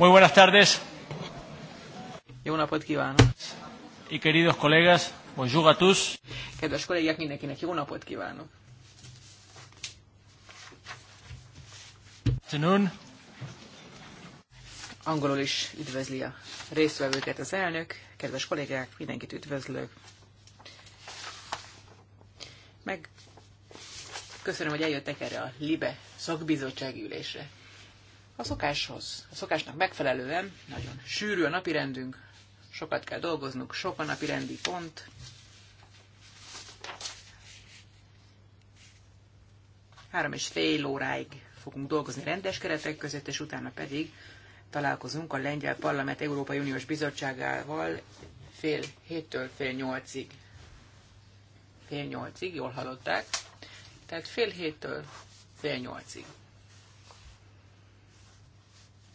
Muy buenas tardes. Jó napot kívánok. Y queridos colegas, bonjour a tous. Kedves kollégák, mindenkinek jó napot kívánok. Tenun. Angolul is üdvözli a résztvevőket az elnök. Kedves kollégák, mindenkit üdvözlök. Meg köszönöm, hogy eljöttek erre a LIBE szakbizottsági ülésre. A szokáshoz, a szokásnak megfelelően nagyon sűrű a napirendünk, sokat kell dolgoznunk, sok a napirendi pont, három és fél óráig fogunk dolgozni rendes keretek között, és utána pedig találkozunk a Lengyel Parlament Európai Uniós Bizottságával fél héttől fél nyolcig. Fél nyolcig, jól hallották. Tehát fél héttől fél nyolcig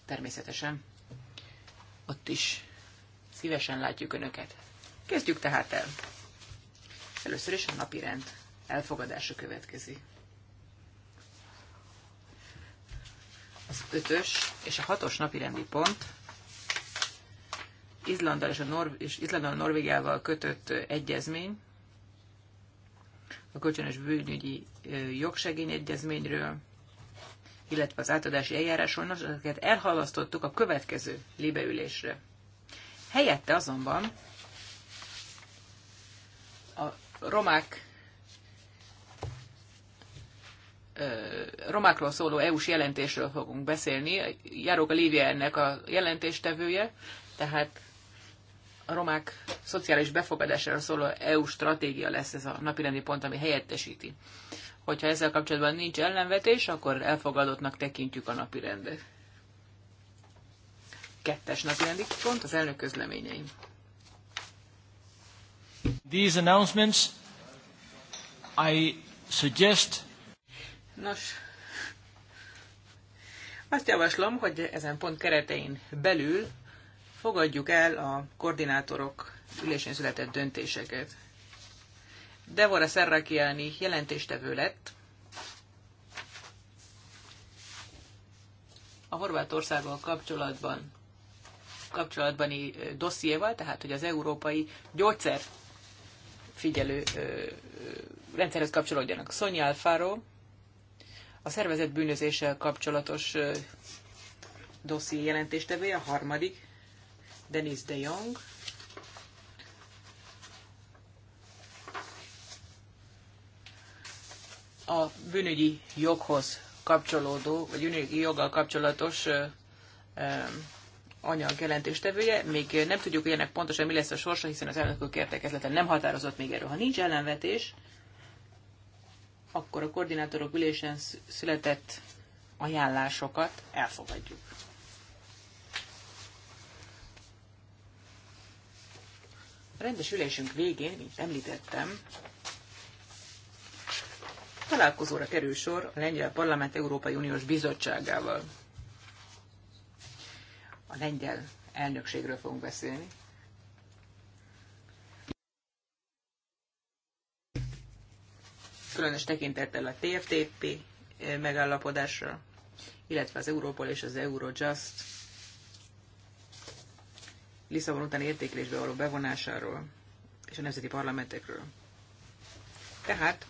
természetesen ott is szívesen látjuk Önöket. Kezdjük tehát el. Először is a napi rend elfogadása következik. Az ötös és a hatos napi rendi pont Izlandal és, a Norv- és Izlandal a Norvégiával kötött egyezmény, a kölcsönös bűnügyi jogsegény egyezményről, illetve az átadási eljáráson, azokat elhalasztottuk a következő libeülésre. Helyette azonban a romák romákról szóló EU-s jelentésről fogunk beszélni. Járók a Lívia ennek a jelentéstevője, tehát a romák szociális befogadására szóló EU stratégia lesz ez a napirendi pont, ami helyettesíti Hogyha ezzel kapcsolatban nincs ellenvetés, akkor elfogadottnak tekintjük a napi rendet. Kettes napi rendik pont az elnök közleményei. These announcements I suggest... Nos, azt javaslom, hogy ezen pont keretein belül fogadjuk el a koordinátorok ülésén született döntéseket. Devora Serrakiani jelentéstevő lett a Horvátországgal kapcsolatban kapcsolatbani dossziéval, tehát hogy az európai gyógyszer figyelő rendszerhez kapcsolódjanak. Sonja Alfaro a szervezet bűnözéssel kapcsolatos dosszié jelentéstevője, a harmadik, Denis de Jong, a bűnügyi joghoz kapcsolódó, vagy bűnügyi joggal kapcsolatos anyag jelentéstevője. Még nem tudjuk, hogy ennek pontosan mi lesz a sorsa, hiszen az elnökök értekezleten nem határozott még erről. Ha nincs ellenvetés, akkor a koordinátorok ülésen született ajánlásokat elfogadjuk. A rendes ülésünk végén, mint említettem, találkozóra kerül sor a Lengyel Parlament Európai Uniós Bizottságával. A lengyel elnökségről fogunk beszélni. Különös tekintettel a TFTP eh, megállapodásra, illetve az Európol és az Eurojust Lisszabon után értékelésbe való bevonásáról és a nemzeti parlamentekről. Tehát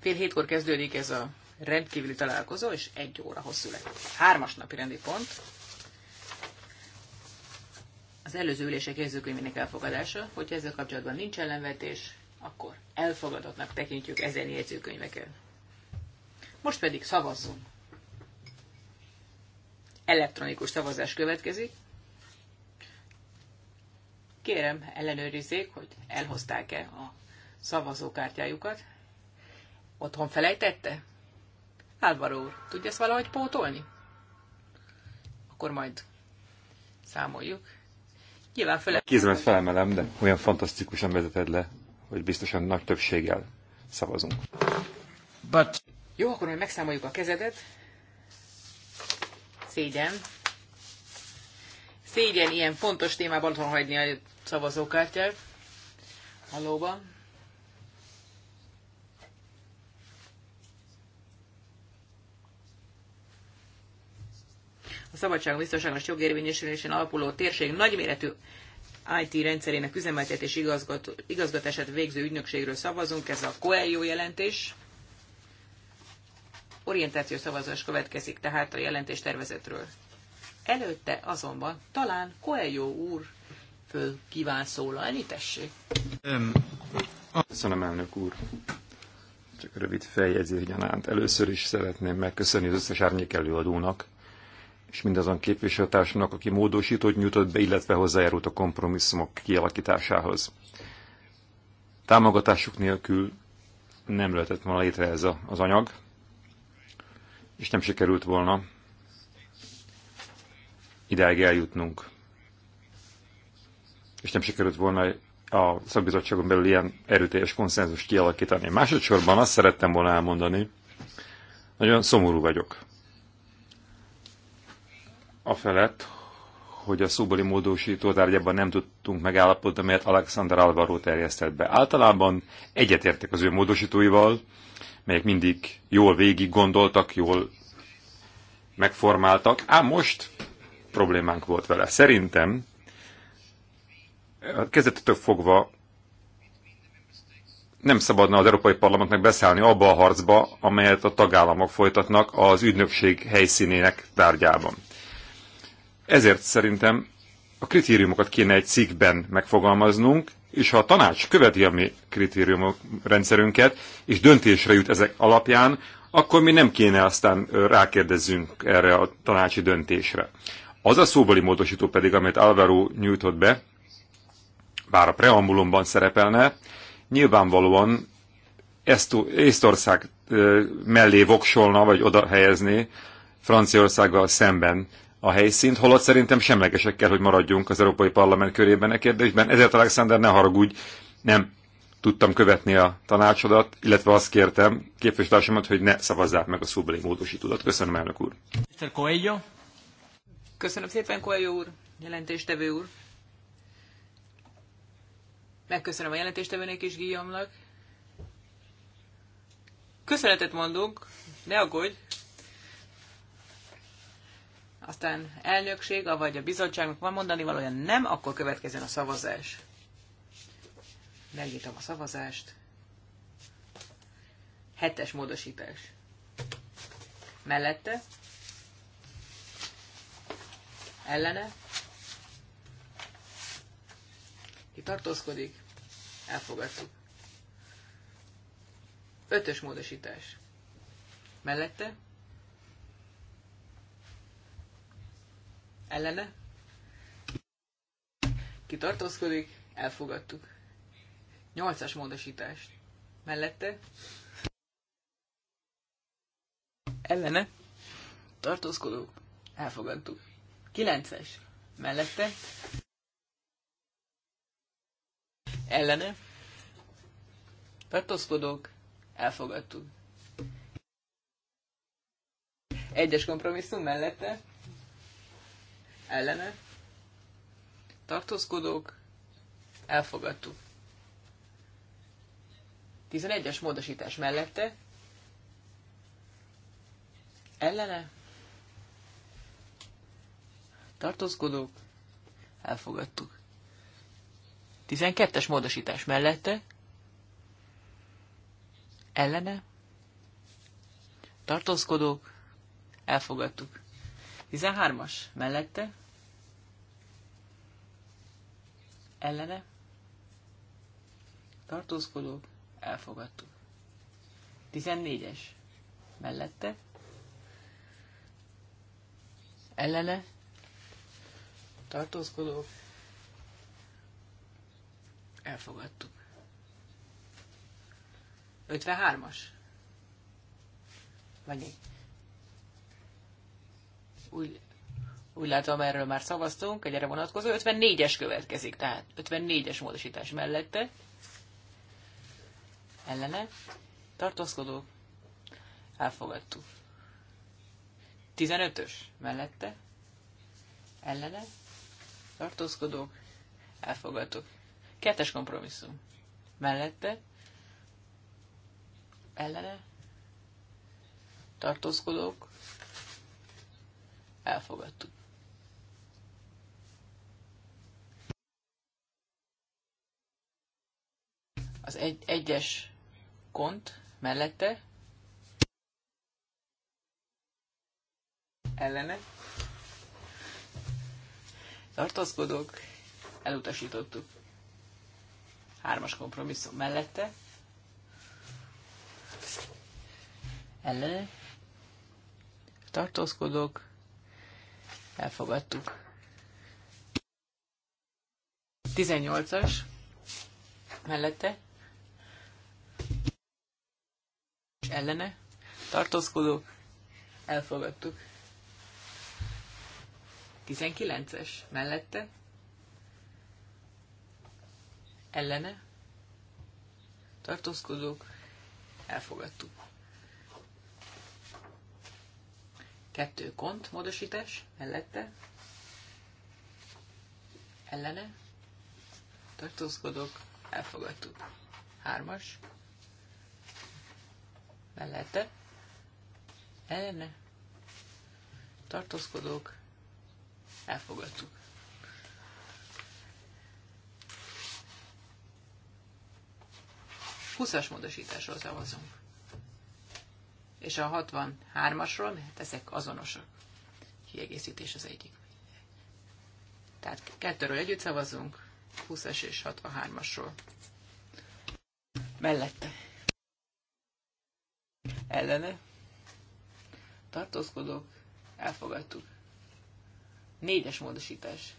Fél hétkor kezdődik ez a rendkívüli találkozó, és egy óra hosszú lett. Hármas napi rendi pont. Az előző ülések jegyzőkönyvének elfogadása, hogyha ezzel kapcsolatban nincs ellenvetés, akkor elfogadottnak tekintjük ezen jegyzőkönyveket. Most pedig szavazzunk. Elektronikus szavazás következik. Kérem, ellenőrizzék, hogy elhozták-e a szavazókártyájukat. Otthon felejtette? Álvaro úr, tudja ezt valahogy pótolni? Akkor majd számoljuk. Nyilván fele... Kézmet felemelem, de olyan fantasztikusan vezeted le, hogy biztosan nagy többséggel szavazunk. But... Jó, akkor majd megszámoljuk a kezedet. Szégyen. Szégyen ilyen fontos témában otthon hagyni a szavazókártyát. Valóban. a szabadság biztonságos jogérvényesülésén alapuló térség nagyméretű IT rendszerének üzemeltetés igazgat, igazgatását végző ügynökségről szavazunk. Ez a COELJO jelentés. Orientáció szavazás következik tehát a jelentés tervezetről. Előtte azonban talán Coelho úr föl kíván szólalni, tessék. Köszönöm, elnök úr. Csak rövid feljegyzés gyanánt. Először is szeretném megköszönni az összes árnyék előadónak és mindazon képviselőtársnak, aki módosítót nyújtott be, illetve hozzájárult a kompromisszumok kialakításához. Támogatásuk nélkül nem lehetett volna létre ez a, az anyag, és nem sikerült volna ideig eljutnunk. És nem sikerült volna a szakbizottságon belül ilyen erőteljes konszenzust kialakítani. Másodszorban azt szerettem volna elmondani, nagyon szomorú vagyok a felett, hogy a szóbeli módosító tárgyában nem tudtunk megállapodni, mert Alexander Alvaro terjesztett be. Általában egyetértek az ő módosítóival, melyek mindig jól végig gondoltak, jól megformáltak, ám most problémánk volt vele. Szerintem a kezdetetől fogva nem szabadna az Európai Parlamentnek beszállni abba a harcba, amelyet a tagállamok folytatnak az ügynökség helyszínének tárgyában. Ezért szerintem a kritériumokat kéne egy cikkben megfogalmaznunk, és ha a tanács követi a mi kritériumok rendszerünket, és döntésre jut ezek alapján, akkor mi nem kéne aztán rákérdezzünk erre a tanácsi döntésre. Az a szóbeli módosító pedig, amit Alvaro nyújtott be, bár a preambulumban szerepelne, nyilvánvalóan ezt, Észtország mellé voksolna, vagy oda helyezné Franciaországgal szemben a helyszínt, holott szerintem semlegesek kell, hogy maradjunk az Európai Parlament körében a e kérdésben. Ezért Alexander, ne haragudj, nem tudtam követni a tanácsodat, illetve azt kértem képviselősömet, hogy ne szavazzák meg a szóbeli módosítódat. Köszönöm, elnök úr. Köszönöm szépen, Coelho úr, jelentéstevő úr. Megköszönöm a jelentéstevőnek is, Guillaume-nak. Köszönetet mondunk, ne aggódj, aztán elnökség, vagy a bizottságnak van mondani valójában nem, akkor következzen a szavazás. Megnyitom a szavazást. Hetes módosítás. Mellette. Ellene. Ki tartózkodik. Elfogadtuk. Ötös módosítás. Mellette. ellene. kitartózkodik, elfogadtuk. nyolcas módosítás. Mellette. Ellene. tartózkodó, Elfogadtuk. Kilences. Mellette. Ellene. Tartózkodók. Elfogadtuk. Egyes kompromisszum mellette ellene tartózkodók elfogadtuk. 11-es módosítás mellette ellene tartózkodók elfogadtuk. 12-es módosítás mellette ellene tartózkodók elfogadtuk. 13-as mellette ellene tartózkodók elfogadtuk. 14-es mellette ellene tartózkodók elfogadtuk. 53-as. Vagy úgy, úgy látom, erről már szavaztunk, egy erre vonatkozó. 54-es következik, tehát 54-es módosítás mellette. Ellene. Tartózkodó. Elfogadtuk. 15-ös mellette. Ellene. Tartózkodók. Elfogadtuk. Kettes kompromisszum. Mellette. Ellene. Tartózkodók elfogadtuk. Az egy, egyes kont mellette ellene tartózkodók elutasítottuk. Hármas kompromisszum mellette ellene tartózkodók Elfogadtuk. 18-as mellette és ellene tartózkodó Elfogadtuk. 19-es mellette ellene tartózkodók. Elfogadtuk. Kettő kont módosítás mellette. Ellene. Tartózkodok. Elfogadtuk. Hármas. Mellette. Ellene. tartózkodok, Elfogadtuk. Huszas módosításról szavazunk és a 63-asról, mert ezek azonosak. Kiegészítés az egyik. Tehát kettőről együtt szavazunk, 20-es és 63-asról. Mellette. Ellene. Tartózkodók. Elfogadtuk. Négyes módosítás.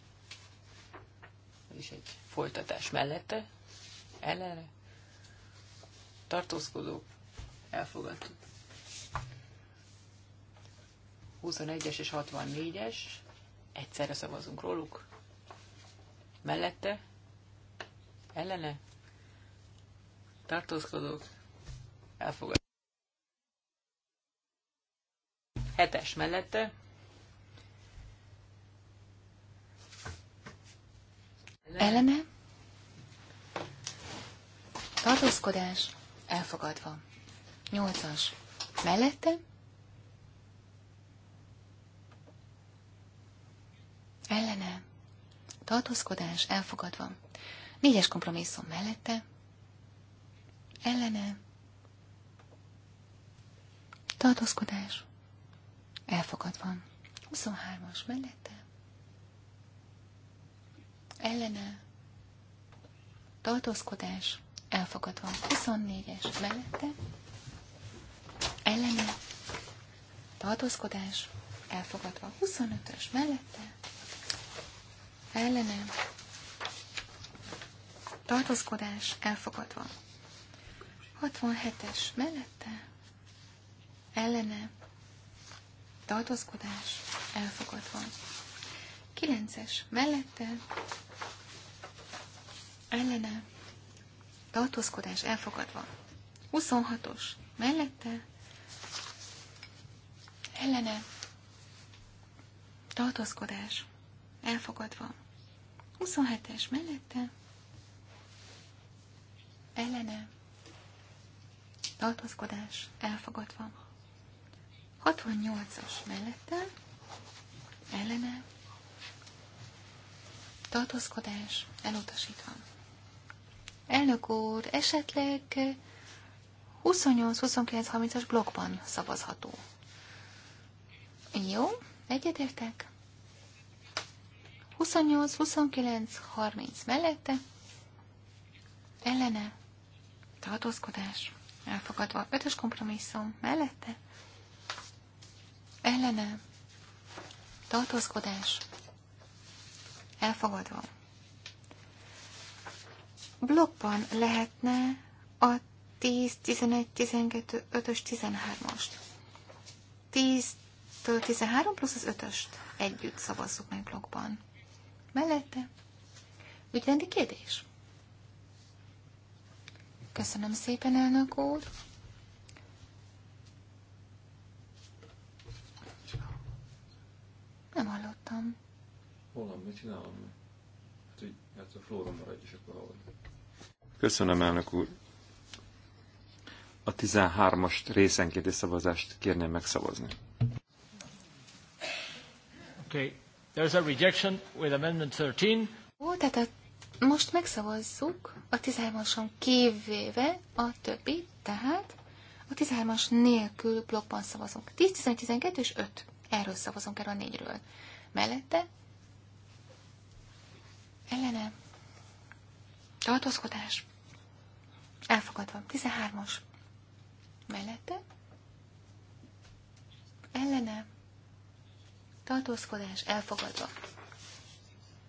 is egy folytatás mellette. Ellene. Tartózkodók. Elfogadtuk. 21-es és 64-es, egyszerre szavazunk róluk. Mellette, ellene, tartózkodók, elfogad. Hetes mellette. Ellene. Tartózkodás elfogadva. Nyolcas. Mellette. ellene, tartózkodás elfogadva. Négyes kompromisszum mellette, ellene, tartózkodás elfogadva. 23-as mellette, ellene, tartózkodás elfogadva. 24-es mellette, ellene, tartózkodás elfogadva. 25-ös mellette, ellene, tartózkodás elfogadva. 67-es mellette, ellene, tartózkodás elfogadva. 9-es mellette, ellene, tartózkodás elfogadva. 26-os mellette, ellene, tartózkodás elfogadva. 27-es mellette ellene tartózkodás elfogadva. 68-as mellette ellene tartózkodás elutasítva. Elnök úr, esetleg 28-29-30-as blokkban szavazható. Jó, egyetértek? 28, 29, 30 mellette, ellene, tartózkodás, elfogadva, 5-ös kompromisszum mellette, ellene, tartózkodás, elfogadva. Blokkban lehetne a 10, 11, 12, 5-ös, 13 os 10-től 13 plusz az 5-öst együtt szavazzuk meg blokkban. Mellette? Ügyrendi kérdés? Köszönöm szépen, elnök úr. Nem hallottam. Holland, mit csinálom? Hát, hogy hát a flóra maradj, és akkor hallod. Köszönöm, elnök úr. A 13-as részenkéti szavazást kérném megszavazni. Oké. Okay. There's a rejection with amendment 13. Ó, tehát a, most megszavazzuk a 13-ason kivéve a többi, tehát a 13-as nélkül blokkban szavazunk. 10, 11, 12 és 5. Erről szavazunk, erről a négyről. Mellette ellene tartózkodás elfogadva. 13-as mellette ellene tartózkodás elfogadva.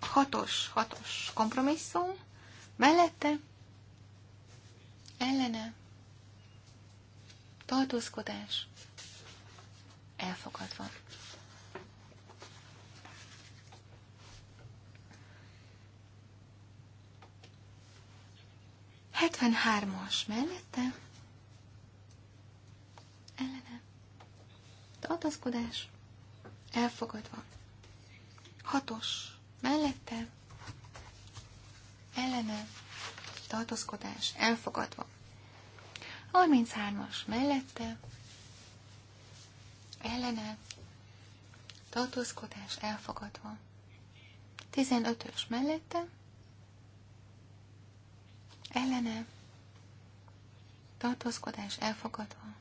Hatos, hatos kompromisszum, mellette, ellene, tartózkodás elfogadva. Hetvenhármas mellette, ellene, tartózkodás elfogadva. Hatos, mellette, ellene, tartózkodás, elfogadva. 33-as, mellette, ellene, tartózkodás, elfogadva. 15-ös, mellette, ellene, tartózkodás, elfogadva.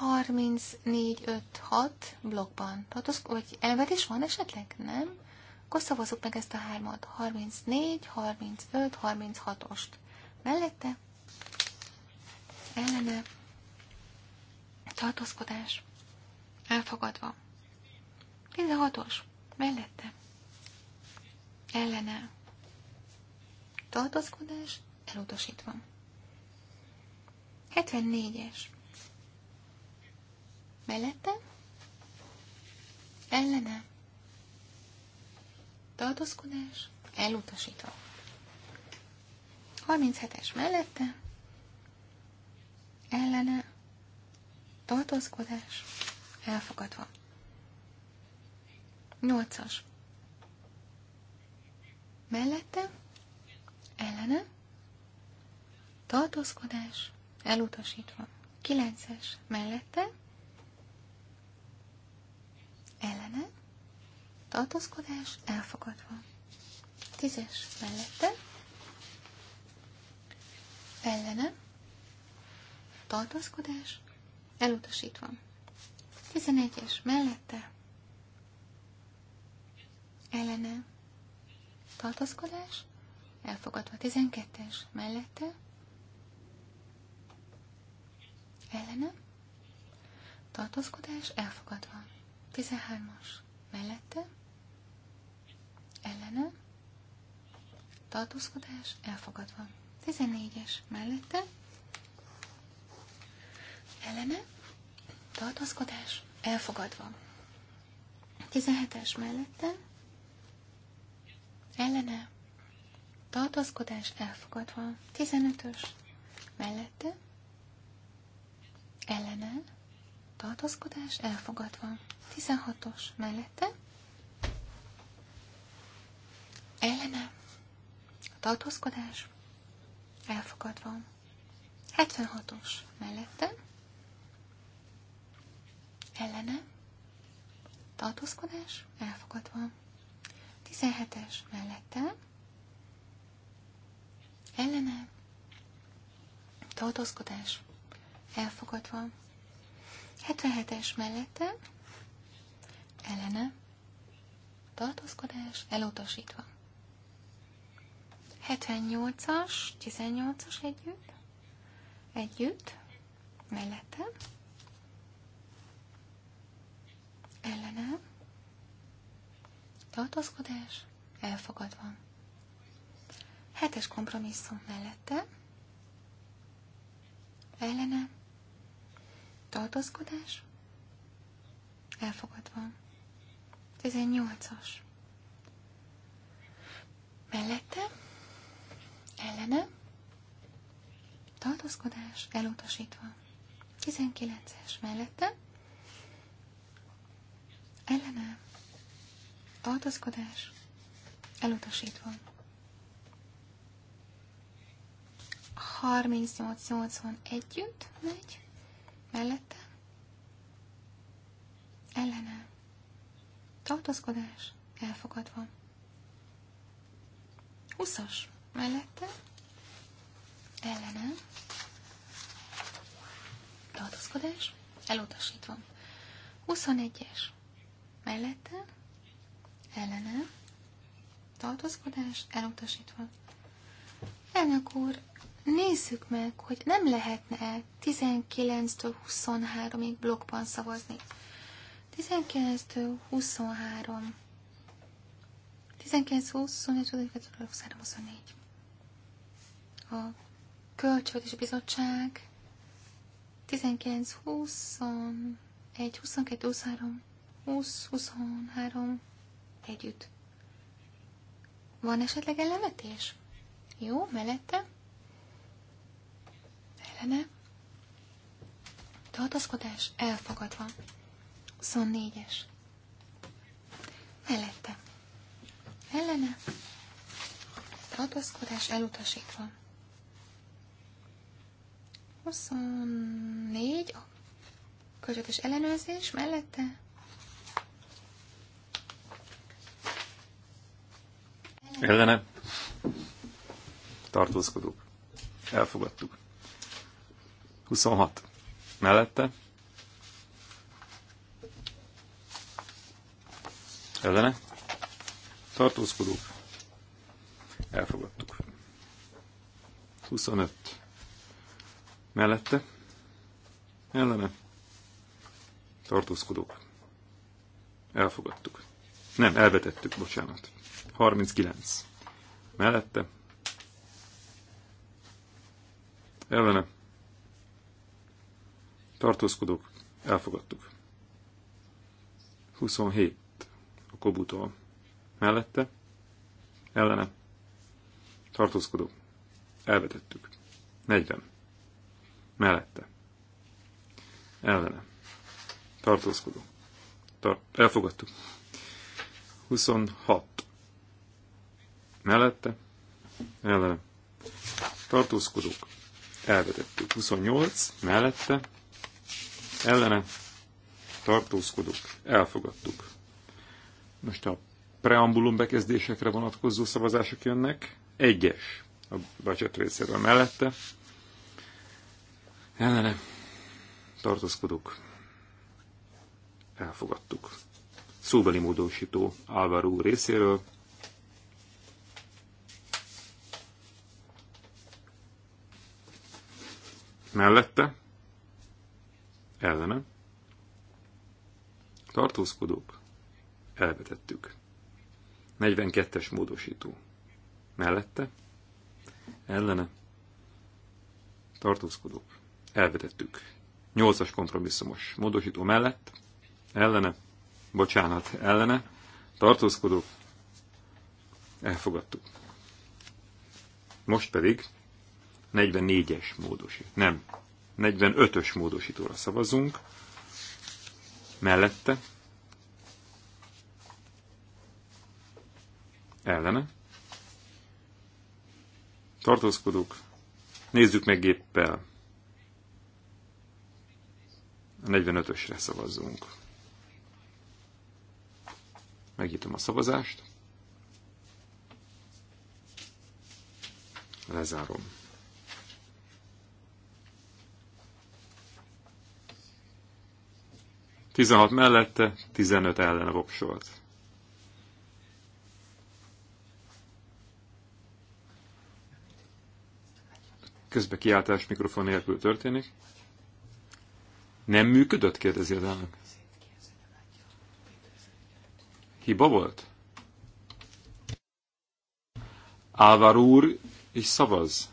34-5-6 blokkban. Tartoz, vagy elvetés van esetleg? Nem? Akkor szavazzuk meg ezt a hármat. 34, 35, 36-ost. Mellette? Ellene? Tartózkodás. Elfogadva. 16-os. Mellette? Ellene? Tartózkodás. Elutasítva. 74-es Mellette? Ellene? Tartózkodás? Elutasítva. 37-es mellette? Ellene? Tartózkodás? Elfogadva. 8-as. Mellette? Ellene? Tartózkodás? Elutasítva. 9-es. Mellette? ellene, tartózkodás elfogadva. Tízes mellette, ellene, tartózkodás elutasítva. Tizenegyes mellette, ellene, tartózkodás elfogadva. Tizenkettes mellette, ellene, tartózkodás elfogadva. 13-as mellette, ellene, tartózkodás elfogadva. 14-es mellette, ellene, tartózkodás elfogadva. 17-es mellette, ellene, tartózkodás elfogadva. 15-ös mellette, ellene, tartózkodás elfogadva. 16-os mellette A tartózkodás elfogadva. 76-os mellette ellene tartózkodás elfogadva. 17-es mellette ellene tartózkodás elfogadva. 77-es mellette ellene tartózkodás elutasítva. 78-as, 18-as együtt, együtt, mellette, ellene, tartózkodás elfogadva. 7-es kompromisszum mellette, ellene, Tartózkodás? Elfogadva. 18-as. Mellette? Ellene? Tartózkodás elutasítva. 19-es. Mellette? Ellene? Tartózkodás elutasítva. 38-80 együtt megy mellette, ellene, Tartozkodás? elfogadva. Huszas. mellette, ellene, Tartozkodás? elutasítva. Huszonegyes. mellette, ellene, Tartozkodás? elutasítva. Elnök úr, Nézzük meg, hogy nem lehetne 19-től -e 23-ig blokkban szavazni. 19-től 23. 19 25 24 A Költségvetési Bizottság 19 21 22 23 20 23 együtt. Van esetleg ellenvetés? Jó, mellette? ellene Tartaszkodás elfogadva. 24-es mellette ellene Tartaszkodás elutasítva. 24 a ellenőrzés mellette ellene tartózkodók. Elfogadtuk. 26. Mellette. Ellene. Tartózkodó. Elfogadtuk. 25. Mellette. Ellene. Tartózkodók. Elfogadtuk. Nem, elvetettük, bocsánat. 39. Mellette. Ellene tartózkodók, elfogadtuk. 27 a kobutó. Mellette, ellene, tartózkodók, elvetettük. 40. Mellette, ellene, tartózkodó. Tar- elfogadtuk. 26. Mellette, ellene, tartózkodók, elvetettük. 28. Mellette, ellene tartózkodok, elfogadtuk. Most a preambulum bekezdésekre vonatkozó szavazások jönnek. Egyes a budget részéről mellette. Ellene tartózkodok, elfogadtuk. Szóbeli módosító Álvaró részéről. Mellette elleme. tartózkodók, elvetettük. 42-es módosító, mellette, ellene, tartózkodók, elvetettük. 8-as kompromisszumos módosító mellett, ellene, bocsánat, ellene, tartózkodók, elfogadtuk. Most pedig 44-es módosító. Nem, 45-ös módosítóra szavazunk. Mellette. Ellene. Tartózkodók. Nézzük meg géppel. A 45-ösre szavazzunk. Megnyitom a szavazást. Lezárom. 16 mellette, 15 ellene voksolt. Közben kiáltás mikrofon nélkül történik. Nem működött? kérdezi az elnök. Hiba volt? Álvar úr és szavaz.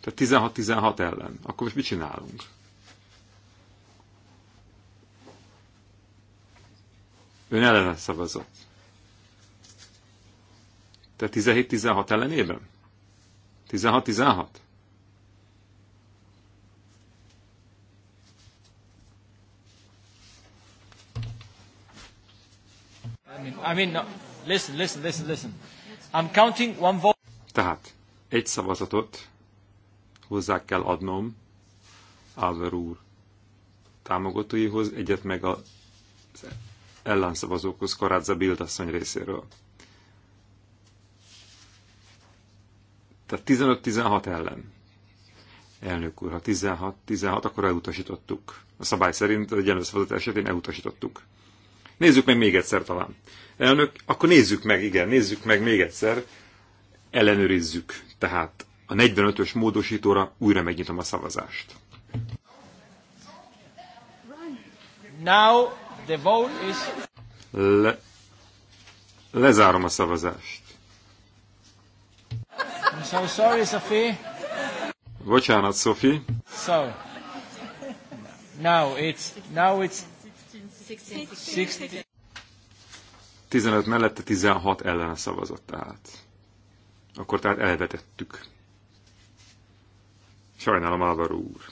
Tehát 16-16 ellen. Akkor most mit csinálunk? Ön ellene szavazott. Te 17-16 ellenében? 16-16? I mean, no. listen, listen, listen, listen. I'm counting one vote. Tehát egy szavazatot hozzá kell adnom Álver úr támogatóihoz, egyet meg az ellenszavazókhoz Karádza Bildasszony részéről. Tehát 15-16 ellen. Elnök úr, ha 16-16, akkor elutasítottuk. A szabály szerint egy előszavazat esetén elutasítottuk. Nézzük meg még egyszer talán. Elnök, akkor nézzük meg, igen, nézzük meg még egyszer. Ellenőrizzük. Tehát a 45-ös módosítóra újra megnyitom a szavazást. Now le... Lezárom a szavazást. I'm so sorry, Sophie. Bocsánat, Sophie. So, now it's, now it's 16. 16. 15 mellette 16 ellen szavazott tehát. Akkor tehát elvetettük. Sajnálom, Álvaro úr.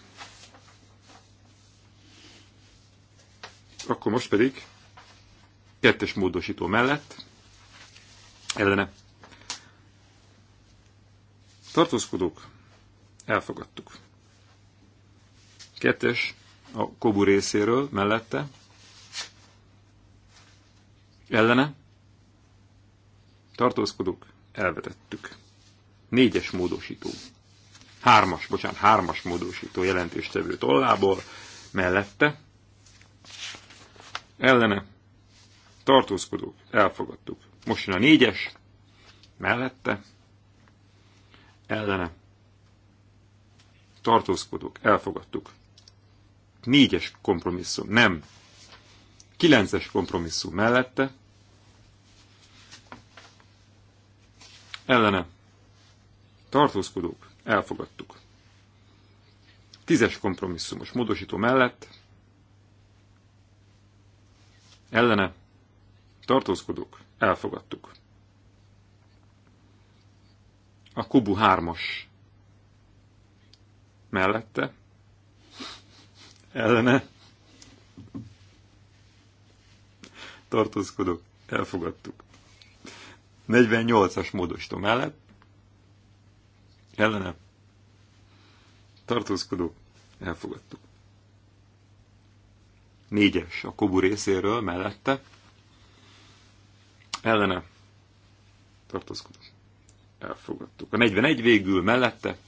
Akkor most pedig kettes módosító mellett ellene tartózkodók elfogadtuk. Kettes a kobu részéről mellette ellene tartózkodók elvetettük. Négyes módosító. Hármas, bocsánat, hármas módosító jelentéstevő tollából mellette ellene tartózkodók, elfogadtuk. Most jön a négyes, mellette, ellene tartózkodók, elfogadtuk. Négyes kompromisszum, nem. Kilences kompromisszum mellette, ellene tartózkodók, elfogadtuk. Tízes kompromisszumos módosító mellett, ellene tartózkodók elfogadtuk. A Kubu hármas. mellette ellene tartózkodók elfogadtuk. 48-as módosító mellett ellene tartózkodók elfogadtuk. Négyes a kobu részéről mellette. Ellene tartózkodás. Elfogadtuk. A 41 végül mellette.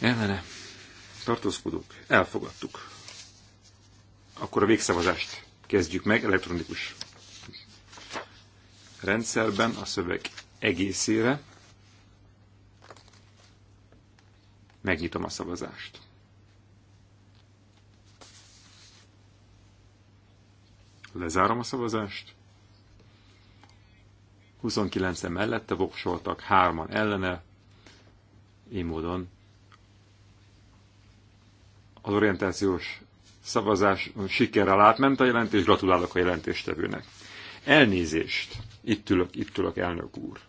Ellene tartózkodók. Elfogadtuk. Akkor a végszavazást kezdjük meg elektronikus rendszerben a szöveg egészére megnyitom a szavazást. Lezárom a szavazást. 29-en mellette voksoltak, hárman ellene. Én módon az orientációs szavazás sikerrel átment a jelentés, gratulálok a jelentéstevőnek. Elnézést! Itt ülök, itt ülök, elnök úr.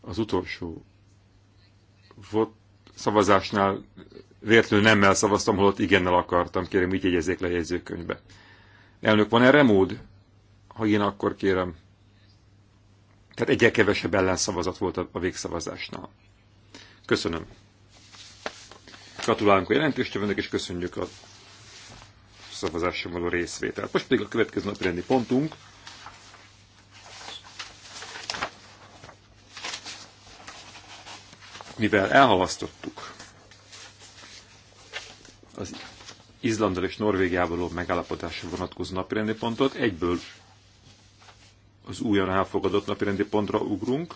Az utolsó volt szavazásnál véletlenül nemmel szavaztam, holott igennel akartam, kérem, így jegyezzék le jegyzőkönyvbe. Elnök, van erre mód? Ha én akkor kérem. Tehát egyre kevesebb ellenszavazat volt a, végszavazásnál. Köszönöm. Gratulálunk a jelentéstevőnek, és köszönjük a szavazáson való részvételt. Most pedig a következő napi rendi pontunk. Mivel elhalasztottuk az Izlandal és Norvégiával megállapodásra vonatkozó napirendi pontot. Egyből az újon elfogadott napirendi pontra ugrunk,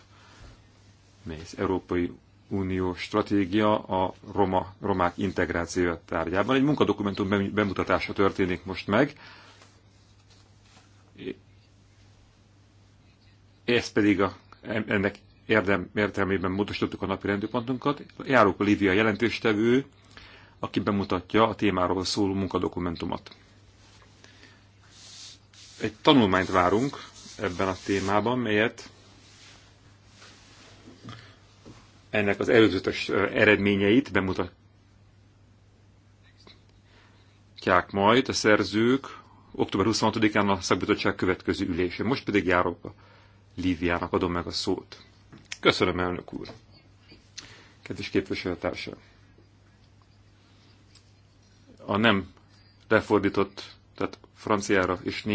mely az Európai Unió stratégia a roma, romák integrációja tárgyában. Egy munkadokumentum bemutatása történik most meg. Ez pedig a, ennek érdem, értelmében módosítottuk a napi rendőpontunkat. Járók a Lívia jelentéstevő, aki bemutatja a témáról szóló munkadokumentumot. Egy tanulmányt várunk ebben a témában, melyet ennek az előzetes eredményeit bemutatják majd a szerzők október 26-án a szakbizottság következő ülésén. Most pedig járok a Líviának adom meg a szót. Köszönöm, elnök úr! Kedves képviselőtársa! a nem lefordított, tehát franciára és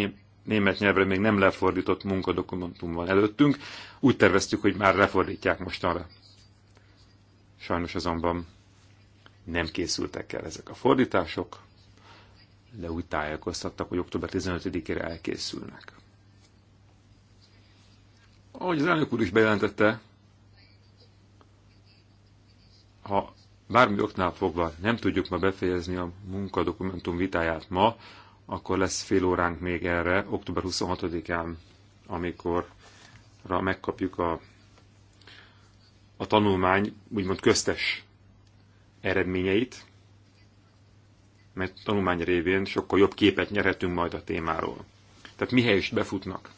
német nyelvre még nem lefordított munkadokumentum van előttünk. Úgy terveztük, hogy már lefordítják mostanra. Sajnos azonban nem készültek el ezek a fordítások, de úgy tájékoztattak, hogy október 15-ére elkészülnek. Ahogy az elnök úr is bejelentette, ha bármi oknál fogva nem tudjuk ma befejezni a munkadokumentum vitáját ma, akkor lesz fél óránk még erre, október 26-án, amikor megkapjuk a, a tanulmány úgymond köztes eredményeit, mert tanulmány révén sokkal jobb képet nyerhetünk majd a témáról. Tehát mihely is befutnak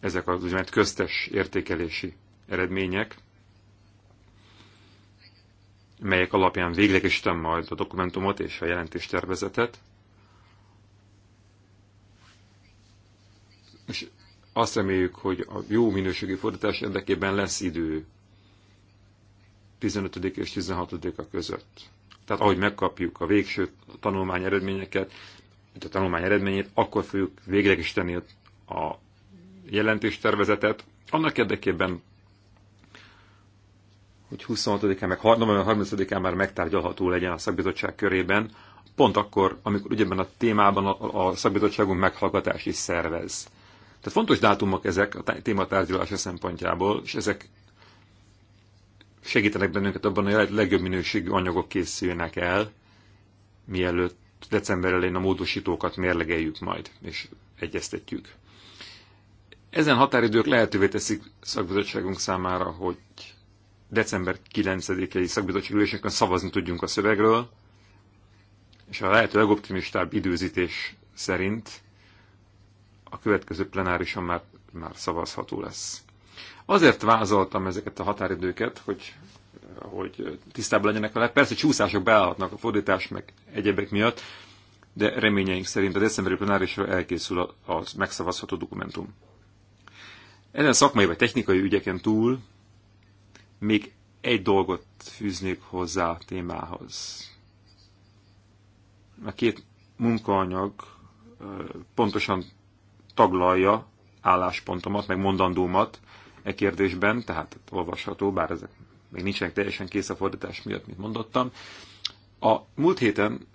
ezek az úgymond köztes értékelési eredmények, melyek alapján véglegesítem majd a dokumentumot és a jelentéstervezetet. És azt reméljük, hogy a jó minőségi fordítás érdekében lesz idő 15 és 16-a között. Tehát ahogy megkapjuk a végső tanulmány eredményeket, a tanulmány eredményét, akkor fogjuk véglegesíteni a jelentéstervezetet, annak érdekében, hogy 26-án, meg november 30-án már megtárgyalható legyen a szakbizottság körében, pont akkor, amikor ugyebben a témában a, a szakbizottságunk meghallgatás is szervez. Tehát fontos dátumok ezek a tématárgyalása szempontjából, és ezek segítenek bennünket abban, hogy a legjobb minőségű anyagok készülnek el, mielőtt december elején a módosítókat mérlegeljük majd, és egyeztetjük. Ezen határidők lehetővé teszik szakbizottságunk számára, hogy december 9-i szakbizottsági szavazni tudjunk a szövegről, és a lehető legoptimistább időzítés szerint a következő plenárison már, már szavazható lesz. Azért vázoltam ezeket a határidőket, hogy, hogy tisztában legyenek vele. Persze csúszások beállhatnak a fordítás meg egyebek miatt, de reményeink szerint a decemberi plenárisra elkészül a, megszavazható dokumentum. Ezen szakmai vagy technikai ügyeken túl még egy dolgot fűznék hozzá a témához. A két munkaanyag pontosan taglalja álláspontomat, meg mondandómat e kérdésben, tehát olvasható, bár ezek még nincsenek teljesen kész a fordítás miatt, mint mondottam. A múlt héten,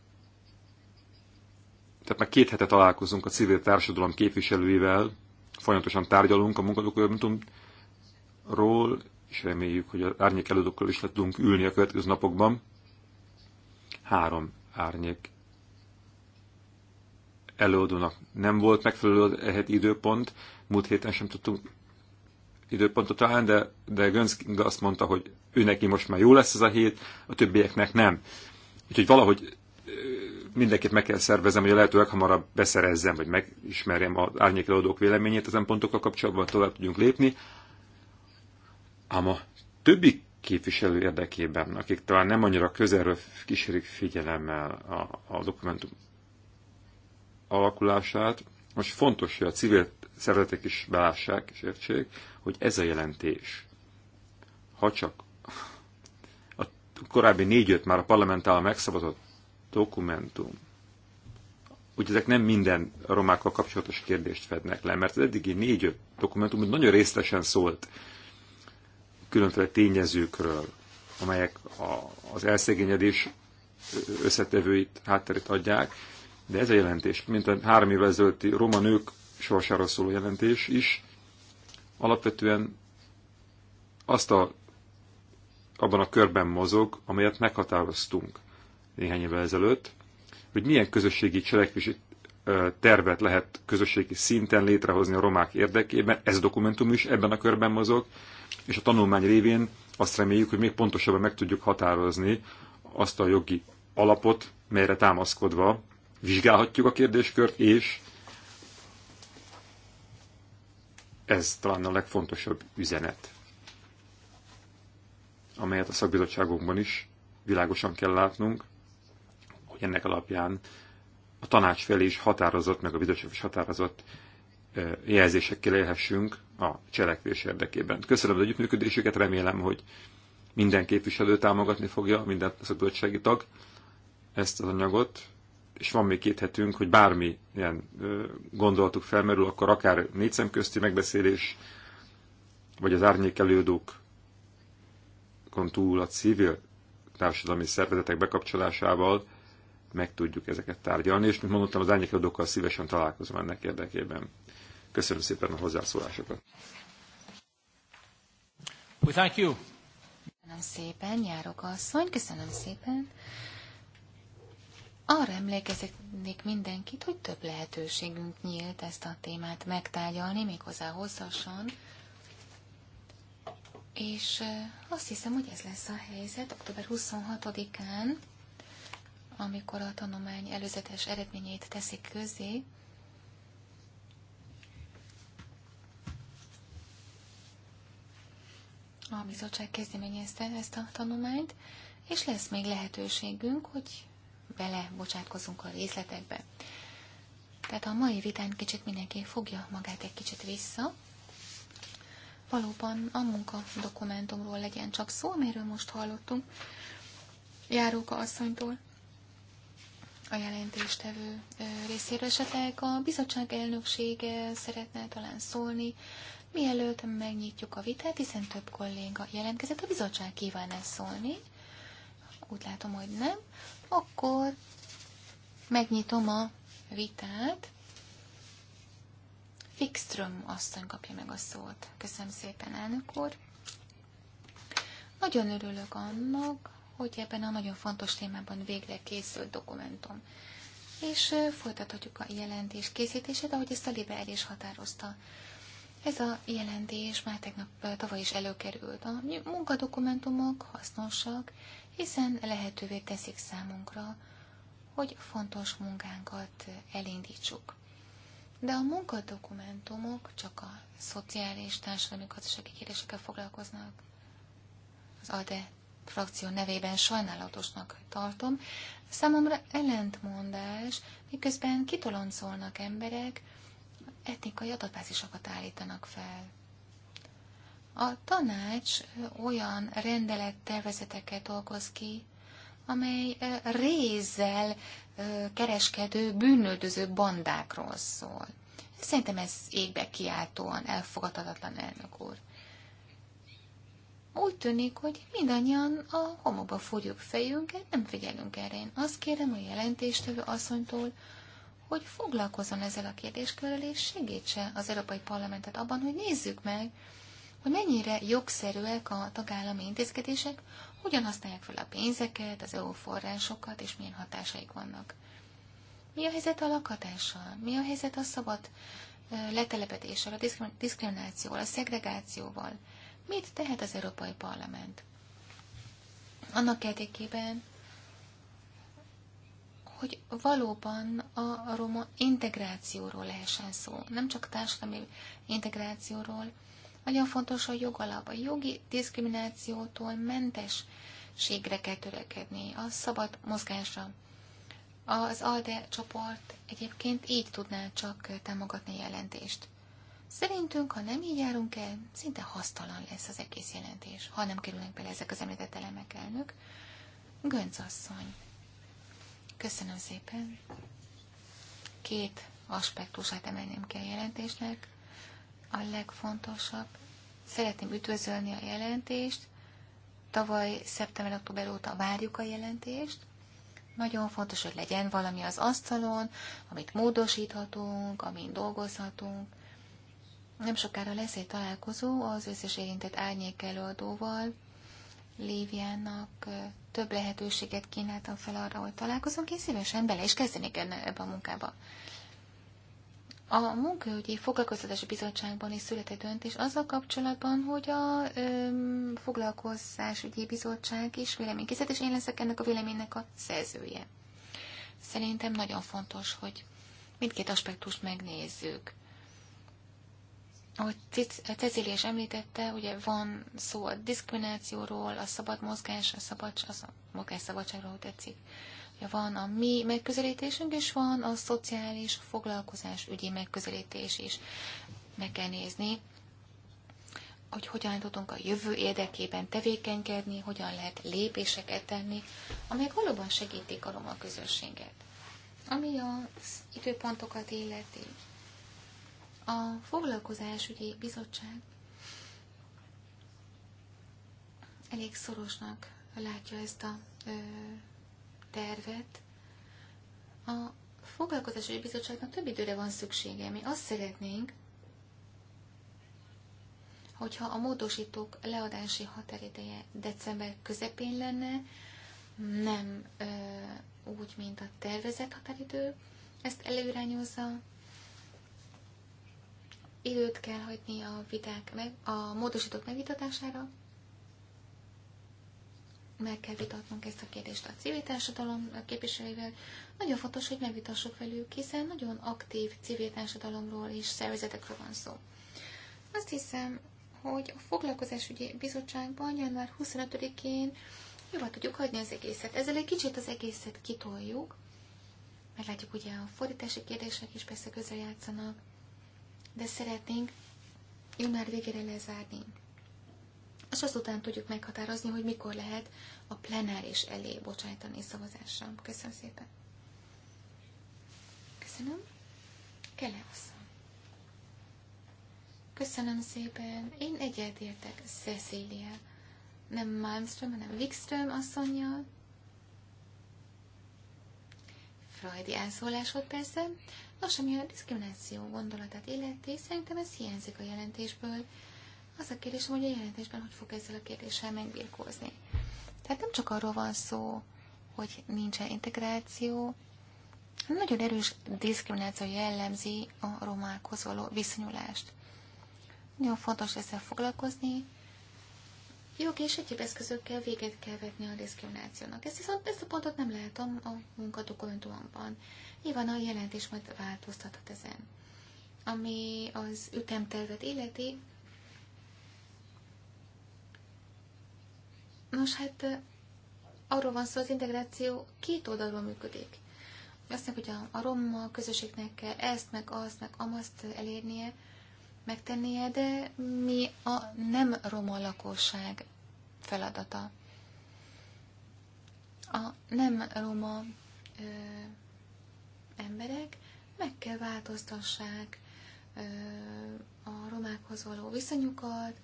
tehát már két hete találkozunk a civil társadalom képviselőivel, folyamatosan tárgyalunk a munkadokmentumról, és reméljük, hogy az árnyék előadókkal is le tudunk ülni a következő napokban. Három árnyék előadónak nem volt megfelelő az ehet időpont, múlt héten sem tudtunk időpontot találni, de, de Gönc azt mondta, hogy ő neki most már jó lesz ez a hét, a többieknek nem. Úgyhogy valahogy mindenkit meg kell szervezem, hogy a lehető leghamarabb beszerezzem, vagy megismerjem az árnyék előadók véleményét az pontokkal kapcsolatban, tovább tudjunk lépni. Ám a többi képviselő érdekében, akik talán nem annyira közelről kísérik figyelemmel a, a dokumentum alakulását, most fontos, hogy a civil szervezetek is belássák és értsék, hogy ez a jelentés, ha csak a korábbi négy-öt már a parlamentál megszabadott dokumentum, úgy ezek nem minden romákkal kapcsolatos kérdést fednek le, mert az eddigi négy-öt dokumentum nagyon részletesen szólt különféle tényezőkről, amelyek a, az elszegényedés összetevőit, hátterét adják, de ez a jelentés, mint a három évvel ezelőtti roma nők sorsára szóló jelentés is, alapvetően azt a, abban a körben mozog, amelyet meghatároztunk néhány évvel ezelőtt, hogy milyen közösségi cselekvési tervet lehet közösségi szinten létrehozni a romák érdekében, ez a dokumentum is ebben a körben mozog, és a tanulmány révén azt reméljük, hogy még pontosabban meg tudjuk határozni azt a jogi alapot, melyre támaszkodva vizsgálhatjuk a kérdéskört, és ez talán a legfontosabb üzenet, amelyet a szakbizottságunkban is világosan kell látnunk, hogy ennek alapján a tanács felé is határozott, meg a bizottság is határozott jelzésekkel élhessünk a cselekvés érdekében. Köszönöm az együttműködésüket, remélem, hogy minden képviselő támogatni fogja, minden szakbizottsági tag ezt az anyagot, és van még két hetünk, hogy bármi ilyen gondolatuk felmerül, akkor akár négy szemközti megbeszélés, vagy az árnyék előadókon túl a civil társadalmi szervezetek bekapcsolásával meg tudjuk ezeket tárgyalni, és mint mondottam, az árnyékadókkal szívesen találkozom ennek érdekében. Köszönöm szépen a hozzászólásokat. We thank you. Köszönöm szépen, járok asszony, köszönöm szépen. Arra emlékeznék mindenkit, hogy több lehetőségünk nyílt ezt a témát megtárgyalni, méghozzá hosszasan. És azt hiszem, hogy ez lesz a helyzet október 26-án amikor a tanulmány előzetes eredményeit teszik közzé, a bizottság kezdeményezte ezt a tanulmányt, és lesz még lehetőségünk, hogy bele a részletekbe. Tehát a mai vitán kicsit mindenki fogja magát egy kicsit vissza. Valóban a munka dokumentumról legyen csak szó, amiről most hallottunk Járóka asszonytól a jelentéstevő részéről esetleg a bizottság elnöksége szeretne talán szólni, mielőtt megnyitjuk a vitát, hiszen több kolléga jelentkezett, a bizottság kíván-e szólni. Úgy látom, hogy nem. Akkor megnyitom a vitát. Fixström asszony kapja meg a szót. Köszönöm szépen, elnök úr. Nagyon örülök annak, hogy ebben a nagyon fontos témában végre készült dokumentum. És folytathatjuk a jelentés készítését, ahogy ezt a Libe el is határozta. Ez a jelentés már tegnap tavaly is előkerült. A munkadokumentumok hasznosak, hiszen lehetővé teszik számunkra, hogy fontos munkánkat elindítsuk. De a munkadokumentumok csak a szociális, társadalmi, gazdasági kérdésekkel foglalkoznak. Az ADE frakció nevében sajnálatosnak tartom. Számomra ellentmondás, miközben kitoloncolnak emberek, etnikai adatbázisokat állítanak fel. A tanács olyan rendelettervezeteket dolgoz ki, amely rézzel kereskedő, bűnöldöző bandákról szól. Szerintem ez égbe kiáltóan elfogadhatatlan, elnök úr úgy tűnik, hogy mindannyian a homokba fogjuk fejünket, nem figyelünk erre. Én azt kérem a jelentéstevő asszonytól, hogy foglalkozzon ezzel a kérdéskörrel, és segítse az Európai Parlamentet abban, hogy nézzük meg, hogy mennyire jogszerűek a tagállami intézkedések, hogyan használják fel a pénzeket, az EU forrásokat, és milyen hatásaik vannak. Mi a helyzet a lakhatással? Mi a helyzet a szabad letelepedéssel, a diszkriminációval, a szegregációval? Mit tehet az Európai Parlament? Annak érdekében, hogy valóban a roma integrációról lehessen szó, nem csak társadalmi integrációról. Nagyon fontos a jogalap, a jogi diszkriminációtól mentességre kell törekedni, a szabad mozgásra. Az ALDE csoport egyébként így tudná csak támogatni a jelentést. Szerintünk, ha nem így járunk el, szinte hasztalan lesz az egész jelentés, ha nem kerülnek bele ezek az említett elemek elnök. Gönc asszony. Köszönöm szépen. Két aspektusát emelném ki a jelentésnek. A legfontosabb. Szeretném üdvözölni a jelentést. Tavaly szeptember-október óta várjuk a jelentést. Nagyon fontos, hogy legyen valami az asztalon, amit módosíthatunk, amin dolgozhatunk nem sokára lesz egy találkozó az összes érintett árnyék előadóval. Léviának több lehetőséget kínáltam fel arra, hogy találkozunk. és szívesen bele is kezdenék ebbe a munkába. A munkaügyi foglalkoztatási bizottságban is született döntés azzal kapcsolatban, hogy a ö, foglalkozásügyi bizottság is véleménykészít, és én leszek ennek a véleménynek a szerzője. Szerintem nagyon fontos, hogy mindkét aspektust megnézzük ahogy Cecília is említette, ugye van szó a diszkriminációról, a szabad mozgás, a, szabad, a mozgás szabadságról tetszik. Ugye van a mi megközelítésünk, és van a szociális foglalkozás ügyi megközelítés is. Meg kell nézni, hogy hogyan tudunk a jövő érdekében tevékenykedni, hogyan lehet lépéseket tenni, amelyek valóban segítik a roma közösséget. Ami az időpontokat illeti, a foglalkozásügyi bizottság elég szorosnak látja ezt a ö, tervet. A foglalkozásügyi bizottságnak több időre van szüksége. Mi azt szeretnénk, hogyha a módosítók leadási határideje december közepén lenne, nem ö, úgy, mint a tervezett határidő, ezt előirányozza időt kell hagyni a viták meg, a módosítók megvitatására. Meg kell vitatnunk ezt a kérdést a civil társadalom képviselőivel. Nagyon fontos, hogy megvitassuk velük, hiszen nagyon aktív civil társadalomról és szervezetekről van szó. Azt hiszem, hogy a foglalkozásügyi bizottságban január 25-én jóval tudjuk hagyni az egészet. Ezzel egy kicsit az egészet kitoljuk, mert látjuk ugye a fordítási kérdések is persze közel játszanak, de szeretnénk január végére lezárni. És azután tudjuk meghatározni, hogy mikor lehet a plenáris elé bocsájtani szavazásra. Köszönöm szépen. Köszönöm. Kele asszony. Köszönöm szépen. Én egyetértek Cecilia. Nem Malmström, hanem Wikström asszonyjal. Freudi elszólás volt persze. Nos, ami a diszkrimináció gondolatát illeti, szerintem ez hiányzik a jelentésből. Az a kérdés, hogy a jelentésben hogy fog ezzel a kérdéssel megbírkózni. Tehát nem csak arról van szó, hogy nincsen integráció, nagyon erős diszkrimináció jellemzi a romákhoz való viszonyulást. Nagyon fontos ezzel foglalkozni, jogi és egyéb eszközökkel véget kell vetni a diszkriminációnak. Ezt, viszont, ezt a pontot nem látom a munkadokumentumban. Nyilván a jelentés majd változtathat ezen. Ami az ütemtervet illeti, Nos, hát arról van szó, az integráció két oldalról működik. Azt mondjuk, hogy a, a roma közösségnek kell ezt, meg azt, meg amazt elérnie, megtennie, de mi a nem roma lakosság feladata. A nem roma ö, emberek meg kell változtassák ö, a romákhoz való viszonyukat,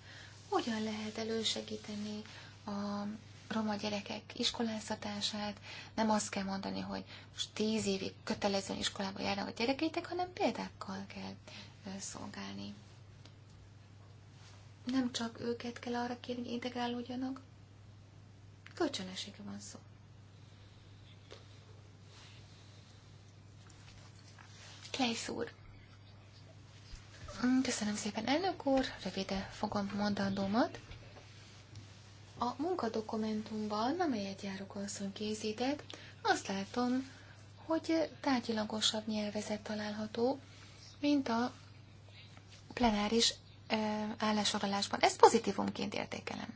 hogyan lehet elősegíteni a roma gyerekek iskoláztatását. Nem azt kell mondani, hogy most tíz évig kötelezően iskolába járnak a gyerekeitek, hanem példákkal kell szolgálni nem csak őket kell arra kérni, hogy integrálódjanak, kölcsönösségre van szó. Kleisz úr. Mm, köszönöm szépen, elnök úr. Rövide fogom mondandómat. A munkadokumentumban, amelyet járókonszony készített, azt látom, hogy tárgyilagosabb nyelvezet található, mint a plenáris állásorolásban. Ezt pozitívumként értékelem.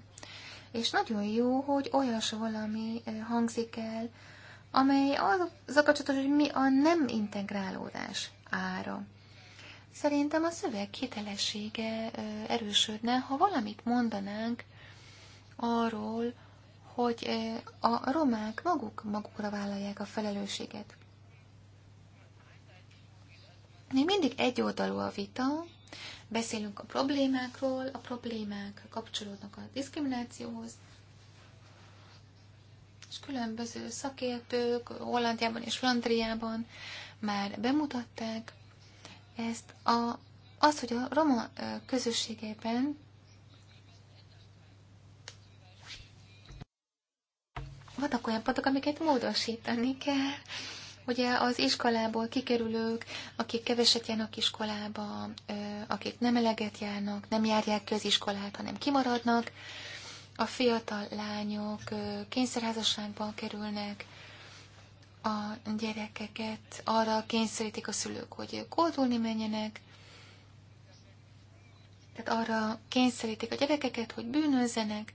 És nagyon jó, hogy olyas valami hangzik el, amely az a kapcsolatos, hogy mi a nem integrálódás ára. Szerintem a szöveg hitelessége erősödne, ha valamit mondanánk arról, hogy a romák maguk magukra vállalják a felelősséget. Még mindig egy oldalú a vita, Beszélünk a problémákról, a problémák kapcsolódnak a diszkriminációhoz, és különböző szakértők Hollandiában és Flandriában már bemutatták ezt. A, az, hogy a roma közösségében vannak olyan pontok, amiket módosítani kell. Ugye az iskolából kikerülők, akik keveset járnak iskolába, akik nem eleget járnak, nem járják köziskolát, hanem kimaradnak. A fiatal lányok kényszerházasságban kerülnek, a gyerekeket arra kényszerítik a szülők, hogy kódulni menjenek, tehát arra kényszerítik a gyerekeket, hogy bűnözzenek,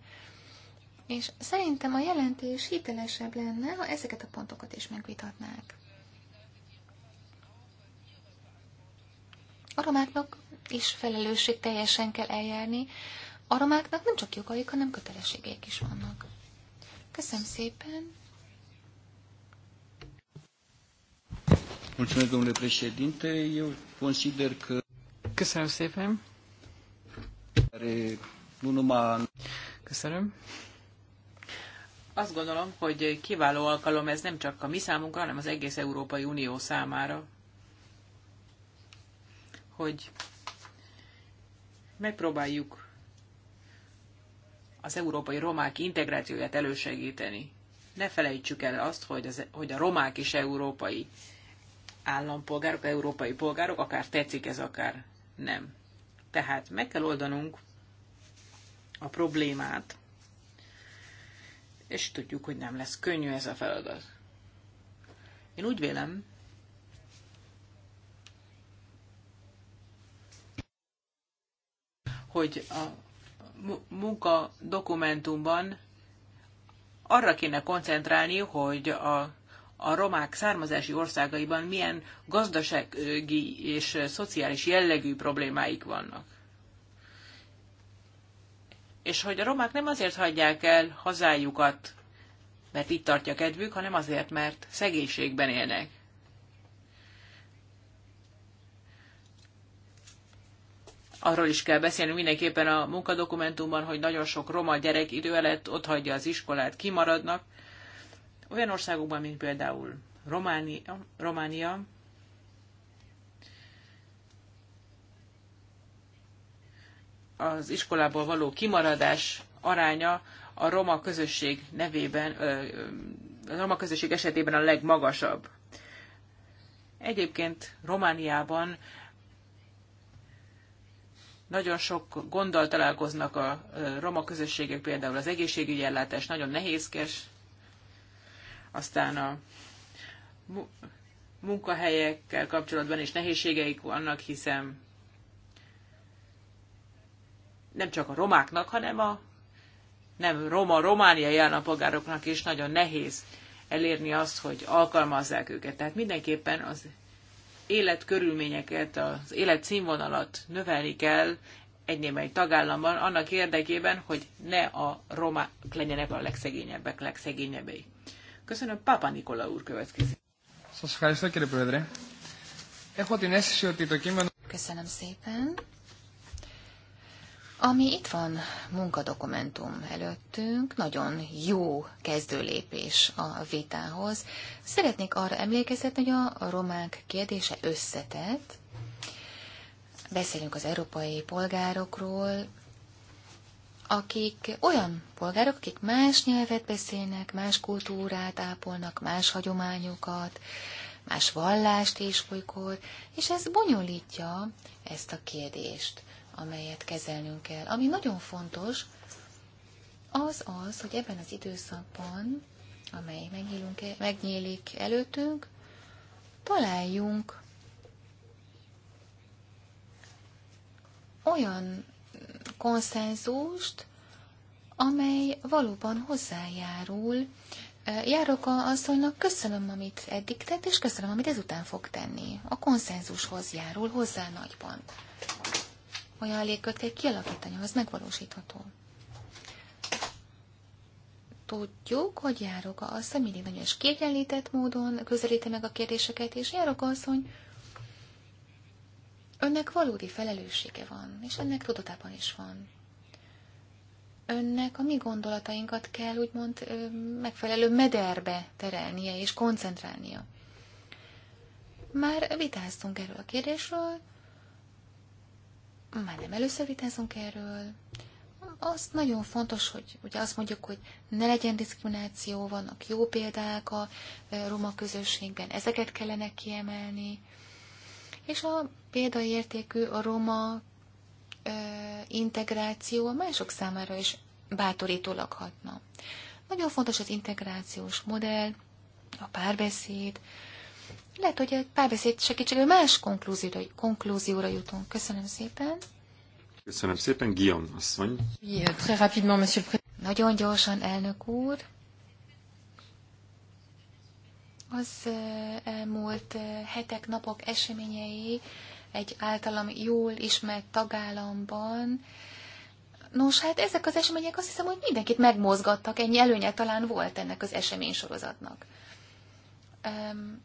és szerintem a jelentés hitelesebb lenne, ha ezeket a pontokat is megvitatnák. A romáknak is felelősség teljesen kell eljárni. A romáknak nem csak jogaik, hanem kötelességeik is vannak. Köszönöm szépen! Köszönöm szépen. Köszönöm. Azt gondolom, hogy kiváló alkalom ez nem csak a mi számunkra, hanem az egész Európai Unió számára, hogy megpróbáljuk az európai romák integrációját elősegíteni. Ne felejtsük el azt, hogy, az, hogy a romák is európai állampolgárok, európai polgárok, akár tetszik ez, akár nem. Tehát meg kell oldanunk a problémát, és tudjuk, hogy nem lesz könnyű ez a feladat. Én úgy vélem, hogy a munka dokumentumban arra kéne koncentrálni, hogy a, a romák származási országaiban milyen gazdasági és szociális jellegű problémáik vannak. És hogy a romák nem azért hagyják el hazájukat, mert itt tartja kedvük, hanem azért, mert szegénységben élnek. arról is kell beszélni mindenképpen a munkadokumentumban, hogy nagyon sok roma gyerek idő elett ott hagyja az iskolát, kimaradnak. Olyan országokban, mint például Románia, Románia az iskolából való kimaradás aránya a roma közösség nevében, a roma közösség esetében a legmagasabb. Egyébként Romániában nagyon sok gonddal találkoznak a roma közösségek, például az egészségügyi ellátás nagyon nehézkes, aztán a munkahelyekkel kapcsolatban is nehézségeik vannak, hiszen nem csak a romáknak, hanem a nem roma, romániai állampolgároknak is nagyon nehéz elérni azt, hogy alkalmazzák őket. Tehát mindenképpen az életkörülményeket, az életszínvonalat növelni kell egy némely tagállamban annak érdekében, hogy ne a romák legyenek a legszegényebbek, legszegényebbei. Köszönöm, Papa Nikola úr következik. Köszönöm szépen. Ami itt van munkadokumentum előttünk, nagyon jó kezdőlépés a vitához. Szeretnék arra emlékeztetni, hogy a romák kérdése összetett. Beszélünk az európai polgárokról, akik olyan polgárok, akik más nyelvet beszélnek, más kultúrát ápolnak, más hagyományokat, más vallást is olykor, és ez bonyolítja ezt a kérdést amelyet kezelnünk kell. Ami nagyon fontos, az az, hogy ebben az időszakban, amely megnyílik előttünk, találjunk olyan konszenzust, amely valóban hozzájárul. a asszonynak köszönöm, amit eddig tett, és köszönöm, amit ezután fog tenni. A konszenzushoz járul hozzá nagyban olyan légkört kell kialakítani, az megvalósítható. Tudjuk, hogy járok a mindig nagyon is kiegyenlített módon közelíti meg a kérdéseket, és az asszony, önnek valódi felelőssége van, és ennek tudatában is van. Önnek a mi gondolatainkat kell úgymond megfelelő mederbe terelnie és koncentrálnia. Már vitáztunk erről a kérdésről, már nem először vitázunk erről. Az nagyon fontos, hogy ugye azt mondjuk, hogy ne legyen diszkrimináció, vannak jó példák a e, roma közösségben, ezeket kellene kiemelni. És a példaértékű a roma ö, e, integráció a mások számára is bátorítólag hatna. Nagyon fontos az integrációs modell, a párbeszéd, lehet, hogy egy párbeszéd segítségével más konklúzióra, konklúzióra jutunk. Köszönöm szépen. Köszönöm szépen, Guillaume asszony. Euh, Nagyon gyorsan, elnök úr. Az elmúlt hetek, napok eseményei egy általam jól ismert tagállamban. Nos, hát ezek az események azt hiszem, hogy mindenkit megmozgattak, ennyi előnye talán volt ennek az eseménysorozatnak. sorozatnak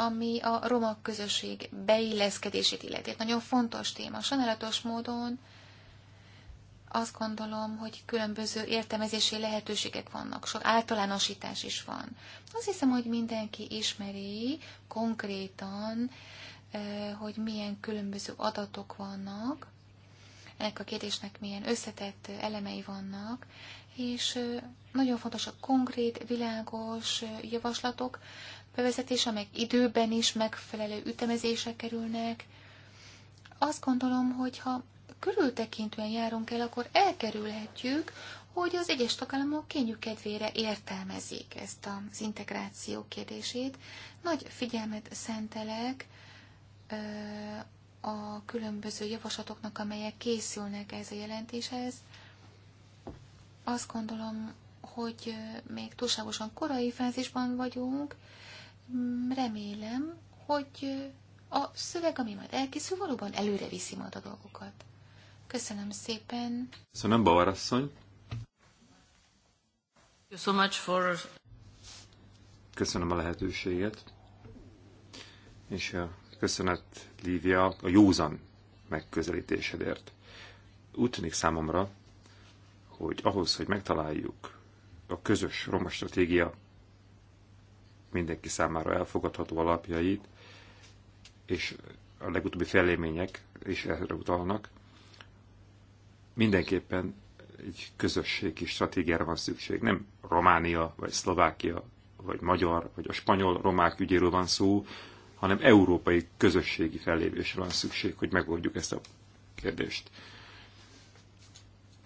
ami a roma közösség beilleszkedését illeti. Nagyon fontos téma. Sajnálatos módon azt gondolom, hogy különböző értelmezési lehetőségek vannak, sok általánosítás is van. Azt hiszem, hogy mindenki ismeri konkrétan, eh, hogy milyen különböző adatok vannak, ennek a kérdésnek milyen összetett elemei vannak, és nagyon fontos a konkrét, világos javaslatok bevezetése, amelyek időben is megfelelő ütemezések kerülnek. Azt gondolom, hogy ha körültekintően járunk el, akkor elkerülhetjük, hogy az egyes tagállamok kényük kedvére értelmezik ezt az integráció kérdését. Nagy figyelmet szentelek a különböző javaslatoknak, amelyek készülnek ez a jelentéshez. Azt gondolom, hogy még túlságosan korai fázisban vagyunk. Remélem, hogy a szöveg, ami majd elkészül, valóban előre viszi majd a dolgokat. Köszönöm szépen. Köszönöm, Bauer asszony. So much for... Köszönöm a lehetőséget és a köszönet, Lívia, a józan megközelítésedért. Úgy tűnik számomra, hogy ahhoz, hogy megtaláljuk a közös roma stratégia mindenki számára elfogadható alapjait, és a legutóbbi fellémények is erre utalnak, mindenképpen egy közösségi stratégiára van szükség. Nem Románia, vagy Szlovákia, vagy magyar, vagy a spanyol romák ügyéről van szó, hanem európai közösségi fellépésre van szükség, hogy megoldjuk ezt a kérdést.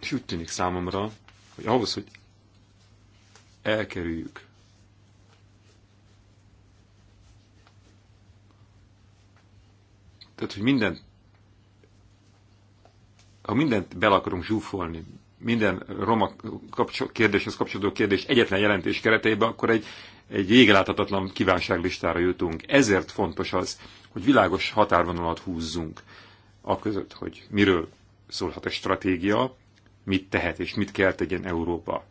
És úgy tűnik számomra, hogy ahhoz, hogy elkerüljük tehát, hogy minden ha mindent bel akarunk zsúfolni, minden roma kapcsol, kérdéshez kapcsolódó kérdés egyetlen jelentés keretében, akkor egy egy végeláthatatlan kívánságlistára jutunk. Ezért fontos az, hogy világos határvonalat húzzunk a között, hogy miről szólhat a stratégia, mit tehet és mit kell tegyen Európa.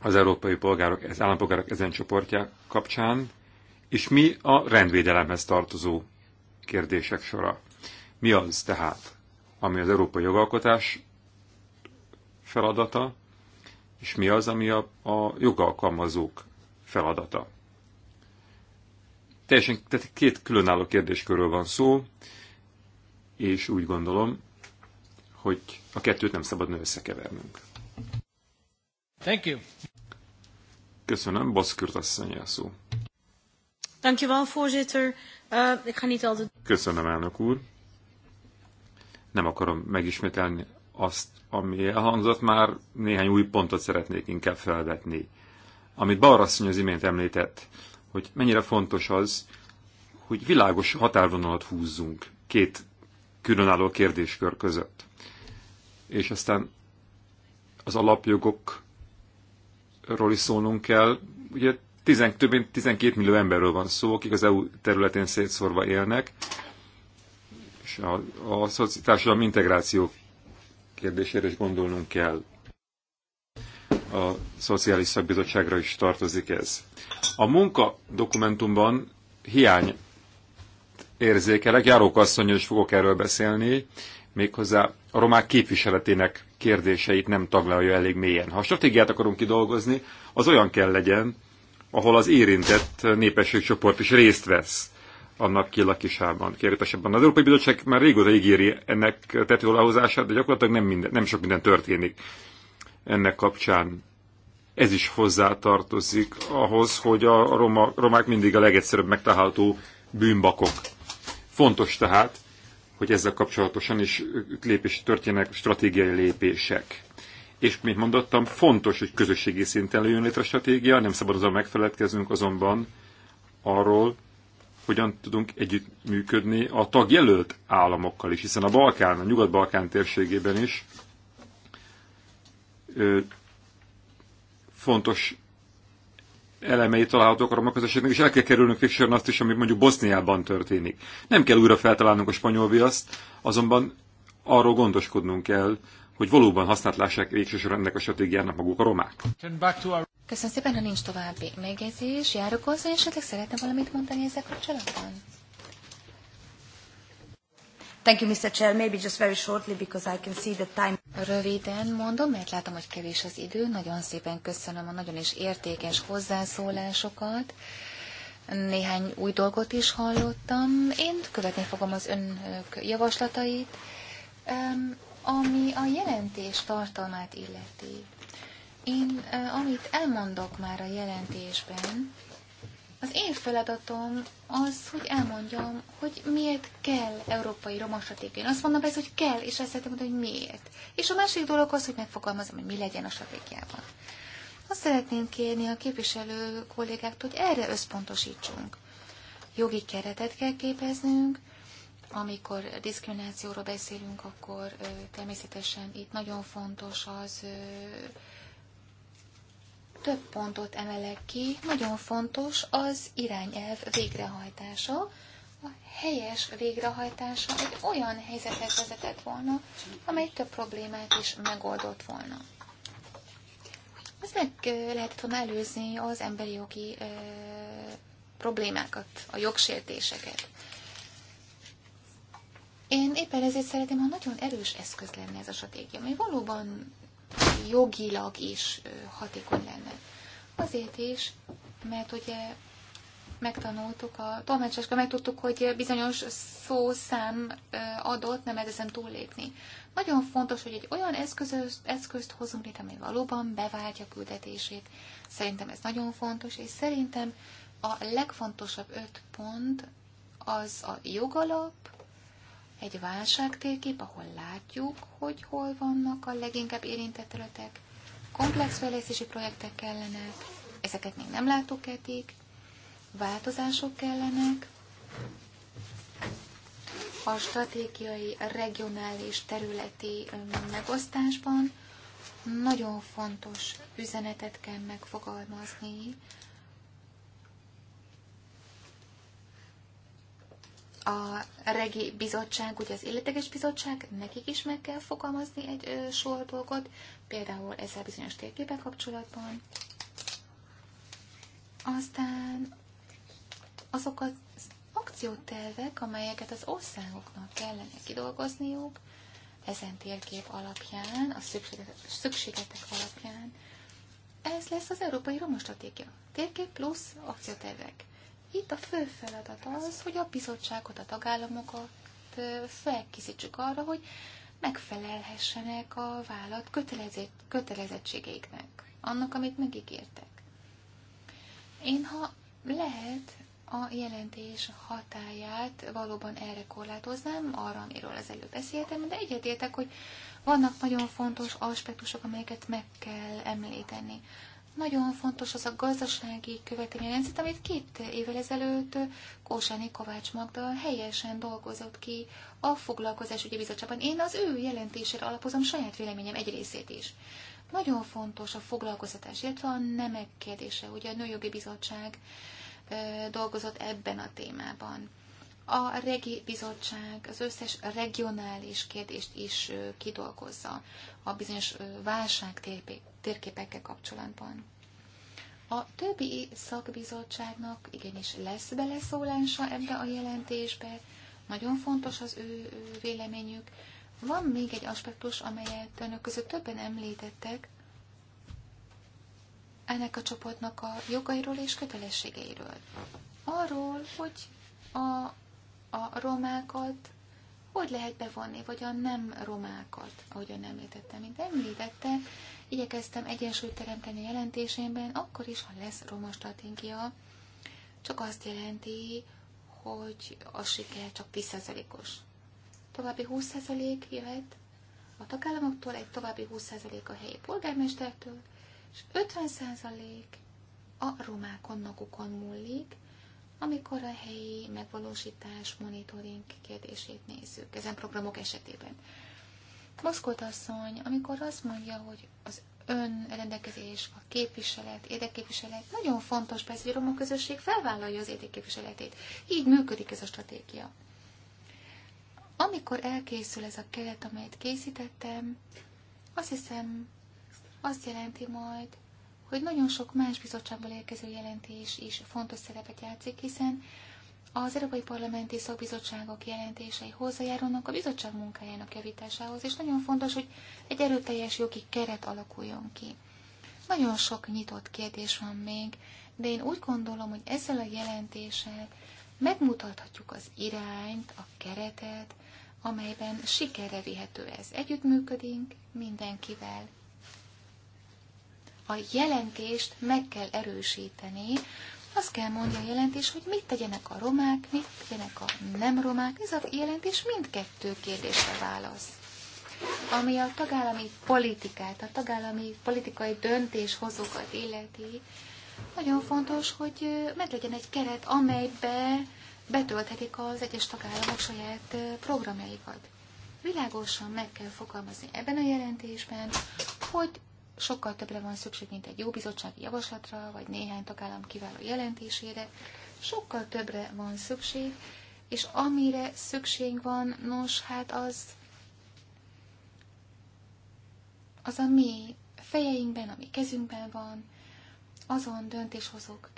Az európai polgárok, az állampolgárok ezen csoportja kapcsán, és mi a rendvédelemhez tartozó kérdések sora. Mi az tehát, ami az európai jogalkotás feladata, és mi az, ami a, a jogalkalmazók feladata. Teljesen, tehát két különálló kérdéskörről van szó, és úgy gondolom, hogy a kettőt nem szabadna összekevernünk. Thank you. Köszönöm, Baszkürt asszony a szó. Thank you, well, voorzitter. Uh, ik Köszönöm, elnök úr. Nem akarom megismételni azt, ami elhangzott már, néhány új pontot szeretnék inkább felvetni amit Balrasszony az imént említett, hogy mennyire fontos az, hogy világos határvonalat húzzunk két különálló kérdéskör között. És aztán az alapjogokról is szólnunk kell. Ugye tizen, több mint 12 millió emberről van szó, akik az EU területén szétszorva élnek, és a, a társadalmi integráció kérdésére is gondolnunk kell a Szociális Szakbizottságra is tartozik ez. A munka dokumentumban hiány érzékelek, és fogok erről beszélni, méghozzá a romák képviseletének kérdéseit nem taglalja elég mélyen. Ha a stratégiát akarunk kidolgozni, az olyan kell legyen, ahol az érintett népességcsoport is részt vesz annak kilakisában, kérdésebben. Az Európai Bizottság már régóta ígéri ennek tetőalahozását, de gyakorlatilag nem, minden, nem sok minden történik ennek kapcsán. Ez is hozzátartozik ahhoz, hogy a roma, romák mindig a legegyszerűbb megtalálható bűnbakok. Fontos tehát, hogy ezzel kapcsolatosan is lépés történnek stratégiai lépések. És, mint mondottam, fontos, hogy közösségi szinten jön létre stratégia, nem szabad azon megfeledkezünk azonban arról, hogyan tudunk együttműködni a tagjelölt államokkal is, hiszen a Balkán, a Nyugat-Balkán térségében is fontos elemei találhatók a roma közösségnek, és el kell kerülnünk végsősorban azt is, ami mondjuk Boszniában történik. Nem kell újra feltalálnunk a spanyol viaszt, azonban arról gondoskodnunk kell, hogy valóban használt lássák végsősorban ennek a stratégiának maguk a romák. Köszönöm szépen, ha nincs további megjegyzés, járok hozzá, és esetleg szeretne valamit mondani ezzel kapcsolatban? Thank you, Mr. Chair. Maybe just very shortly, because I can see the time. Röviden mondom, mert látom, hogy kevés az idő. Nagyon szépen köszönöm a nagyon is értékes hozzászólásokat. Néhány új dolgot is hallottam. Én követni fogom az önök javaslatait, ami a jelentés tartalmát illeti. Én, amit elmondok már a jelentésben, az én feladatom az, hogy elmondjam, hogy miért kell európai roma stratégia. Én azt mondom ez, hogy kell, és ezt szeretném mondani, hogy miért. És a másik dolog az, hogy megfogalmazom, hogy mi legyen a stratégiában. Azt szeretném kérni a képviselő kollégáktól, hogy erre összpontosítsunk. Jogi keretet kell képeznünk, amikor diszkriminációról beszélünk, akkor természetesen itt nagyon fontos az több pontot emelek ki. Nagyon fontos az irányelv végrehajtása. A helyes végrehajtása egy olyan helyzethez vezetett volna, amely több problémát is megoldott volna. Ez meg lehetett volna előzni az emberi jogi ö, problémákat, a jogsértéseket. Én éppen ezért szeretném, ha nagyon erős eszköz lenne ez a stratégia, ami valóban jogilag is hatékony lenne. Azért is, mert ugye megtanultuk, a tolmácsáska, megtudtuk, hogy bizonyos szószám adott, nem ezen túllépni. Nagyon fontos, hogy egy olyan eszközöz, eszközt hozunk létre, ami valóban beváltja küldetését. Szerintem ez nagyon fontos, és szerintem a legfontosabb öt pont az a jogalap, egy válságtérkép, ahol látjuk, hogy hol vannak a leginkább érintett területek, komplex fejlesztési projektek kellenek, ezeket még nem látok eddig, változások kellenek, a stratégiai, regionális, területi megosztásban nagyon fontos üzenetet kell megfogalmazni a regi bizottság, ugye az illetékes bizottság, nekik is meg kell fogalmazni egy ö, sor dolgot, például ezzel bizonyos térképpel kapcsolatban. Aztán azok az akciótervek, amelyeket az országoknak kellene kidolgozniuk, ezen térkép alapján, a szükségetek alapján, ez lesz az európai Roma stratégia: Térkép plusz akciótervek. Itt a fő feladat az, hogy a bizottságot, a tagállamokat felkészítsük arra, hogy megfelelhessenek a vállalat kötelezettségeiknek, annak, amit megígértek. Én, ha lehet, a jelentés hatáját valóban erre korlátoznám, arra, amiről az előbb beszéltem, de egyetértek, hogy vannak nagyon fontos aspektusok, amelyeket meg kell említeni. Nagyon fontos az a gazdasági követelményrendszer, amit két évvel ezelőtt Kósáni Kovács Magda helyesen dolgozott ki a foglalkozásügyi bizottságban. Én az ő jelentésére alapozom saját véleményem egy részét is. Nagyon fontos a foglalkoztatás, illetve a nemek kérdése. Ugye a Nőjogi Bizottság dolgozott ebben a témában. A Regi Bizottság az összes regionális kérdést is kidolgozza a bizonyos válság térképekkel kapcsolatban. A többi szakbizottságnak igenis lesz beleszólása ebbe a jelentésbe, nagyon fontos az ő véleményük. Van még egy aspektus, amelyet önök között többen említettek, ennek a csoportnak a jogairól és kötelességeiről. Arról, hogy a, a romákat hogy lehet bevonni, vagy a nem romákat, ahogyan említettem. Mint említette, igyekeztem egyensúlyt teremteni a jelentésemben, akkor is, ha lesz roma stratégia, csak azt jelenti, hogy a siker csak 10%-os. További 20% jöhet a tagállamoktól, egy további 20% a helyi polgármestertől, és 50% a romákon magukon múlik, amikor a helyi megvalósítás, monitoring kérdését nézzük ezen programok esetében. Moszkolt asszony, amikor azt mondja, hogy az ön rendelkezés, a képviselet, érdekképviselet, nagyon fontos, persze, hogy a roma közösség felvállalja az érdekképviseletét. Így működik ez a stratégia. Amikor elkészül ez a keret, amelyet készítettem, azt hiszem, azt jelenti majd, hogy nagyon sok más bizottságból érkező jelentés is fontos szerepet játszik, hiszen az Európai Parlamenti Szakbizottságok jelentései hozzájárulnak a bizottság munkájának javításához, és nagyon fontos, hogy egy erőteljes jogi keret alakuljon ki. Nagyon sok nyitott kérdés van még, de én úgy gondolom, hogy ezzel a jelentéssel megmutathatjuk az irányt, a keretet, amelyben sikerre vihető ez. Együttműködünk mindenkivel, a jelentést meg kell erősíteni. Azt kell mondja a jelentés, hogy mit tegyenek a romák, mit tegyenek a nem romák. Ez a jelentés mindkettő kérdésre válasz. Ami a tagállami politikát, a tagállami politikai döntéshozókat illeti, nagyon fontos, hogy legyen egy keret, amelybe betölthetik az egyes tagállamok saját programjaikat. Világosan meg kell fogalmazni ebben a jelentésben, hogy sokkal többre van szükség, mint egy jó bizottsági javaslatra, vagy néhány tagállam kiváló jelentésére. Sokkal többre van szükség, és amire szükség van, nos, hát az az a mi fejeinkben, ami kezünkben van, azon döntéshozók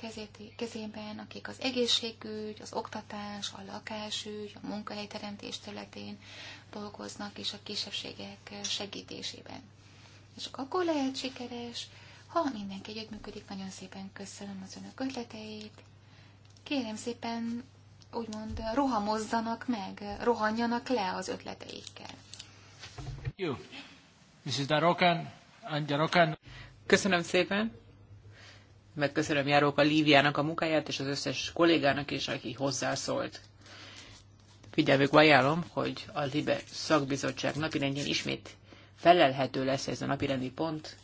kezében, akik az egészségügy, az oktatás, a lakásügy, a munkahelyteremtés területén dolgoznak, és a kisebbségek segítésében és akkor lehet sikeres, ha mindenki együttműködik, nagyon szépen köszönöm az önök ötleteit. Kérem szépen, úgymond rohamozzanak meg, rohanjanak le az ötleteikkel. Jó. Mrs. Darokan, Darokan. Köszönöm szépen. Megköszönöm Járóka Líviának a munkáját, és az összes kollégának is, aki hozzászólt. Figyelmük ajánlom, hogy a LIBE szakbizottság napirendjén ismét felelhető lesz ez a napirendi pont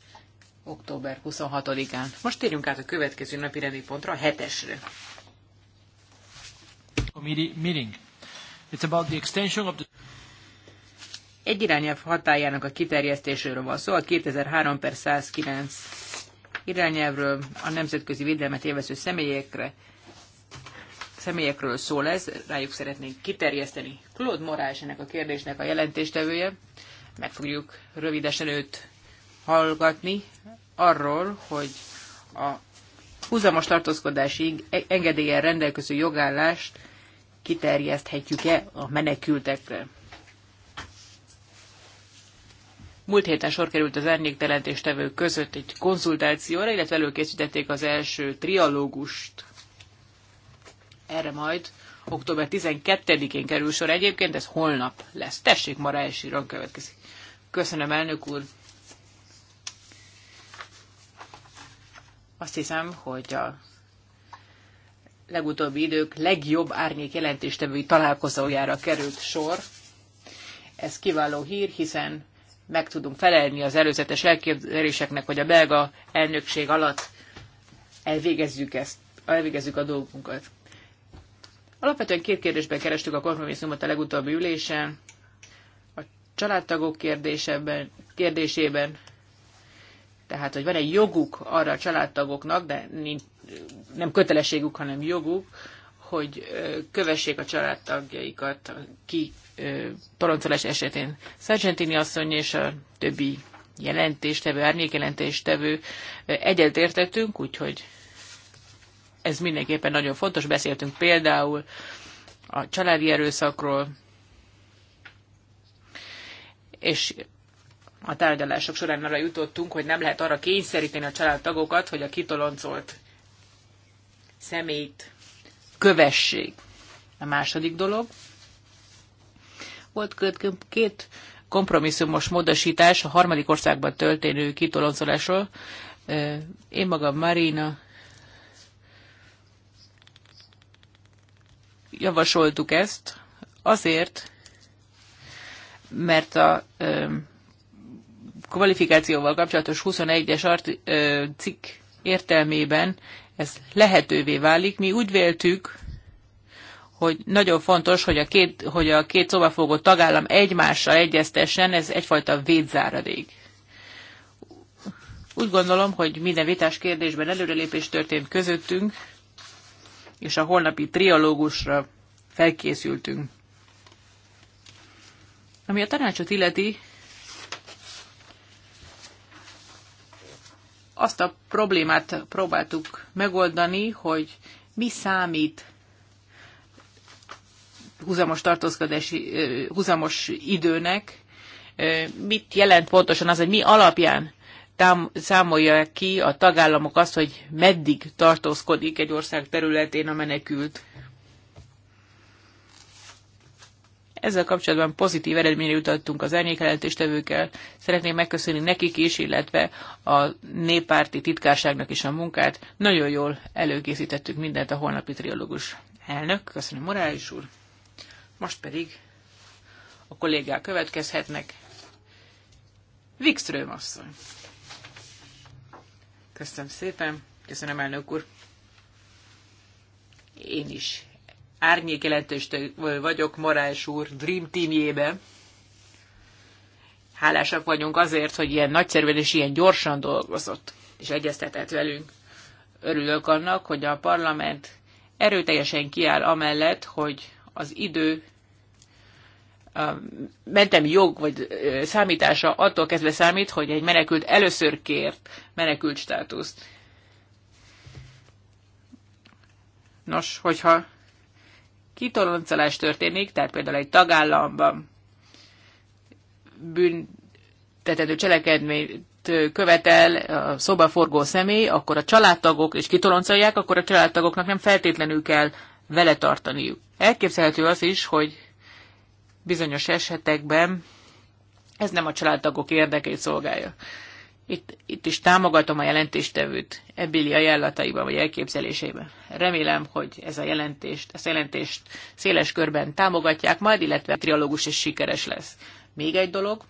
október 26-án. Most térjünk át a következő napirendi pontra, a hetesre. Meeting. It's about the extension of the... Egy irányelv hatájának a kiterjesztéséről van szó, a 2003 per 109 irányelvről a nemzetközi védelmet élvező személyekre személyekről szól ez, rájuk szeretnénk kiterjeszteni. Claude Morás ennek a kérdésnek a jelentéstevője meg fogjuk rövidesen őt hallgatni arról, hogy a húzamos tartózkodásig e- engedélyen rendelkező jogállást kiterjeszthetjük-e a menekültekre. Múlt héten sor került az tevő között egy konzultációra, illetve előkészítették az első trialógust. Erre majd október 12-én kerül sor egyébként, ez holnap lesz. Tessék, ma elsíron következik. Köszönöm, elnök úr. Azt hiszem, hogy a legutóbbi idők legjobb árnyék jelentéstevői találkozójára került sor. Ez kiváló hír, hiszen meg tudunk felelni az előzetes elképzeléseknek, hogy a belga elnökség alatt elvégezzük ezt, elvégezzük a dolgunkat. Alapvetően két kérdésben kerestük a kompromisszumot a legutóbbi ülésen családtagok kérdésében, kérdésében, tehát, hogy van egy joguk arra a családtagoknak, de nem kötelességük, hanem joguk, hogy kövessék a családtagjaikat ki parancolás esetén. Sargentini asszony és a többi jelentéstevő, árnyékjelentéstevő egyetértettünk, úgyhogy ez mindenképpen nagyon fontos. Beszéltünk például a családi erőszakról, és a tárgyalások során arra jutottunk, hogy nem lehet arra kényszeríteni a családtagokat, hogy a kitoloncolt személyt kövessék. A második dolog. Volt két kompromisszumos módosítás a harmadik országban történő kitoloncolásról. Én magam Marina javasoltuk ezt azért, mert a kvalifikációval kapcsolatos 21-es cikk értelmében ez lehetővé válik. Mi úgy véltük, hogy nagyon fontos, hogy a két, hogy a két szobafogó tagállam egymással egyeztessen, ez egyfajta védzáradék. Úgy gondolom, hogy minden vitás kérdésben előrelépés történt közöttünk, és a holnapi trialógusra felkészültünk. Ami a tanácsot illeti, azt a problémát próbáltuk megoldani, hogy mi számít húzamos tartózkodási, húzamos időnek, mit jelent pontosan az, hogy mi alapján tám- számolja ki a tagállamok azt, hogy meddig tartózkodik egy ország területén a menekült. Ezzel kapcsolatban pozitív eredményre jutottunk az árnyékjelentéstevőkkel. Szeretném megköszönni nekik is, illetve a néppárti titkárságnak is a munkát. Nagyon jól előkészítettük mindent a holnapi triológus elnök. Köszönöm, Morális úr. Most pedig a kollégák következhetnek. Vikström asszony. Köszönöm szépen. Köszönöm, elnök úr. Én is árnyék vagyok Morás úr Dream Teamjébe. Hálásak vagyunk azért, hogy ilyen nagyszerűen és ilyen gyorsan dolgozott, és egyeztetett velünk. Örülök annak, hogy a parlament erőteljesen kiáll amellett, hogy az idő a mentem jog vagy számítása attól kezdve számít, hogy egy menekült először kért menekült státuszt. Nos, hogyha kitoloncolás történik, tehát például egy tagállamban büntetendő cselekedményt követel a szobaforgó személy, akkor a családtagok, és kitoloncolják, akkor a családtagoknak nem feltétlenül kell vele tartaniuk. Elképzelhető az is, hogy bizonyos esetekben ez nem a családtagok érdekét szolgálja. Itt, itt is támogatom a jelentéstevőt ebbéli ajánlataiban vagy elképzeléseiben. Remélem, hogy ez a jelentést, ezt a jelentést széles körben támogatják majd, illetve a trialógus is sikeres lesz. Még egy dolog.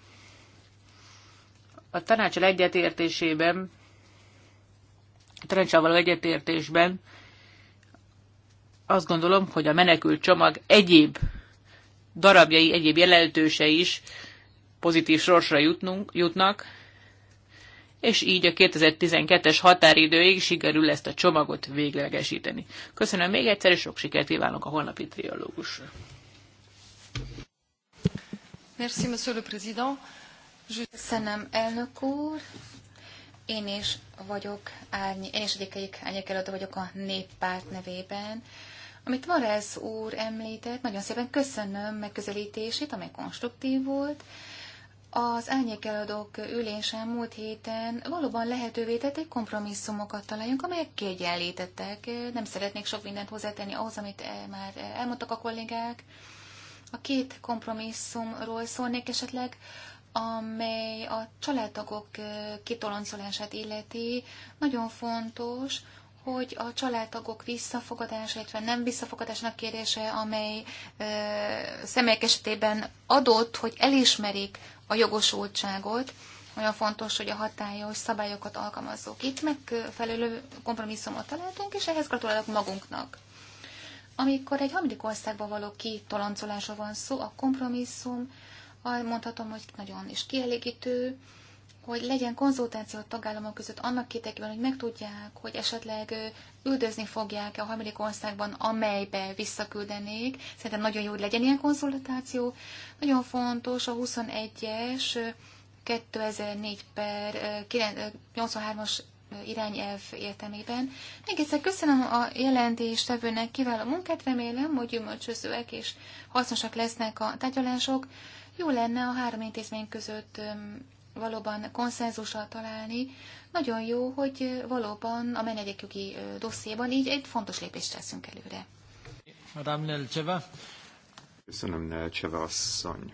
A tanácsal egyetértésében, a tanácsal való egyetértésben azt gondolom, hogy a menekült csomag egyéb darabjai, egyéb jelentősei is pozitív sorsra jutnunk, jutnak, és így a 2012-es határidőig sikerül ezt a csomagot véglegesíteni. Köszönöm még egyszer, és sok sikert kívánok a holnapi triológusra. Merci, monsieur le président. Köszönöm, elnök úr. Én is vagyok, árny, én is egyik árnyék előadó vagyok a néppárt nevében. Amit Marez úr említett, nagyon szépen köszönöm megközelítését, amely konstruktív volt, az árnyékeladók ülésen múlt héten valóban lehetővé tett, hogy kompromisszumokat találjunk, amelyek kiegyenlítettek. Nem szeretnék sok mindent hozzátenni ahhoz, amit e, már elmondtak a kollégák. A két kompromisszumról szólnék esetleg, amely a családtagok kitoloncolását illeti. Nagyon fontos, hogy a családtagok visszafogadása, illetve nem visszafogadásnak kérése, amely ö, személyek esetében adott, hogy elismerik a jogosultságot, olyan fontos, hogy a hatályos szabályokat alkalmazzuk. Itt megfelelő kompromisszumot találtunk, és ehhez gratulálok magunknak. Amikor egy harmadik országba való kitoloncolásra van szó, a kompromisszum, mondhatom, hogy nagyon is kielégítő, hogy legyen konzultáció a tagállamok között annak kétekben, hogy megtudják, hogy esetleg üldözni fogják-e a harmadik országban, amelybe visszaküldenék. Szerintem nagyon jó, hogy legyen ilyen konzultáció. Nagyon fontos a 21-es 2004 per 83-as irányelv értelmében. Még egyszer köszönöm a jelentéstevőnek kiváló munkát, remélem, hogy gyümölcsözőek és hasznosak lesznek a tárgyalások. Jó lenne a három intézmény között valóban konszenzusra találni, nagyon jó, hogy valóban a menedékjogi dossziéban így egy fontos lépést teszünk előre. Madame Nelcseva. Köszönöm, Nelcseva asszony.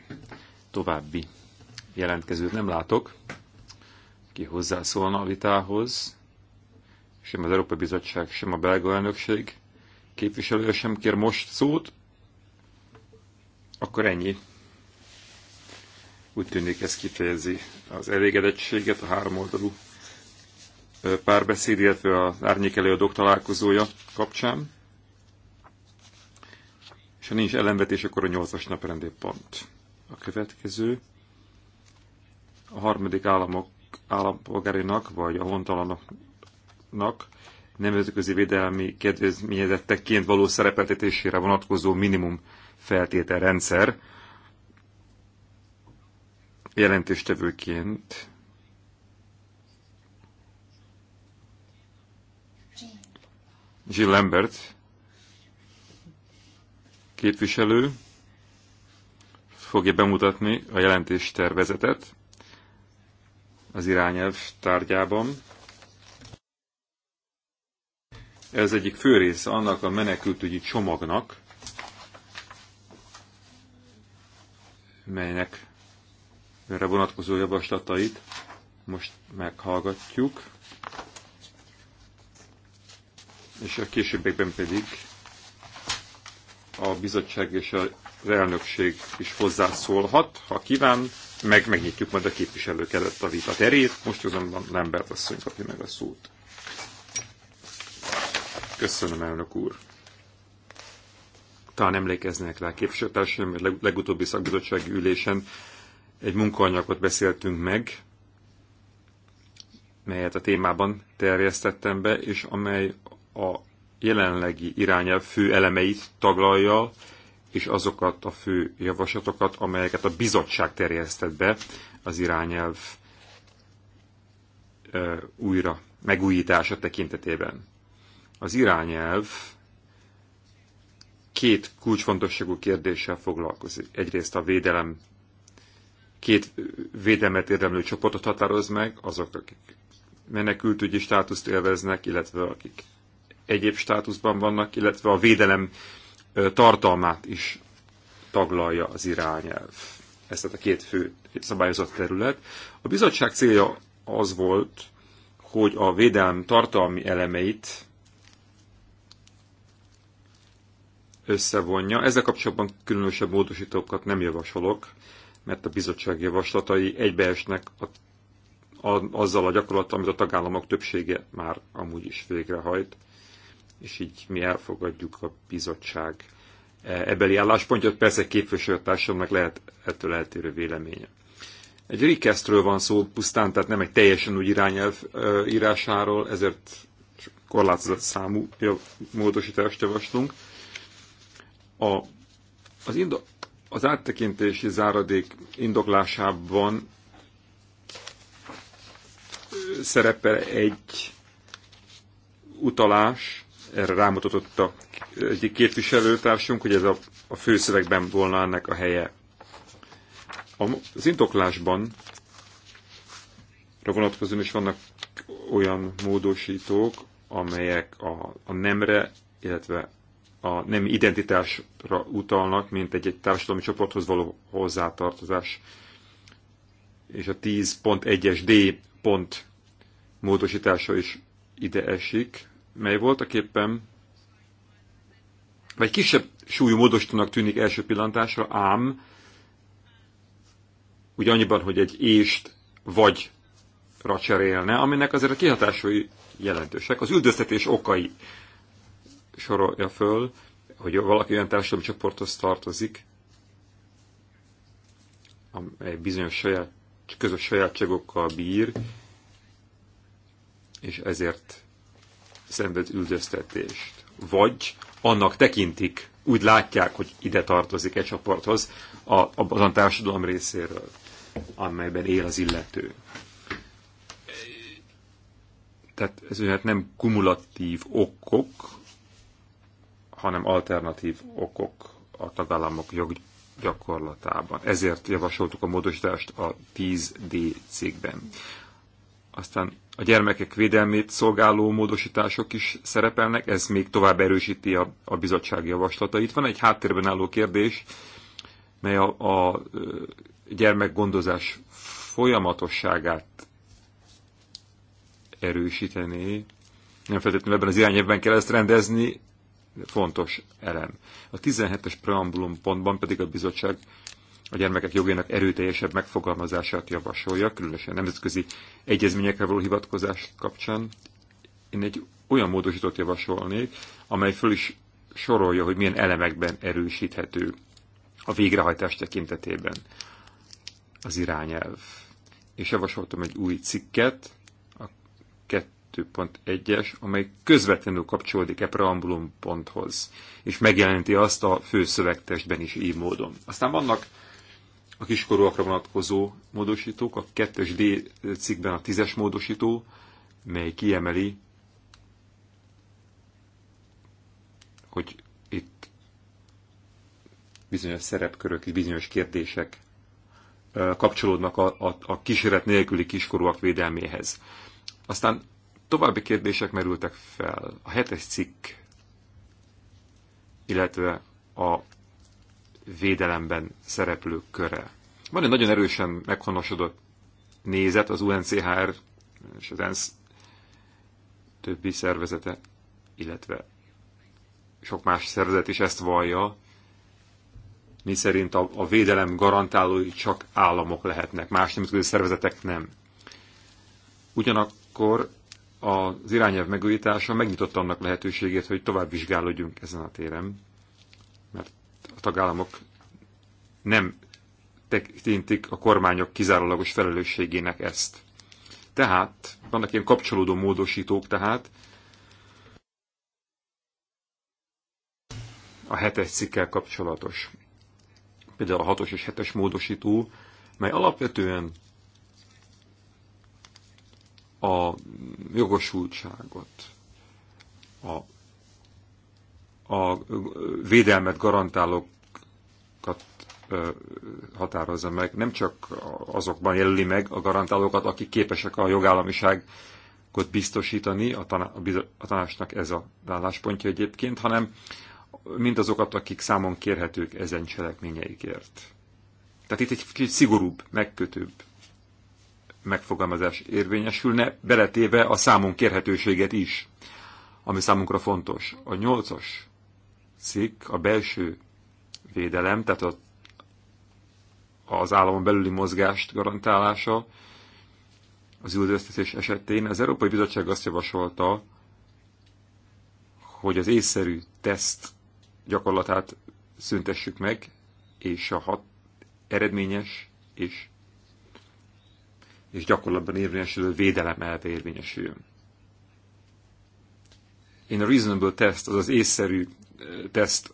További jelentkezőt nem látok, ki hozzászólna a vitához. Sem az Európai Bizottság, sem a belga elnökség képviselője sem kér most szót. Akkor ennyi. Úgy tűnik ez kifejezi az elégedettséget, a háromoldalú párbeszéd, illetve az előadók találkozója kapcsán. És ha nincs ellenvetés, akkor a nyolcas naprendi pont. A következő a harmadik államok állampolgárinak, vagy a hontalanoknak nemzetközi védelmi kedvezményezettekként való szerepeltetésére vonatkozó minimum feltételrendszer jelentéstevőként Jill Lambert képviselő fogja bemutatni a jelentés tervezetet az irányelv tárgyában. Ez egyik fő része annak a menekültügyi csomagnak, melynek erre vonatkozó javaslatait most meghallgatjuk, és a későbbiekben pedig a bizottság és a elnökség is hozzászólhat, ha kíván, meg megnyitjuk majd a képviselők előtt a vita terét, most azonban nem asszony kapja meg a szót. Köszönöm, elnök úr. Talán emlékeznek rá képviselőtársaim, mert legutóbbi szakbizottsági ülésen egy munkaanyagot beszéltünk meg, melyet a témában terjesztettem be, és amely a jelenlegi irányelv fő elemeit taglalja, és azokat a fő javaslatokat, amelyeket a bizottság terjesztett be az irányelv újra megújítása tekintetében. Az irányelv két kulcsfontosságú kérdéssel foglalkozik. Egyrészt a védelem két védelmet érdemlő csoportot határoz meg, azok, akik menekültügyi státuszt élveznek, illetve akik egyéb státuszban vannak, illetve a védelem tartalmát is taglalja az irányelv. Ez tehát a két fő szabályozott terület. A bizottság célja az volt, hogy a védelem tartalmi elemeit összevonja. Ezzel kapcsolatban különösebb módosítókat nem javasolok, mert a bizottság javaslatai egybeesnek a, a, azzal a gyakorlattal, amit a tagállamok többsége már amúgy is végrehajt, és így mi elfogadjuk a bizottság e, ebeli álláspontját. Persze képviselőtársamnak lehet ettől eltérő véleménye. Egy rikesztről van szó pusztán, tehát nem egy teljesen új irányelv e, írásáról, ezért korlátozott számú módosítást javaslunk. A, az indo, az áttekintési záradék indoklásában szerepel egy utalás, erre rámutatott a egyik képviselőtársunk, hogy ez a, a főszövegben volna ennek a helye. Az indoklásban vonatkozóan is vannak olyan módosítók, amelyek a, a nemre, illetve a nem identitásra utalnak, mint egy, egy társadalmi csoporthoz való hozzátartozás. És a 10.1-es D pont módosítása is ide esik, mely voltak éppen, vagy kisebb súlyú módosítónak tűnik első pillantásra, ám úgy annyiban, hogy egy ést vagy ra cserélne, aminek azért a kihatásai jelentősek. Az üldöztetés okai sorolja föl, hogy valaki olyan társadalmi csoporthoz tartozik, amely bizonyos saját, közös sajátságokkal bír, és ezért szenved üldöztetést. Vagy annak tekintik, úgy látják, hogy ide tartozik egy csoporthoz, a, azon a társadalom részéről, amelyben él az illető. Tehát ez hát nem kumulatív okok, hanem alternatív okok a tagállamok joggyakorlatában. Ezért javasoltuk a módosítást a 10D cégben. Aztán a gyermekek védelmét szolgáló módosítások is szerepelnek, ez még tovább erősíti a, a bizottság javaslatait. Itt van egy háttérben álló kérdés, mely a, a gyermekgondozás folyamatosságát erősíteni. Nem feltétlenül ebben az irányában kell ezt rendezni, fontos elem. A 17-es preambulum pontban pedig a bizottság a gyermekek jogainak erőteljesebb megfogalmazását javasolja, különösen nemzetközi egyezményekre való hivatkozás kapcsán. Én egy olyan módosítót javasolnék, amely föl is sorolja, hogy milyen elemekben erősíthető a végrehajtás tekintetében az irányelv. És javasoltam egy új cikket, a 2.1-es, amely közvetlenül kapcsolódik e preambulum ponthoz, és megjelenti azt a fő szövegtestben is így módon. Aztán vannak a kiskorúakra vonatkozó módosítók, a 2-es D cikkben a 10-es módosító, mely kiemeli, hogy itt bizonyos szerepkörök és bizonyos kérdések kapcsolódnak a, a, a kísérlet nélküli kiskorúak védelméhez. Aztán További kérdések merültek fel. A hetes cikk, illetve a védelemben szereplők köre. Van egy nagyon erősen meghonosodott nézet az UNCHR és az ENSZ többi szervezete, illetve sok más szervezet is ezt vallja, mi szerint a, a védelem garantálói csak államok lehetnek, más nemzetközi szervezetek nem. Ugyanakkor az irányelv megújítása megnyitotta annak lehetőségét, hogy tovább vizsgálódjunk ezen a téren, mert a tagállamok nem tekintik a kormányok kizárólagos felelősségének ezt. Tehát vannak ilyen kapcsolódó módosítók, tehát a hetes cikkel kapcsolatos. Például a hatos és hetes módosító, mely alapvetően a jogosultságot, a, a védelmet garantálókat határozza meg, nem csak azokban jelöli meg a garantálókat, akik képesek a jogállamiságot biztosítani, a, taná a tanácsnak ez a álláspontja egyébként, hanem mindazokat, akik számon kérhetők ezen cselekményeikért. Tehát itt egy kicsit szigorúbb, megkötőbb megfogalmazás érvényesülne, beletéve a számunk kérhetőséget is, ami számunkra fontos. A nyolcas cikk a belső védelem, tehát a, az államon belüli mozgást garantálása az üldöztetés esetén. Az Európai Bizottság azt javasolta, hogy az észszerű teszt gyakorlatát szüntessük meg, és a hat eredményes és és gyakorlatban érvényesülő védelem elve érvényesüljön. Én a reasonable test, az észszerű eh, test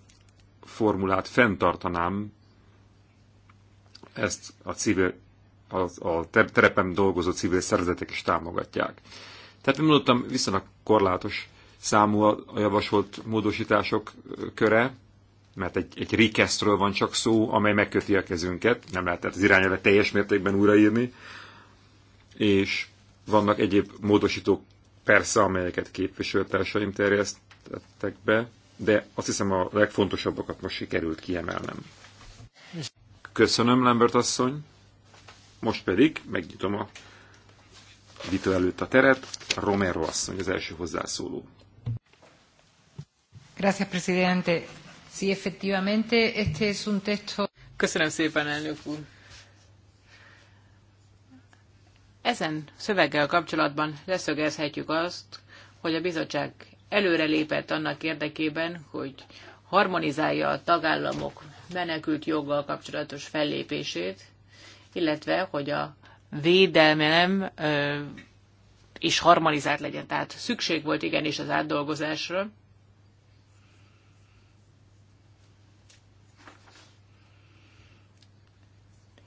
formulát fenntartanám, ezt a civil, a, a terepen dolgozó civil szervezetek is támogatják. Tehát, mint mondottam, viszonylag korlátos számú a, javasolt módosítások eh, köre, mert egy, egy rikesztről van csak szó, amely megköti a kezünket, nem lehet tehát az irányelvet teljes mértékben újraírni, és vannak egyéb módosítók persze, amelyeket képviselőtársaim terjesztettek be, de azt hiszem a legfontosabbakat most sikerült kiemelnem. Köszönöm, Lambert asszony. Most pedig megnyitom a vita előtt a teret. Romero asszony az első hozzászóló. Gracias, presidente. Sí, efectivamente, este es un texto... Köszönöm szépen, elnök úr. Ezen szöveggel kapcsolatban leszögezhetjük azt, hogy a bizottság előrelépett annak érdekében, hogy harmonizálja a tagállamok menekült joggal kapcsolatos fellépését, illetve hogy a védelmem is harmonizált legyen. Tehát szükség volt igenis az átdolgozásra,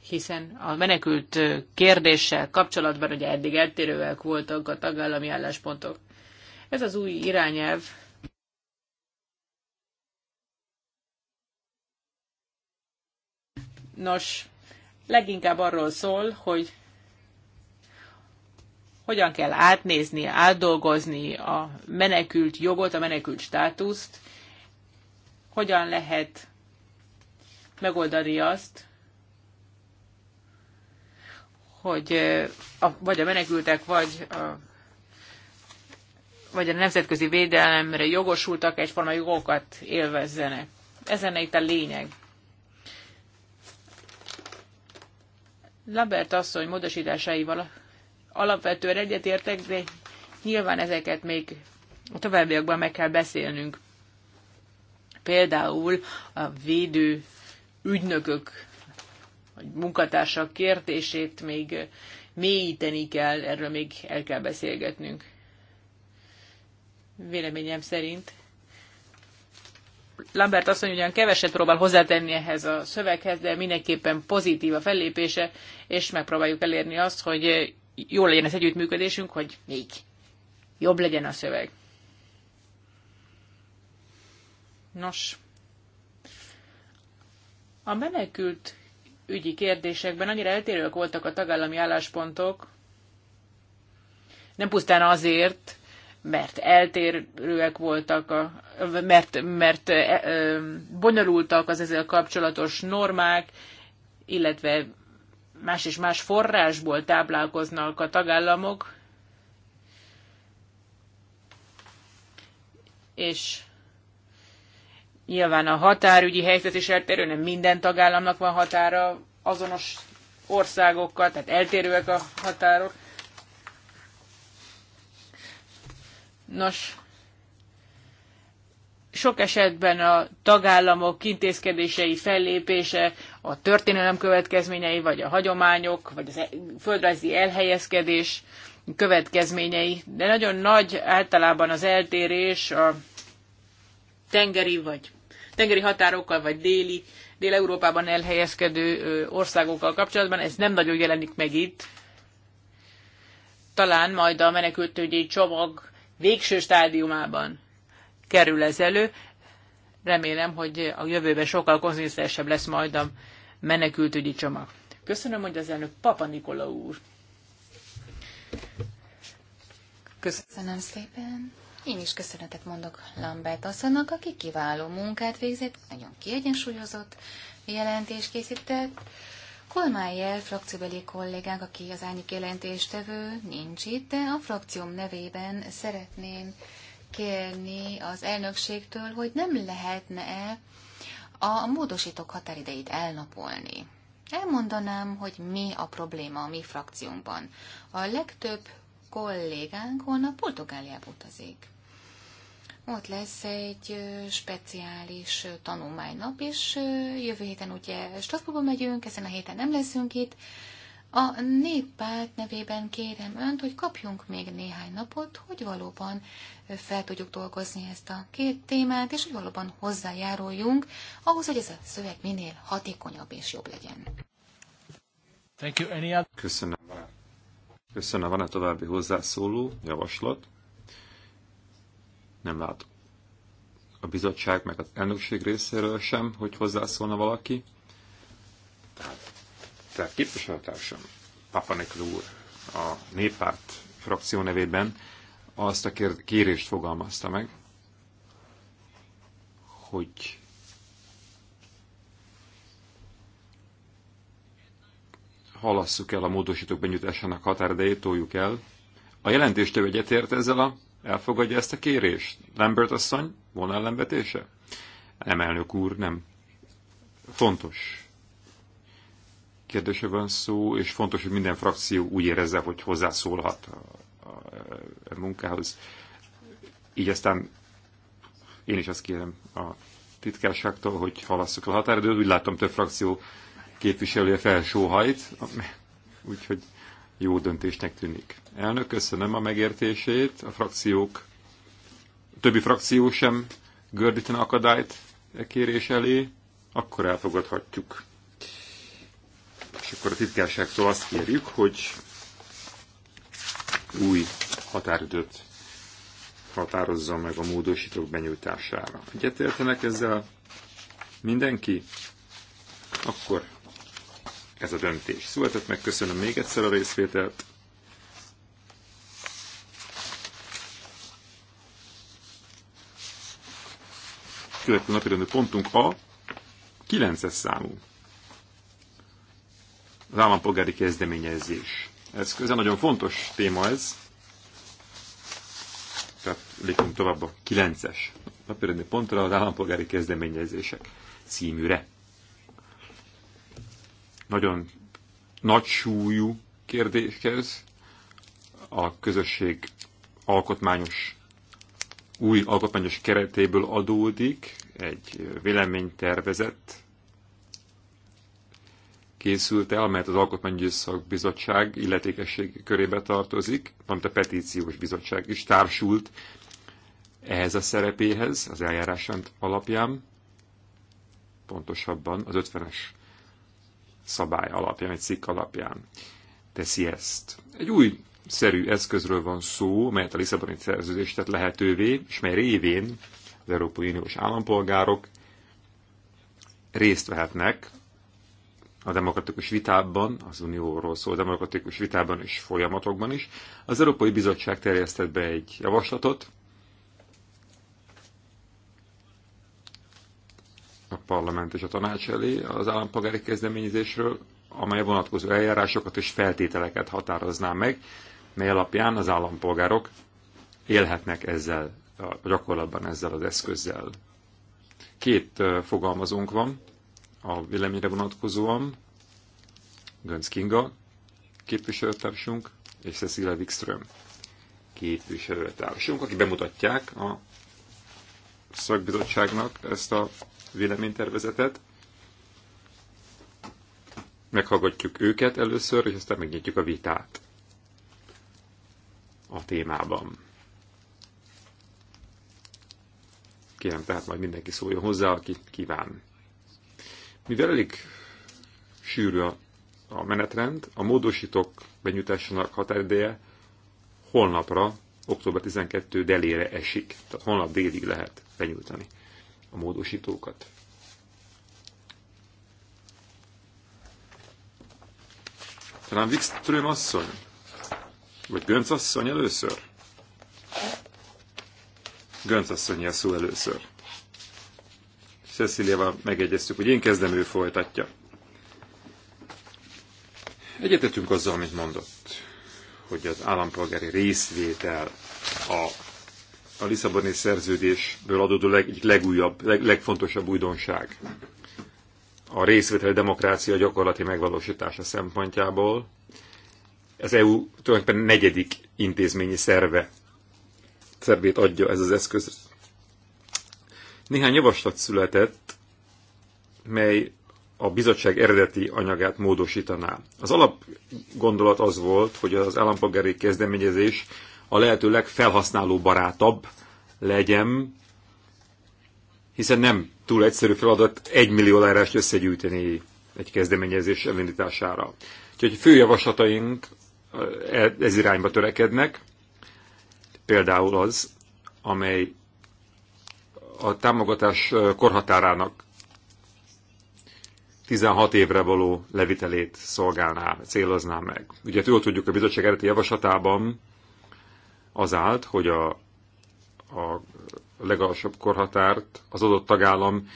hiszen a menekült kérdéssel kapcsolatban ugye eddig eltérőek voltak a tagállami álláspontok. Ez az új irányelv Nos, leginkább arról szól, hogy hogyan kell átnézni, átdolgozni a menekült jogot, a menekült státuszt, hogyan lehet megoldani azt, hogy a, vagy a menekültek, vagy a, vagy a nemzetközi védelemre jogosultak egyforma jogokat élvezzenek. Ez lenne itt a lényeg. Labert asszony módosításaival alapvetően egyetértek, de nyilván ezeket még a továbbiakban meg kell beszélnünk. Például a védő ügynökök vagy munkatársak kérdését még mélyíteni kell, erről még el kell beszélgetnünk. Véleményem szerint. Lambert azt mondja, ugyan keveset próbál hozzátenni ehhez a szöveghez, de mindenképpen pozitív a fellépése, és megpróbáljuk elérni azt, hogy jó legyen az együttműködésünk, hogy még jobb legyen a szöveg. Nos, a menekült ügyi kérdésekben annyira eltérőek voltak a tagállami álláspontok, nem pusztán azért, mert eltérőek voltak, a, mert, mert e, e, bonyolultak az ezzel kapcsolatos normák, illetve más és más forrásból táplálkoznak a tagállamok, és Nyilván a határügyi helyzet is eltérő, nem minden tagállamnak van határa azonos országokkal, tehát eltérőek a határok. Nos, sok esetben a tagállamok intézkedései, fellépése, a történelem következményei, vagy a hagyományok, vagy az e- földrajzi elhelyezkedés következményei, de nagyon nagy általában az eltérés a tengeri vagy tengeri határokkal, vagy déli, Dél-Európában elhelyezkedő országokkal kapcsolatban. Ez nem nagyon jelenik meg itt. Talán majd a menekültügyi csomag végső stádiumában kerül ez elő. Remélem, hogy a jövőben sokkal konzisztensebb lesz majd a menekültügyi csomag. Köszönöm, hogy az elnök Papa Nikola úr. Köszönöm. Köszönöm szépen. Én is köszönetet mondok Lambert asszonynak, aki kiváló munkát végzett, nagyon kiegyensúlyozott jelentés készített. Kolmájel frakcióbeli kollégánk, aki az árnyék jelentéstevő, nincs itt, de a frakcióm nevében szeretném kérni az elnökségtől, hogy nem lehetne-e a módosítók határideit elnapolni. Elmondanám, hogy mi a probléma a mi frakciónkban. A legtöbb kollégánk holnap Portugáliába utazik. Ott lesz egy speciális tanulmánynap, és jövő héten ugye Strasbourgba megyünk, ezen a héten nem leszünk itt. A néppárt nevében kérem önt, hogy kapjunk még néhány napot, hogy valóban fel tudjuk dolgozni ezt a két témát, és hogy valóban hozzájáruljunk ahhoz, hogy ez a szöveg minél hatékonyabb és jobb legyen. Thank you. Any other? Köszönöm. Köszönöm, van-e további hozzászóló javaslat? Nem lát A bizottság meg az elnökség részéről sem, hogy hozzászólna valaki. Tehát, tehát képviselőtársam, Papanek úr, a néppárt frakció nevében azt a kérést fogalmazta meg, hogy halasszuk el a módosítók benyújtásának határidejét, toljuk el. A jelentéstől egyetért ezzel a elfogadja ezt a kérést? Lambert asszony, volna ellenvetése? Nem, elnök úr, nem. Fontos kérdése van szó, és fontos, hogy minden frakció úgy érezze, hogy hozzászólhat a, a, a munkához. Így aztán én is azt kérem a titkárságtól, hogy halasszuk a határidőt. Úgy látom, több frakció képviselője felsóhajt, úgyhogy jó döntésnek tűnik. Elnök, köszönöm a megértését, a frakciók, a többi frakció sem gördítene akadályt e kérés elé, akkor elfogadhatjuk. És akkor a titkárságtól azt kérjük, hogy új határidőt határozza meg a módosítók benyújtására. Egyetértenek ezzel mindenki? Akkor ez a döntés született. Megköszönöm még egyszer a részvételt. Következő napirendi pontunk a 9-es számú. Az állampolgári kezdeményezés. Ez közel, nagyon fontos téma ez. Tehát lépünk tovább a 9-es napirendi pontra az állampolgári kezdeményezések címűre nagyon nagy súlyú kérdéshez, a közösség alkotmányos, új alkotmányos keretéből adódik, egy véleménytervezet készült el, amelyet az Alkotmánygyőszak bizottság, illetékesség körébe tartozik, valamint a Petíciós Bizottság is társult ehhez a szerepéhez, az eljárásant alapján, pontosabban az 50-es szabály alapján, egy cikk alapján teszi ezt. Egy új szerű eszközről van szó, melyet a Lisszaboni szerződést tett lehetővé, és mely révén az Európai Uniós állampolgárok részt vehetnek a demokratikus vitában, az Unióról szól demokratikus vitában és folyamatokban is. Az Európai Bizottság terjesztett be egy javaslatot, a parlament és a tanács elé az állampolgári kezdeményezésről, amely vonatkozó eljárásokat és feltételeket határozná meg, mely alapján az állampolgárok élhetnek ezzel, a gyakorlatban ezzel az eszközzel. Két fogalmazónk van a véleményre vonatkozóan, Gönc Kinga képviselőtársunk és Cecilia Wikström képviselőtársunk, akik bemutatják a szakbizottságnak ezt a véleménytervezetet. Meghallgatjuk őket először, és aztán megnyitjuk a vitát a témában. Kérem, tehát majd mindenki szóljon hozzá, aki kíván. Mivel elég sűrű a, a menetrend, a módosítók benyújtásának határideje holnapra, október 12 delére esik, tehát holnap délig lehet benyújtani a módosítókat. Talán Wikström asszony? Vagy Gönc asszony először? Gönc asszony a szó először. Cecilia-val megegyeztük, hogy én kezdem, ő folytatja. Egyetetünk azzal, amit mondott, hogy az állampolgári részvétel a a Lisszaboni szerződésből adódó leg, egyik legújabb, leg, legfontosabb újdonság a részvételi demokrácia gyakorlati megvalósítása szempontjából. Az EU tulajdonképpen negyedik intézményi szerve szervét adja ez az eszköz. Néhány javaslat született, mely a bizottság eredeti anyagát módosítaná. Az alapgondolat az volt, hogy az állampolgári kezdeményezés a lehető legfelhasználó barátabb legyen, hiszen nem túl egyszerű feladat egy millió lárást összegyűjteni egy kezdeményezés elindítására. Úgyhogy fő javaslataink eh, e- ez irányba törekednek, például az, amely a támogatás eh, korhatárának 16 évre való levitelét szolgálná, célozná meg. Ugye túl tudjuk a bizottság eredeti javaslatában az állt, hogy a, a legalsóbb korhatárt az adott tagállam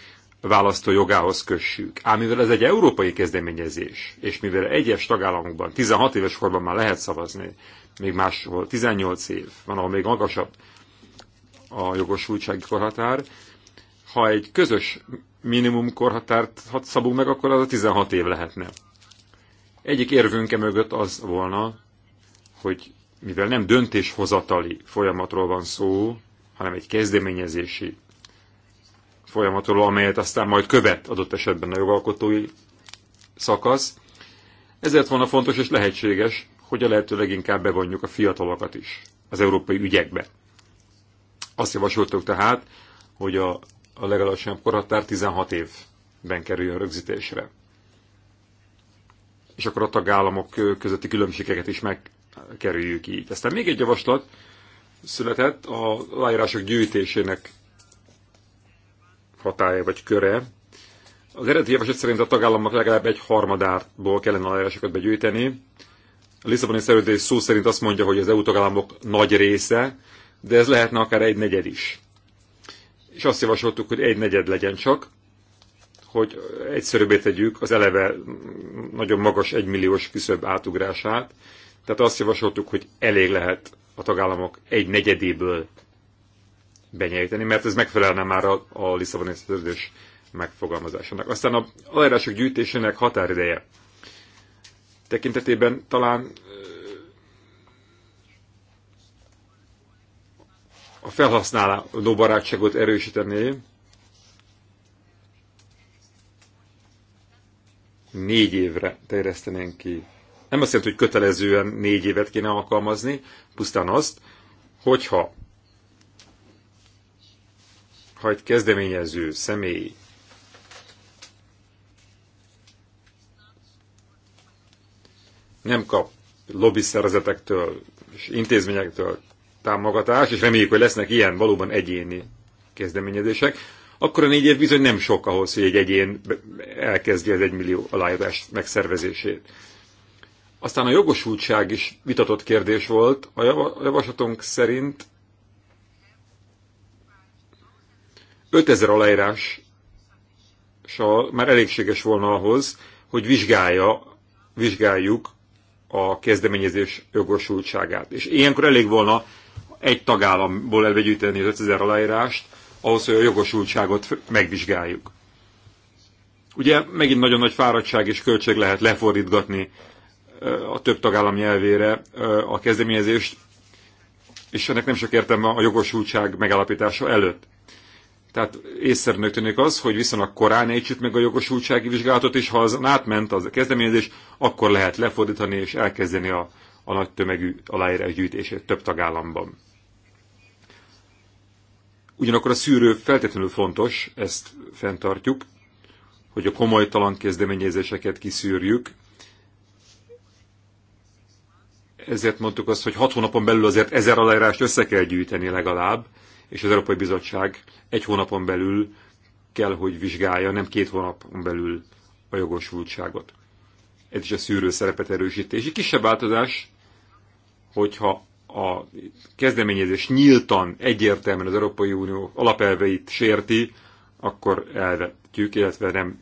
választó jogához kössük. Ám mivel ez egy európai kezdeményezés, és mivel egyes tagállamokban 16 éves korban már lehet szavazni, még máshol 18 év, van ahol még magasabb a jogosultsági korhatár, ha egy közös minimum korhatárt szabunk meg, akkor az a 16 év lehetne. Egyik érvünk e mögött az volna, hogy mivel nem döntéshozatali folyamatról van szó, hanem egy kezdeményezési folyamatról, amelyet aztán majd követ adott esetben a jogalkotói szakasz. Ezért volna fontos és lehetséges, hogy a lehető leginkább bevonjuk a fiatalokat is az európai ügyekbe. Azt javasoltuk tehát, hogy a, a legalacsonyabb korhatár 16 évben kerüljön rögzítésre. És akkor a tagállamok közötti különbségeket is meg kerüljük így. Aztán még egy javaslat született a aláírások gyűjtésének hatája vagy köre. Az eredeti javaslat szerint a tagállamok legalább egy harmadárból kellene aláírásokat begyűjteni. A Lisszaboni szerződés szó szerint azt mondja, hogy az EU tagállamok nagy része, de ez lehetne akár egy negyed is. És azt javasoltuk, hogy egy negyed legyen csak, hogy egyszerűbbé tegyük az eleve nagyon magas egymilliós küszöb átugrását, tehát azt javasoltuk, hogy elég lehet a tagállamok egy negyedéből benyelíteni, mert ez megfelelne már a, a Lisszaboni szerződés megfogalmazásának. Aztán a aláírások gyűjtésének határideje tekintetében talán a felhasználó barátságot erősíteni. Négy évre terjesztenénk ki nem azt jelenti, hogy kötelezően négy évet kéne alkalmazni, pusztán azt, hogyha ha egy kezdeményező személy nem kap lobby szervezetektől és intézményektől támogatás, és reméljük, hogy lesznek ilyen valóban egyéni kezdeményezések, akkor a négy év bizony nem sok ahhoz, hogy egy egyén elkezdje az egymillió aláírás megszervezését. Aztán a jogosultság is vitatott kérdés volt. A javaslatunk szerint 5000 aláírással már elégséges volna ahhoz, hogy vizsgálja, vizsgáljuk a kezdeményezés jogosultságát. És ilyenkor elég volna egy tagállamból elvegyűjteni az 5000 aláírást, ahhoz, hogy a jogosultságot megvizsgáljuk. Ugye megint nagyon nagy fáradtság és költség lehet lefordítgatni a több tagállam nyelvére a kezdeményezést, és ennek nem sok értem a jogosultság megállapítása előtt. Tehát észszerűnek tűnik az, hogy viszonylag korán ejtsük meg a jogosultsági vizsgálatot, és ha az átment az a kezdeményezés, akkor lehet lefordítani és elkezdeni a, a nagy tömegű aláírás gyűjtését több tagállamban. Ugyanakkor a szűrő feltétlenül fontos, ezt fenntartjuk, hogy a komolytalan kezdeményezéseket kiszűrjük, ezért mondtuk azt, hogy hat hónapon belül azért ezer aláírást össze kell gyűjteni legalább, és az Európai Bizottság egy hónapon belül kell, hogy vizsgálja, nem két hónapon belül a jogosultságot. Ez is a szűrő szerepet erősítési. Kisebb változás, hogyha a kezdeményezés nyíltan, egyértelműen az Európai Unió alapelveit sérti, akkor elvetjük, illetve nem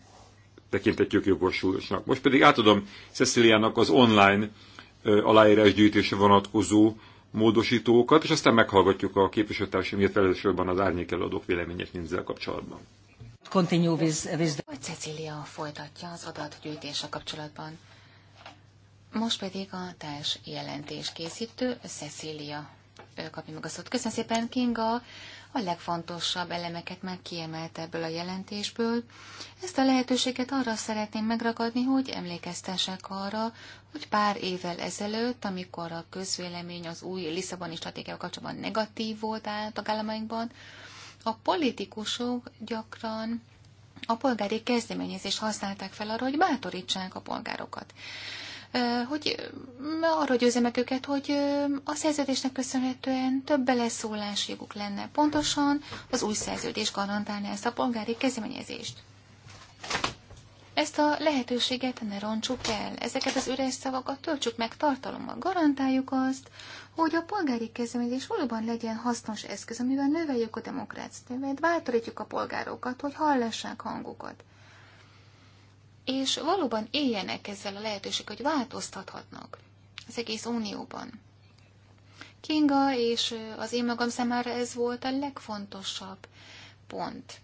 tekintetjük jogosulásnak. Most pedig átadom Ceciliának az online aláírás gyűjtése vonatkozó módosítókat, és aztán meghallgatjuk a képviselőtársai miért felelősségben az árnyék előadók véleményét mindzel kapcsolatban. Continue with, with the... Cecília folytatja az adatgyűjtése kapcsolatban. Most pedig a társ jelentés készítő, Cecília kapja meg a szót. Köszönöm szépen, Kinga! A legfontosabb elemeket már kiemelte ebből a jelentésből. Ezt a lehetőséget arra szeretném megragadni, hogy emlékeztessek arra, hogy pár évvel ezelőtt, amikor a közvélemény az új Lisszaboni stratégia kapcsolatban negatív volt a tagállamainkban, a politikusok gyakran a polgári kezdeményezést használták fel arra, hogy bátorítsák a polgárokat. Hogy arra győzze meg őket, hogy a szerződésnek köszönhetően több beleszólásjoguk lenne. Pontosan az új szerződés garantálná ezt a polgári kezdeményezést. Ezt a lehetőséget ne roncsuk el, ezeket az üres szavakat töltsük meg tartalommal. Garantáljuk azt, hogy a polgári kezdeményezés valóban legyen hasznos eszköz, amivel növeljük a demokráciát, bátorítjuk a polgárokat, hogy hallassák hangukat. És valóban éljenek ezzel a lehetőség, hogy változtathatnak az egész unióban. Kinga és az én magam számára ez volt a legfontosabb pont.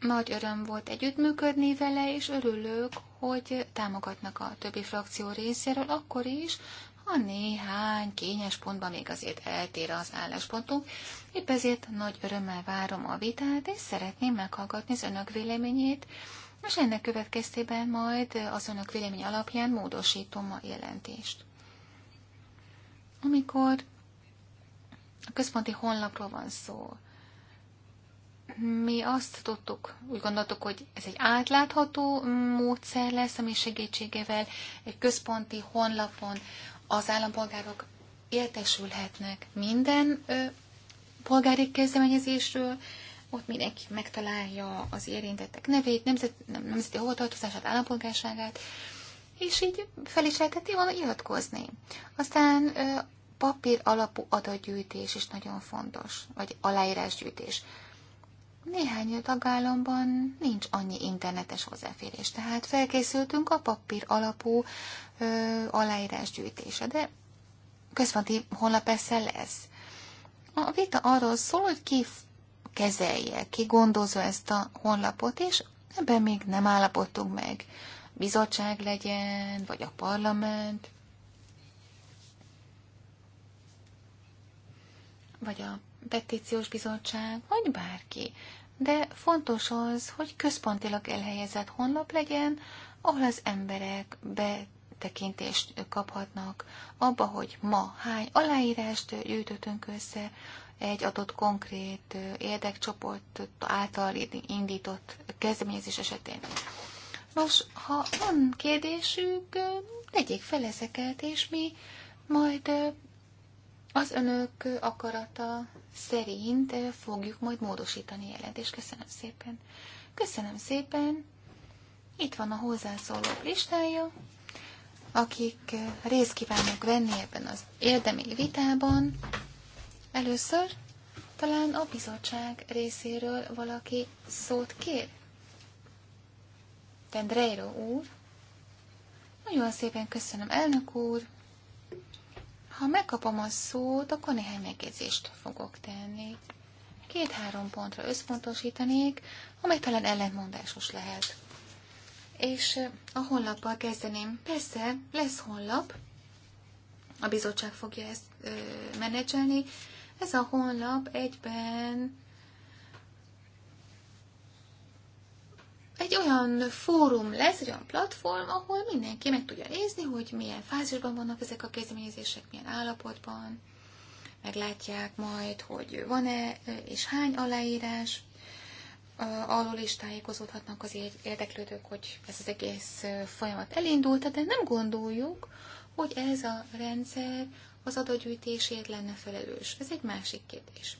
Nagy öröm volt együttműködni vele, és örülök, hogy támogatnak a többi frakció részéről, akkor is, ha néhány kényes pontban még azért eltér az álláspontunk. Épp ezért nagy örömmel várom a vitát, és szeretném meghallgatni az önök véleményét, és ennek következtében majd az önök vélemény alapján módosítom a jelentést. Amikor a központi honlapról van szó, mi azt tudtuk, úgy gondoltuk, hogy ez egy átlátható módszer lesz, ami segítségével egy központi honlapon az állampolgárok értesülhetnek minden ö, polgári kezdeményezésről, ott mindenki megtalálja az érintettek nevét, nemzet, nem, nemzeti hovatartozását, állampolgárságát, és így fel is lehetett volna iratkozni. Aztán ö, papír alapú adatgyűjtés is nagyon fontos, vagy aláírásgyűjtés. Néhány tagállamban nincs annyi internetes hozzáférés, tehát felkészültünk a papír alapú ö, aláírás gyűjtése, de központi honlap ezzel lesz. A vita arról szól, hogy ki kezelje, ki gondozza ezt a honlapot, és ebben még nem állapodtunk meg. Bizottság legyen, vagy a parlament, vagy a petíciós bizottság, vagy bárki. De fontos az, hogy központilag elhelyezett honlap legyen, ahol az emberek betekintést kaphatnak abba, hogy ma hány aláírást gyűjtöttünk össze egy adott konkrét érdekcsoport által indított kezdeményezés esetén. Nos, ha van kérdésük, tegyék fel ezeket, és mi majd az önök akarata szerint fogjuk majd módosítani jelentést. Köszönöm szépen. Köszönöm szépen. Itt van a hozzászóló listája, akik részt kívánnak venni ebben az érdemi vitában. Először talán a bizottság részéről valaki szót kér. Tendrejro úr. Nagyon szépen köszönöm, elnök úr. Ha megkapom a szót, akkor néhány megjegyzést fogok tenni. Két-három pontra összpontosítanék, amely talán ellentmondásos lehet. És eh, a honlappal kezdeném. Persze, lesz honlap, a bizottság fogja ezt ö, eh, menedzselni. Ez a honlap egyben egy olyan fórum lesz, egy olyan platform, ahol mindenki meg tudja nézni, hogy milyen fázisban vannak ezek a kezdeményezések, milyen állapotban, meglátják majd, hogy van-e és hány aláírás, arról is tájékozódhatnak az érdeklődők, hogy ez az egész folyamat elindult, de nem gondoljuk, hogy ez a rendszer az adatgyűjtésért lenne felelős. Ez egy másik kérdés.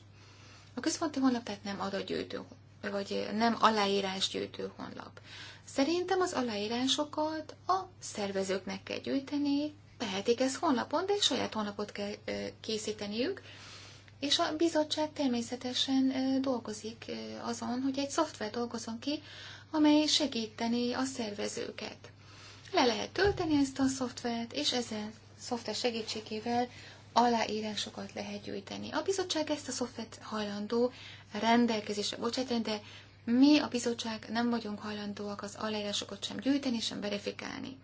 A központi honlap tehát nem adatgyűjtő vagy nem aláírás gyűjtő honlap. Szerintem az aláírásokat a szervezőknek kell gyűjteni, tehetik ezt honlapon, de egy saját honlapot kell készíteniük, és a bizottság természetesen dolgozik azon, hogy egy szoftver dolgozon ki, amely segíteni a szervezőket. Le lehet tölteni ezt a szoftvert, és ezen szoftver segítségével aláírásokat lehet gyűjteni. A bizottság ezt a szoftvert hajlandó rendelkezésre bocsátani, de mi a bizottság nem vagyunk hajlandóak az aláírásokat sem gyűjteni, sem verifikálni.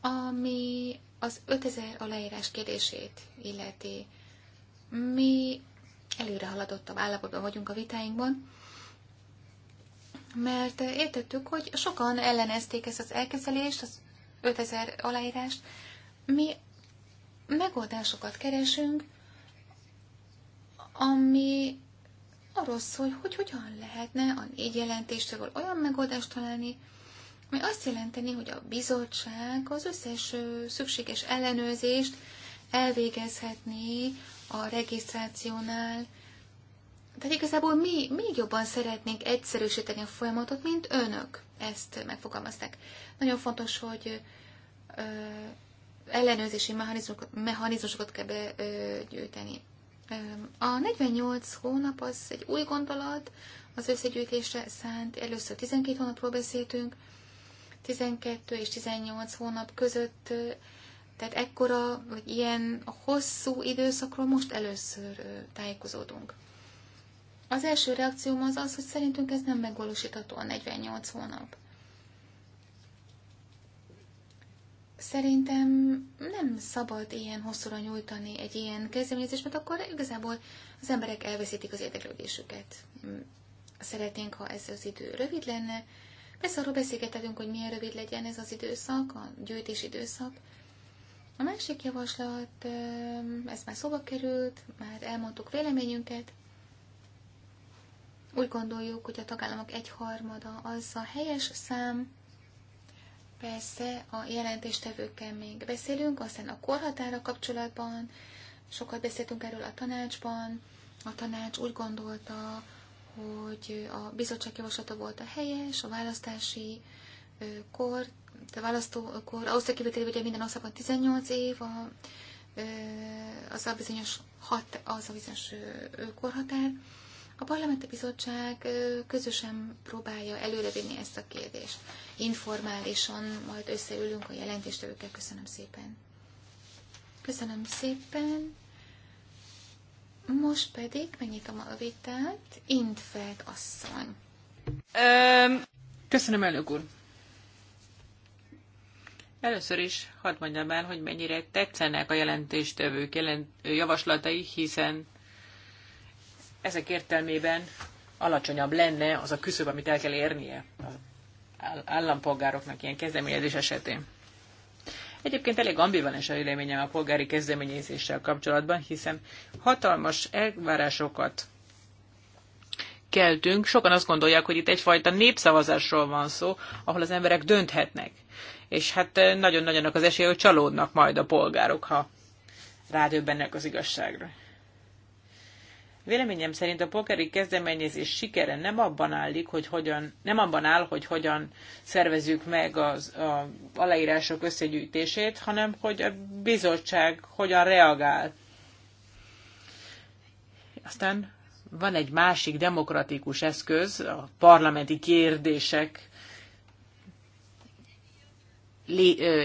Ami az 5000 aláírás kérdését illeti, mi előre haladottabb állapotban vagyunk a vitáinkban, mert értettük, hogy sokan ellenezték ezt az elkezelést, az 5000 aláírást. Mi megoldásokat keresünk, ami arról szól, hogy hogyan lehetne a négy jelentéstől olyan megoldást találni, ami azt jelenteni, hogy a bizottság az összes szükséges ellenőrzést elvégezhetné a regisztrációnál. Tehát igazából mi még jobban szeretnénk egyszerűsíteni a folyamatot, mint önök ezt megfogalmazták. Nagyon fontos, hogy ö, ellenőrzési mechanizmusokat kell begyűjteni. A 48 hónap az egy új gondolat, az összegyűjtésre szánt. Először 12 hónapról beszéltünk, 12 és 18 hónap között, tehát ekkora, vagy ilyen hosszú időszakról most először tájékozódunk. Az első reakcióm az az, hogy szerintünk ez nem megvalósítható a 48 hónap. Szerintem nem szabad ilyen hosszúra nyújtani egy ilyen kezdeményezést, mert akkor igazából az emberek elveszítik az érdeklődésüket. Szeretnénk, ha ez az idő rövid lenne. Persze arról beszélgethetünk, hogy milyen rövid legyen ez az időszak, a gyűjtés időszak. A másik javaslat, eh, ez már szóba került, már elmondtuk véleményünket. Úgy gondoljuk, hogy a tagállamok egyharmada az a helyes szám, Persze a jelentéstevőkkel még beszélünk, aztán a korhatára kapcsolatban, sokat beszéltünk erről a tanácsban, a tanács úgy gondolta, hogy a bizottság javaslata volt a helyes, a választási kor, a választókor, ahhoz a kivétel, ugye minden országban 18 év, a, az a bizonyos, hat, az a bizonyos korhatár. A parlamenti bizottság közösen próbálja előrevinni ezt a kérdést. Informálisan majd összeülünk a jelentéstevőkkel. Köszönöm szépen. Köszönöm szépen. Most pedig megnyitom a vitát. Intfeld asszony. Um, köszönöm, elnök úr. Először is hadd mondjam el, hogy mennyire tetszenek a jelentéstevők jelent, javaslatai, hiszen ezek értelmében alacsonyabb lenne az a küszöb, amit el kell érnie az állampolgároknak ilyen kezdeményezés esetén. Egyébként elég ambivalens a véleményem a polgári kezdeményezéssel kapcsolatban, hiszen hatalmas elvárásokat keltünk. Sokan azt gondolják, hogy itt egyfajta népszavazásról van szó, ahol az emberek dönthetnek. És hát nagyon-nagyon eh, az esélye, hogy csalódnak majd a polgárok, ha rádöbbennek az igazságra. Véleményem szerint a pokeri kezdeményezés sikere nem abban állik, hogy hogyan, nem abban áll, hogy hogyan szervezzük meg az a aláírások összegyűjtését, hanem hogy a bizottság hogyan reagál. Aztán van egy másik demokratikus eszköz, a parlamenti kérdések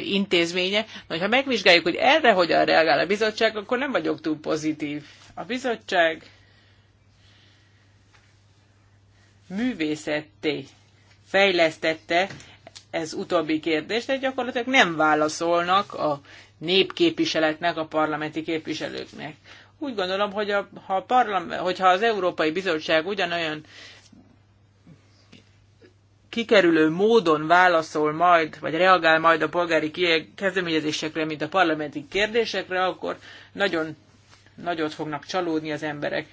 intézménye. Na, ha megvizsgáljuk, hogy erre hogyan reagál a bizottság, akkor nem vagyok túl pozitív. A bizottság művészetté fejlesztette ez utóbbi kérdést, de gyakorlatilag nem válaszolnak a népképviseletnek, a parlamenti képviselőknek. Úgy gondolom, hogy a, ha, a parlament, hogyha az Európai Bizottság ugyanolyan kikerülő módon válaszol majd, vagy reagál majd a polgári kezdeményezésekre, mint a parlamenti kérdésekre, akkor nagyon nagyot fognak csalódni az emberek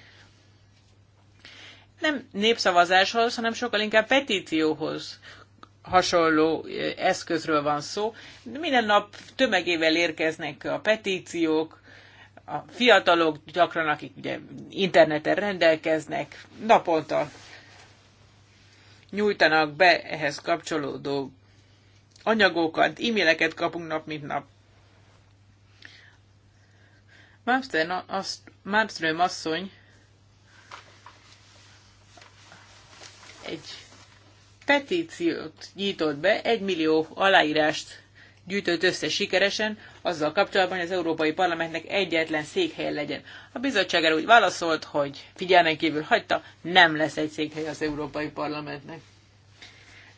nem népszavazáshoz, hanem sokkal inkább petícióhoz hasonló eszközről van szó. Minden nap tömegével érkeznek a petíciók, a fiatalok gyakran, akik ugye interneten rendelkeznek, naponta nyújtanak be ehhez kapcsolódó anyagokat, e-maileket kapunk nap, mint nap. Malmström asszony egy petíciót nyitott be, egy millió aláírást gyűjtött össze sikeresen, azzal kapcsolatban, hogy az Európai Parlamentnek egyetlen székhely legyen. A bizottság erre úgy válaszolt, hogy figyelmen kívül hagyta, nem lesz egy székhely az Európai Parlamentnek.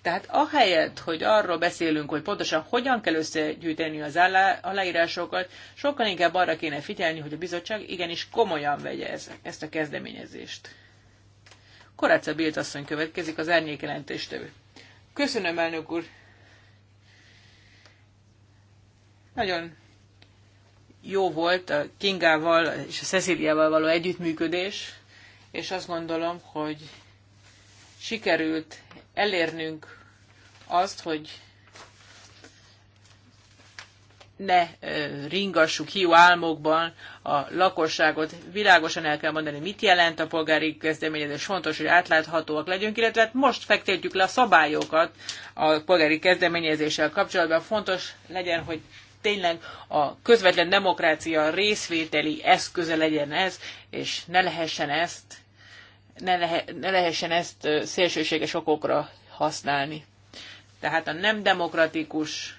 Tehát ahelyett, hogy arról beszélünk, hogy pontosan hogyan kell összegyűjteni az aláírásokat, sokkal inkább arra kéne figyelni, hogy a bizottság igenis komolyan vegye ezt a kezdeményezést. Koráca Bilt asszony következik, az árnyékjelentéstevő. Köszönöm, elnök úr! Nagyon jó volt a Kingával és a Ceciliával való együttműködés, és azt gondolom, hogy sikerült elérnünk azt, hogy ne ringassuk hiú álmokban a lakosságot. Világosan el kell mondani, mit jelent a polgári kezdeményezés. Fontos, hogy átláthatóak legyünk, illetve hát most fektetjük le a szabályokat a polgári kezdeményezéssel kapcsolatban. Fontos legyen, hogy tényleg a közvetlen demokrácia részvételi eszköze legyen ez, és ne lehessen ezt, ne, lehe, ne lehessen ezt szélsőséges okokra használni. Tehát a nem demokratikus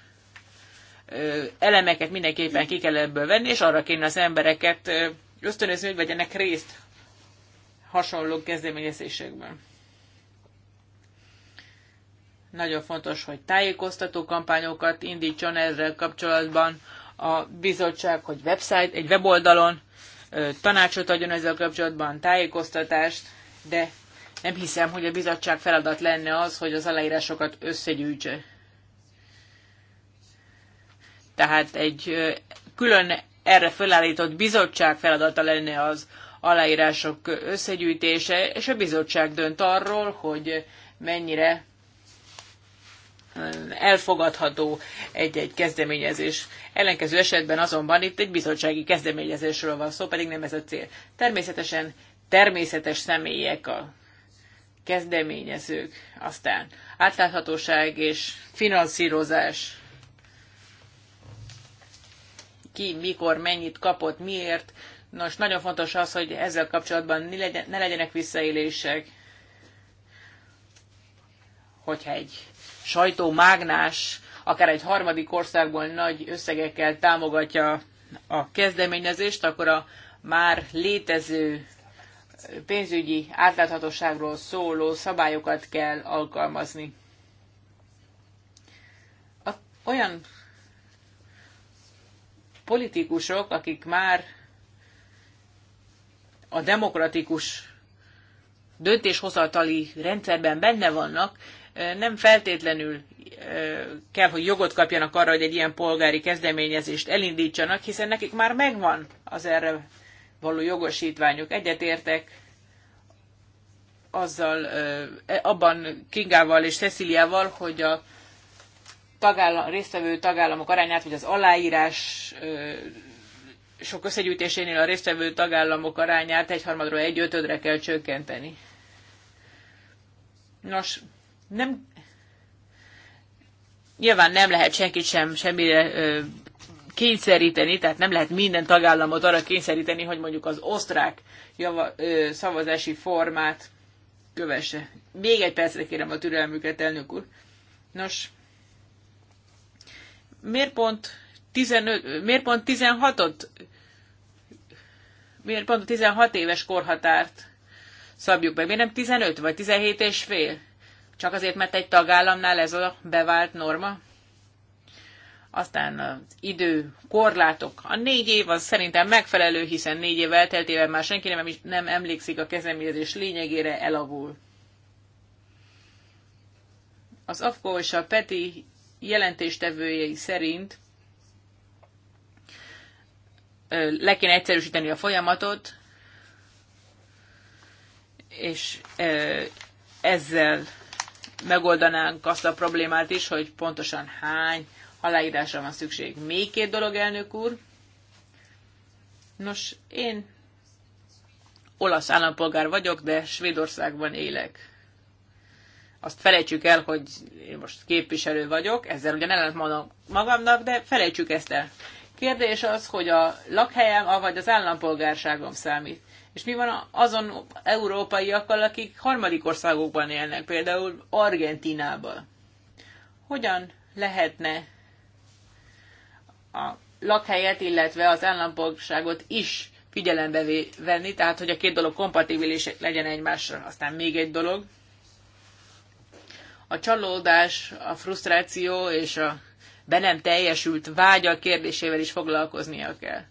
elemeket mindenképpen ki kell ebből venni, és arra kéne az embereket ösztönözni, hogy vegyenek részt hasonló kezdeményezésekben. Nagyon fontos, hogy tájékoztató kampányokat indítson ezzel kapcsolatban a bizottság, hogy website, egy weboldalon tanácsot adjon ezzel kapcsolatban, tájékoztatást, de nem hiszem, hogy a bizottság feladat lenne az, hogy az aláírásokat összegyűjtse. Tehát egy külön erre felállított bizottság feladata lenne az aláírások összegyűjtése, és a bizottság dönt arról, hogy mennyire elfogadható egy-egy kezdeményezés. Ellenkező esetben azonban itt egy bizottsági kezdeményezésről van szó, pedig nem ez a cél. Természetesen természetes személyek a kezdeményezők, aztán átláthatóság és finanszírozás ki, mikor, mennyit kapott, miért. Nos, nagyon fontos az, hogy ezzel kapcsolatban ne legyenek visszaélések. Hogyha egy sajtómágnás, akár egy harmadik országból nagy összegekkel támogatja a kezdeményezést, akkor a már létező pénzügyi átláthatóságról szóló szabályokat kell alkalmazni. A, olyan politikusok, akik már a demokratikus döntéshozatali rendszerben benne vannak, nem feltétlenül kell, hogy jogot kapjanak arra, hogy egy ilyen polgári kezdeményezést elindítsanak, hiszen nekik már megvan az erre való jogosítványuk. Egyetértek azzal, e, abban Kingával és Ceciliával, hogy a tagállam, résztvevő tagállamok arányát, vagy az aláírás sok összegyűjtésénél a résztvevő tagállamok arányát egyharmadról egy ötödre kell csökkenteni. Nos, nem, nyilván nem lehet senkit sem semmire ö, kényszeríteni, tehát nem lehet minden tagállamot arra kényszeríteni, hogy mondjuk az osztrák java, ö, szavazási formát kövesse. Még egy percre kérem a türelmüket, elnök úr. Nos, miért pont 15, miért pont 16-ot, miért pont 16 éves korhatárt szabjuk be? Miért nem 15 vagy 17 és fél? Csak azért, mert egy tagállamnál ez a bevált norma? Aztán az idő, korlátok. A négy év az szerintem megfelelő, hiszen négy év elteltével már senki nem, nem emlékszik a kezdeményezés lényegére, elavul. Az AFKO és a PETI jelentéstevőjei szerint le kéne egyszerűsíteni a folyamatot, és ezzel megoldanánk azt a problémát is, hogy pontosan hány aláírásra van szükség. Még két dolog, elnök úr. Nos, én olasz állampolgár vagyok, de Svédországban élek azt felejtsük el, hogy én most képviselő vagyok, ezzel ugye nem lehet magamnak, de felejtsük ezt el. Kérdés az, hogy a lakhelyem, vagy az állampolgárságom számít. És mi van azon európaiakkal, akik harmadik országokban élnek, például Argentinában? Hogyan lehetne a lakhelyet, illetve az állampolgárságot is figyelembe venni, tehát hogy a két dolog kompatibilis legyen egymásra. Aztán még egy dolog, a csalódás, a frusztráció és a be nem teljesült vágya kérdésével is foglalkoznia kell.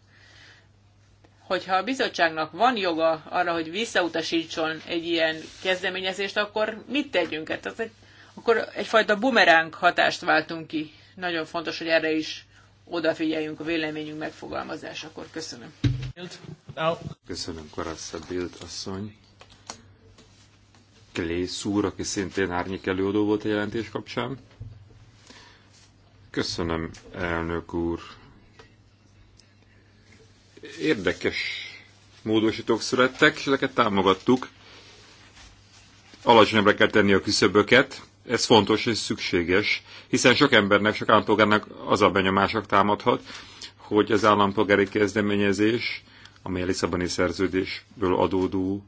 Hogyha a bizottságnak van joga arra, hogy visszautasítson egy ilyen kezdeményezést, akkor mit tegyünk? Hát az egy, akkor egyfajta bumeránk hatást váltunk ki. Nagyon fontos, hogy erre is odafigyeljünk a véleményünk megfogalmazásakor. Köszönöm. Köszönöm, Karassa Bild asszony. Klész úr, aki szintén árnyék előadó volt a jelentés kapcsán. Köszönöm, elnök úr. Érdekes módosítók születtek, és ezeket támogattuk. Alacsonyabbra kell tenni a küszöböket, ez fontos és szükséges, hiszen sok embernek, sok állampolgárnak az a benyomások támadhat, hogy az állampolgári kezdeményezés, amely a Lisszaboni szerződésből adódó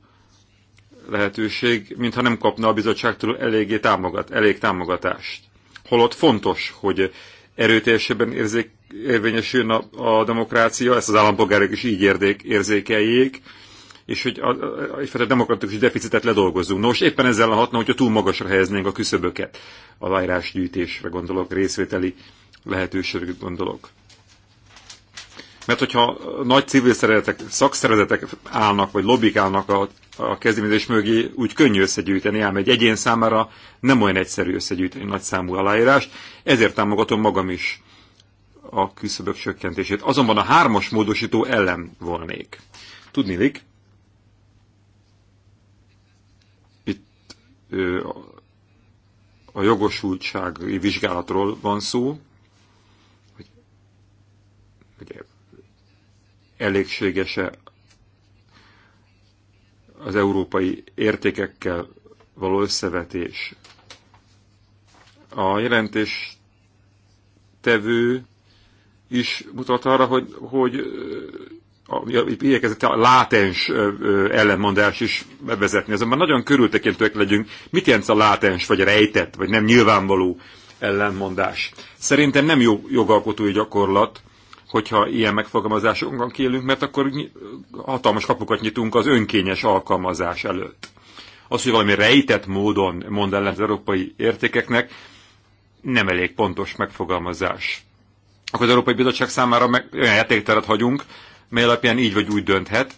lehetőség, mintha nem kapna a bizottságtól eléggé támogat, elég támogatást. Holott fontos, hogy erőteljesebben érzék, érvényesüljön a, a demokrácia, ezt az állampolgárok is így érdék, érzékeljék, és hogy a, a, a, a demokratikus deficitet ledolgozzunk. Nos, éppen ezzel lehetne, hogyha túl magasra helyeznénk a küszöböket, a lajrásgyűjtésre gondolok, részvételi lehetőségre gondolok. Mert hogyha nagy civil szervezetek, szakszervezetek állnak, vagy lobbik állnak a a kezdeményezés mögé úgy könnyű összegyűjteni, ám egy egyén számára nem olyan egyszerű összegyűjteni nagy számú aláírást, ezért támogatom magam is a küszöbök csökkentését. Azonban a hármas módosító ellen volnék. Tudnilik, itt ö, a jogosultsági vizsgálatról van szó, hogy ugye, elégséges-e az európai értékekkel való összevetés. A jelentés tevő is mutat arra, hogy, hogy igyekezett a látens ellenmondás is bevezetni. Azonban nagyon körültekintőek legyünk, mit jelent a látens, vagy rejtett, vagy nem nyilvánvaló ellenmondás. Szerintem nem jó jogalkotói gyakorlat, hogyha ilyen megfogalmazásunkon kélünk, mert akkor hatalmas kapukat nyitunk az önkényes alkalmazás előtt. Az, hogy valami rejtett módon mond ellen az európai értékeknek, nem elég pontos megfogalmazás. Akkor az Európai Bizottság számára meg olyan játékteret hagyunk, mely alapján így vagy úgy dönthet,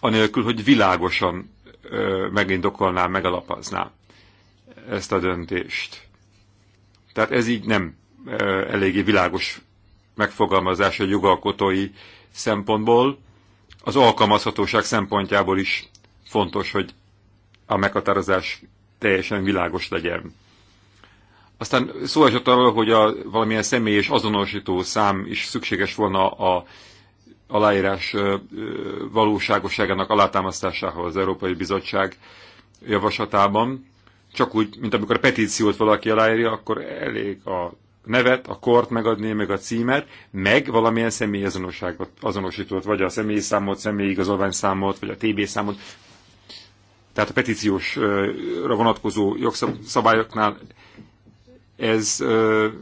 anélkül, hogy világosan ö, megindokolná, megalapazná ezt a döntést. Tehát ez így nem eléggé világos megfogalmazása jogalkotói szempontból, az alkalmazhatóság szempontjából is fontos, hogy a meghatározás teljesen világos legyen. Aztán szó esett arról, hogy a valamilyen személyes azonosító szám is szükséges volna a aláírás valóságosságának alátámasztásához az Európai Bizottság javaslatában. Csak úgy, mint amikor a petíciót valaki aláírja, akkor elég a nevet, a kort megadni, meg a címet, meg valamilyen személyazonosságot azonosítót, vagy a személyi számot, személyi igazolványszámot, vagy a TB számot. Tehát a petíciósra vonatkozó jogszabályoknál ez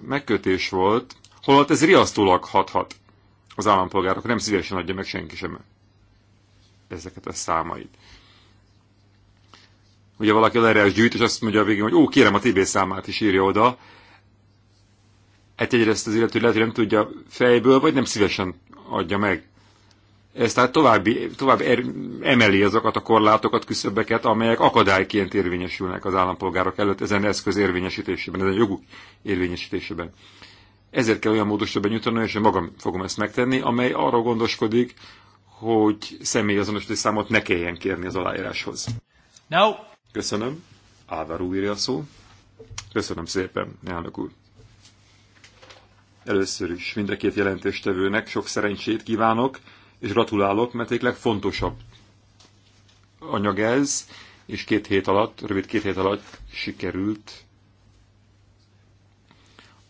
megkötés volt, holott ez riasztólag hathat az állampolgárok, nem szívesen adja meg senki sem ezeket a számait. Ugye valaki leres gyűjt, és azt mondja a végén, hogy ó, kérem a TB számát is írja oda, Hát ezt az illető lehet, hogy nem tudja fejből, vagy nem szívesen adja meg. Ez tehát további, tovább er, emeli azokat a korlátokat, küszöbbeket, amelyek akadályként érvényesülnek az állampolgárok előtt ezen eszköz érvényesítésében, ezen joguk érvényesítésében. Ezért kell olyan módosra benyújtani, és én magam fogom ezt megtenni, amely arra gondoskodik, hogy személyazonosítási számot ne kelljen kérni az aláíráshoz. No. Köszönöm. Álvaro úr a szó. Köszönöm szépen, elnök úr. Először is mind a két jelentéstevőnek sok szerencsét kívánok, és gratulálok, mert egyik legfontosabb anyag ez, és két hét alatt, rövid két hét alatt sikerült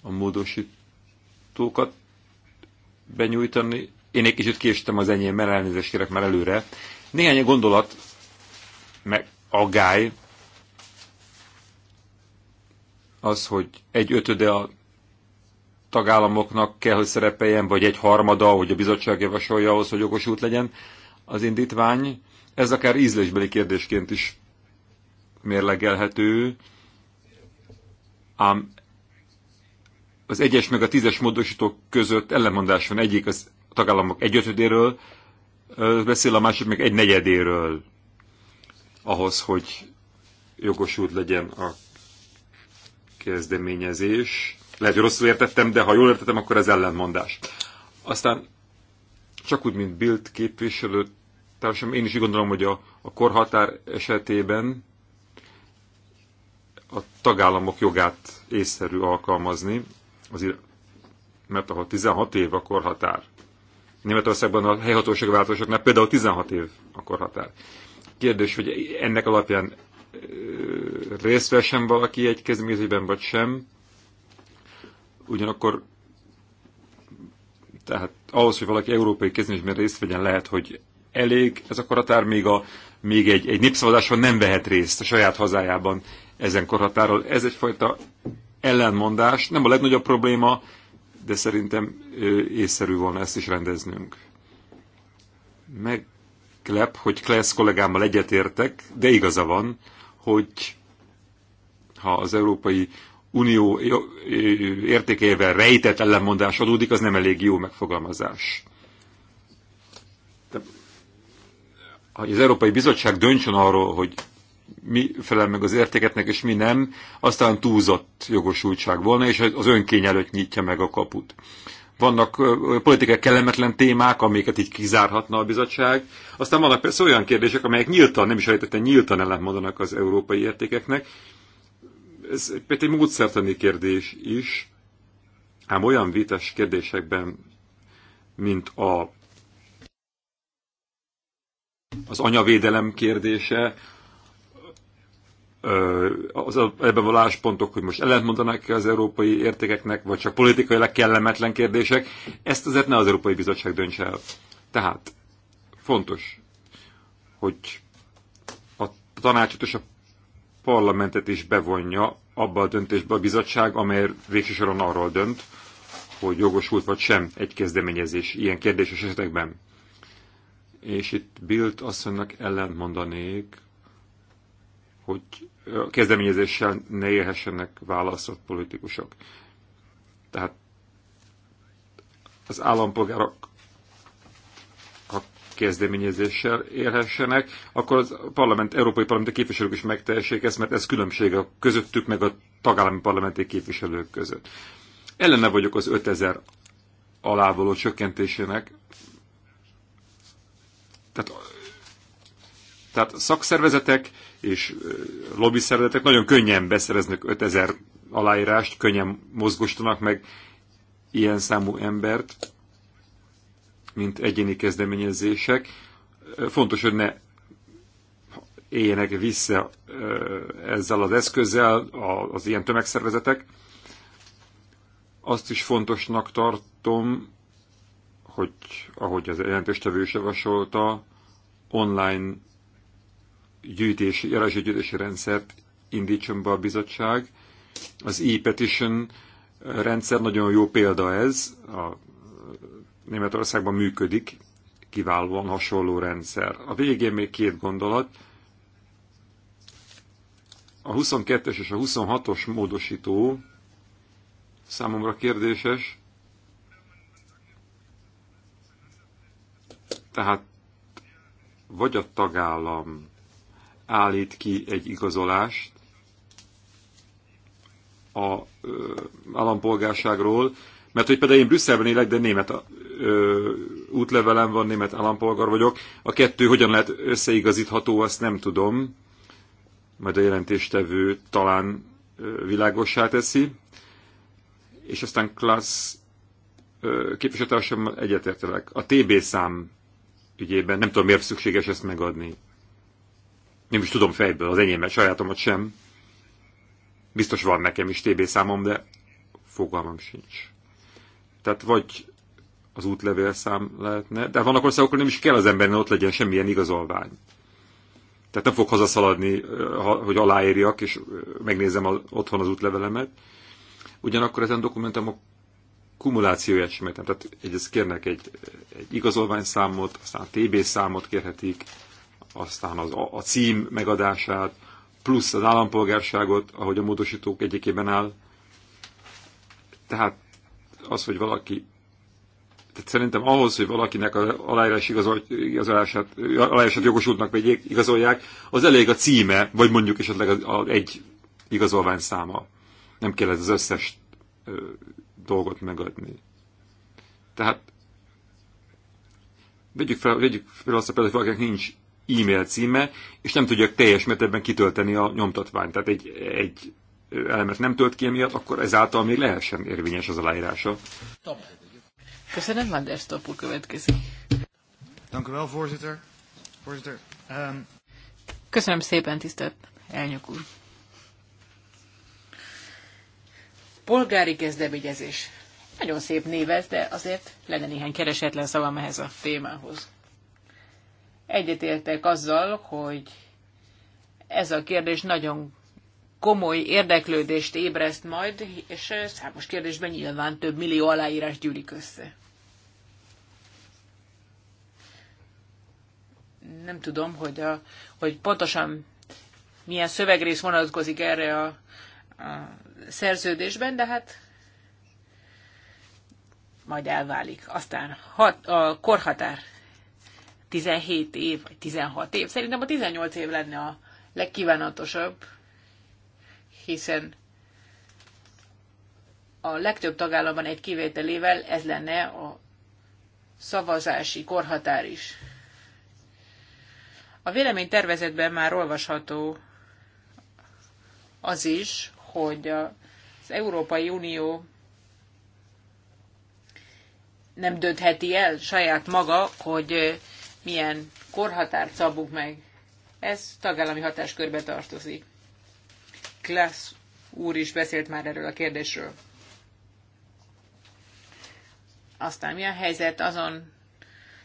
a módosítókat benyújtani. Én egy kicsit késtem az enyém, mert elnézést kérek már előre. Néhány gondolat, meg agály, az, hogy egy ötöde a tagállamoknak kell, hogy szerepeljen, vagy egy harmada, hogy a bizottság javasolja ahhoz, hogy jogosult legyen az indítvány. Ez akár ízlésbeli kérdésként is mérlegelhető, ám az egyes meg a tízes módosítók között ellenmondás van. Egyik az tagállamok egyötödéről beszél, a másik meg egy negyedéről ahhoz, hogy jogosult legyen a kezdeményezés. Lehet, hogy rosszul értettem, de ha jól értettem, akkor ez ellentmondás. Aztán csak úgy, mint Bild képviselő társam, én is így gondolom, hogy a, a korhatár esetében a tagállamok jogát észszerű alkalmazni, azért, mert ahol 16 év a korhatár, Németországban a helyhatóság változásoknál például 16 év a korhatár. Kérdés, hogy ennek alapján részt sem valaki egy kezdeményezésben, vagy sem. Ugyanakkor tehát ahhoz, hogy valaki európai kezdeményezésben részt vegyen, lehet, hogy elég ez a korhatár, még, a, még egy, egy népszavazáson nem vehet részt a saját hazájában ezen korhatáról. Ez egyfajta ellenmondás, nem a legnagyobb probléma, de szerintem észszerű volna ezt is rendeznünk. Meglep, hogy Klesz kollégámmal egyetértek, de igaza van, hogy ha az európai Unió értékeivel rejtett ellenmondás adódik, az nem elég jó megfogalmazás. De, hogy az Európai Bizottság döntsön arról, hogy mi felel meg az értéketnek, és mi nem, aztán túlzott jogosultság volna, és az önkény előtt nyitja meg a kaput. Vannak politikai kellemetlen témák, amiket így kizárhatna a bizottság. Aztán vannak persze olyan kérdések, amelyek nyíltan, nem is rejtetten nyíltan ellentmondanak az európai értékeknek, ez egy, egy módszertani kérdés is, ám olyan vites kérdésekben, mint a, az anyavédelem kérdése, az ebben a láspontok, hogy most ellentmondanak ki -e az európai értékeknek, vagy csak politikailag kellemetlen kérdések, ezt azért ne az Európai Bizottság döntse el. Tehát fontos, hogy a tanácsot és a parlamentet is bevonja abba a döntésbe a bizottság, amely végső soron arról dönt, hogy jogosult vagy sem egy kezdeményezés ilyen kérdéses esetekben. És itt bilt asszonynak ellent mondanék, hogy a kezdeményezéssel ne élhessenek választott politikusok. Tehát az állampolgárok kezdeményezéssel élhessenek, akkor az parlament, európai parlamenti képviselők is megtehessék ezt, mert ez különbség a közöttük, meg a tagállami parlamenti képviselők között. Ellene vagyok az 5000 alávaló csökkentésének. Tehát, tehát szakszervezetek és lobby szervezetek nagyon könnyen beszereznek 5000 aláírást, könnyen mozgostanak meg ilyen számú embert, mint egyéni kezdeményezések. Fontos, hogy ne éljenek vissza ezzel az eszközzel az ilyen tömegszervezetek. Azt is fontosnak tartom, hogy ahogy az jelentéstevő is javasolta, online gyűjtési, jelenség gyűjtési rendszert indítson be a bizottság. Az e-petition rendszer nagyon jó példa ez, a Németországban működik, kiválóan hasonló rendszer. A végén még két gondolat. A 22-es és a 26-os módosító számomra kérdéses. Tehát vagy a tagállam állít ki egy igazolást a ö, állampolgárságról, mert hogy például én Brüsszelben élek, de német ö, útlevelem van, német állampolgár vagyok. A kettő hogyan lehet összeigazítható, azt nem tudom. Majd a jelentéstevő talán világossá teszi. És aztán klassz képviselőtársammal egyetértelek. A TB szám ügyében nem tudom, miért szükséges ezt megadni. Nem is tudom fejből, az enyémet, sajátomat sem. Biztos van nekem is TB számom, de fogalmam sincs. Tehát vagy az útlevélszám lehetne, de vannak országok, ahol nem is kell az embernek ott legyen semmilyen igazolvány. Tehát nem fog hazaszaladni, hogy aláírjak, és megnézem az, otthon az útlevelemet. Ugyanakkor ezen a kumulációját sem értem. Tehát egyrészt kérnek egy, egy igazolványszámot, aztán TB számot kérhetik, aztán az, a cím megadását, plusz az állampolgárságot, ahogy a módosítók egyikében áll. Tehát az, hogy valaki tehát szerintem ahhoz, hogy valakinek az aláírás igazolását, aláírását jogosultnak vegyék, igazolják, az elég a címe, vagy mondjuk esetleg az, az egy igazolvány száma. Nem kell ez az összes ö, dolgot megadni. Tehát vegyük fel, vegyük fel azt a például, hogy valakinek nincs e-mail címe, és nem tudják teljes mértékben kitölteni a nyomtatványt. Tehát egy, egy elemet nem tölt ki emiatt, akkor ezáltal még lehessen érvényes az aláírása. Top. Köszönöm, Manders Topó következik. Dank u wel, voorzitter. Voorzitter, um... Köszönöm szépen, tisztelt elnök úr. Polgári kezdeményezés. Nagyon szép név ez, de azért lenne néhány keresetlen szavam ehhez a témához. Egyetértek azzal, hogy ez a kérdés nagyon komoly érdeklődést ébreszt majd, és számos kérdésben nyilván több millió aláírás gyűlik össze. nem tudom, hogy, a, hogy pontosan milyen szövegrész vonatkozik erre a, a szerződésben, de hát majd elválik. Aztán hat, a korhatár 17 év, vagy 16 év. Szerintem a 18 év lenne a legkívánatosabb, hiszen a legtöbb tagállamban egy kivételével ez lenne a szavazási korhatár is. A véleménytervezetben már olvasható az is, hogy az Európai Unió nem döntheti el saját maga, hogy milyen korhatárt szabunk meg. Ez tagállami hatáskörbe tartozik. Klassz úr is beszélt már erről a kérdésről. Aztán mi a helyzet azon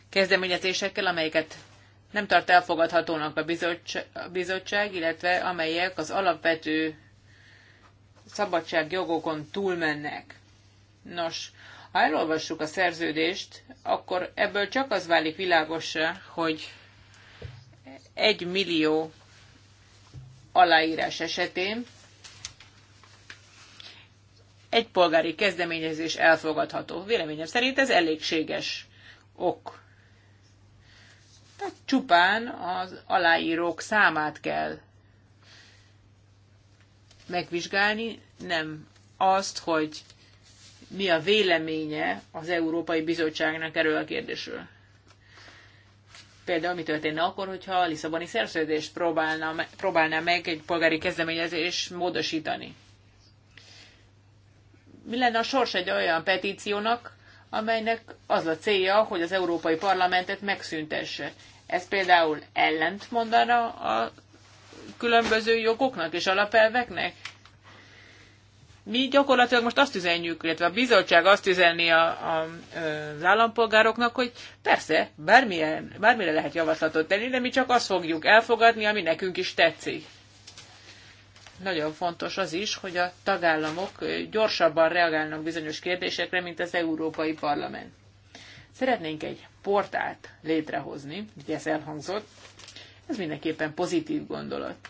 kezdeményezésekkel, amelyeket nem tart elfogadhatónak a bizottság, a bizottság, illetve amelyek az alapvető szabadságjogokon túlmennek. Nos, ha elolvassuk a szerződést, akkor ebből csak az válik világosra, hogy egy millió aláírás esetén egy polgári kezdeményezés elfogadható. Véleményem szerint ez elégséges ok tehát csupán az aláírók számát kell megvizsgálni, nem azt, hogy mi a véleménye az Európai Bizottságnak erről a kérdésről. Például mi történne akkor, hogyha a Lisszaboni szerződést próbálna, próbálná meg egy polgári kezdeményezés módosítani? Mi lenne a sors egy olyan petíciónak, amelynek az a célja, hogy az Európai Parlamentet megszüntesse. Ez például ellent mondana a különböző jogoknak és alapelveknek? Mi gyakorlatilag most azt üzenjük, illetve a bizottság azt üzenni a, a, az állampolgároknak, hogy persze, bármilyen, bármire lehet javaslatot tenni, de mi csak azt fogjuk elfogadni, ami nekünk is tetszik nagyon fontos az is, hogy a tagállamok gyorsabban reagálnak bizonyos kérdésekre, mint az Európai Parlament. Szeretnénk egy portált létrehozni, ugye ez elhangzott, ez mindenképpen pozitív gondolat.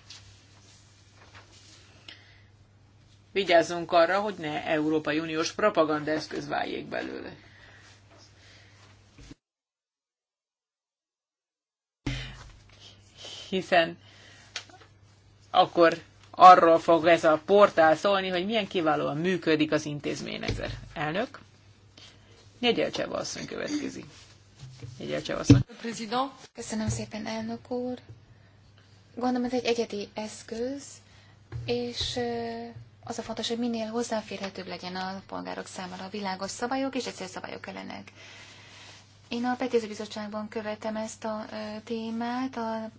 Vigyázzunk arra, hogy ne Európai Uniós eszköz váljék belőle. Hiszen akkor arról fog ez a portál szólni, hogy milyen kiválóan működik az intézményrendszer. Elnök. Negyelcseva asszony következik. Negyelcseva asszony. Köszönöm szépen, elnök úr. Gondolom ez egy egyedi eszköz, és az a fontos, hogy minél hozzáférhetőbb legyen a polgárok számára a világos szabályok és egyszerű szabályok ellenek. Én a Petéző Bizottságban követem ezt a témát, a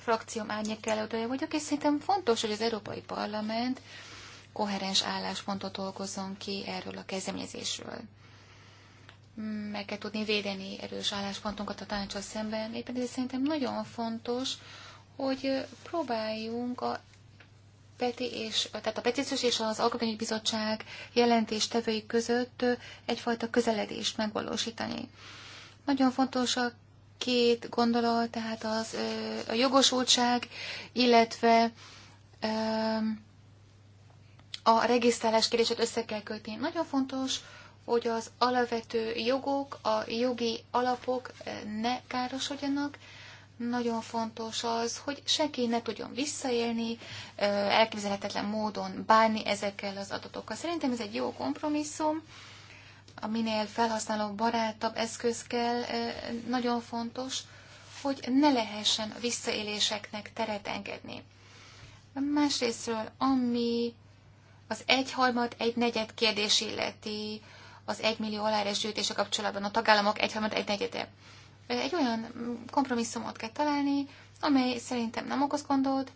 frakcióm árnyék előadója vagyok, és szerintem fontos, hogy az Európai Parlament koherens álláspontot dolgozzon ki erről a kezdeményezésről. Meg kell tudni védeni erős álláspontunkat a tanácsos szemben, éppen ezért szerintem nagyon fontos, hogy próbáljunk a Peti és, tehát a petíciós és az Alkotmányi Bizottság jelentéstevői között egyfajta közeledést megvalósítani. Nagyon fontos a két gondolat, tehát az, a jogosultság, illetve a regisztrálás kérdését össze kell kötni. Nagyon fontos, hogy az alapvető jogok, a jogi alapok ne károsodjanak. Nagyon fontos az, hogy senki ne tudjon visszaélni, elképzelhetetlen módon bánni ezekkel az adatokkal. Szerintem ez egy jó kompromisszum a minél felhasználó barátabb eszköz kell, nagyon fontos, hogy ne lehessen visszaéléseknek teret engedni. Másrésztről, ami az egyharmad, egy negyed kérdés illeti az egymillió aláres gyűjtése kapcsolatban a tagállamok egyharmad, egy negyede. Egy olyan kompromisszumot kell találni, amely szerintem nem okoz gondot.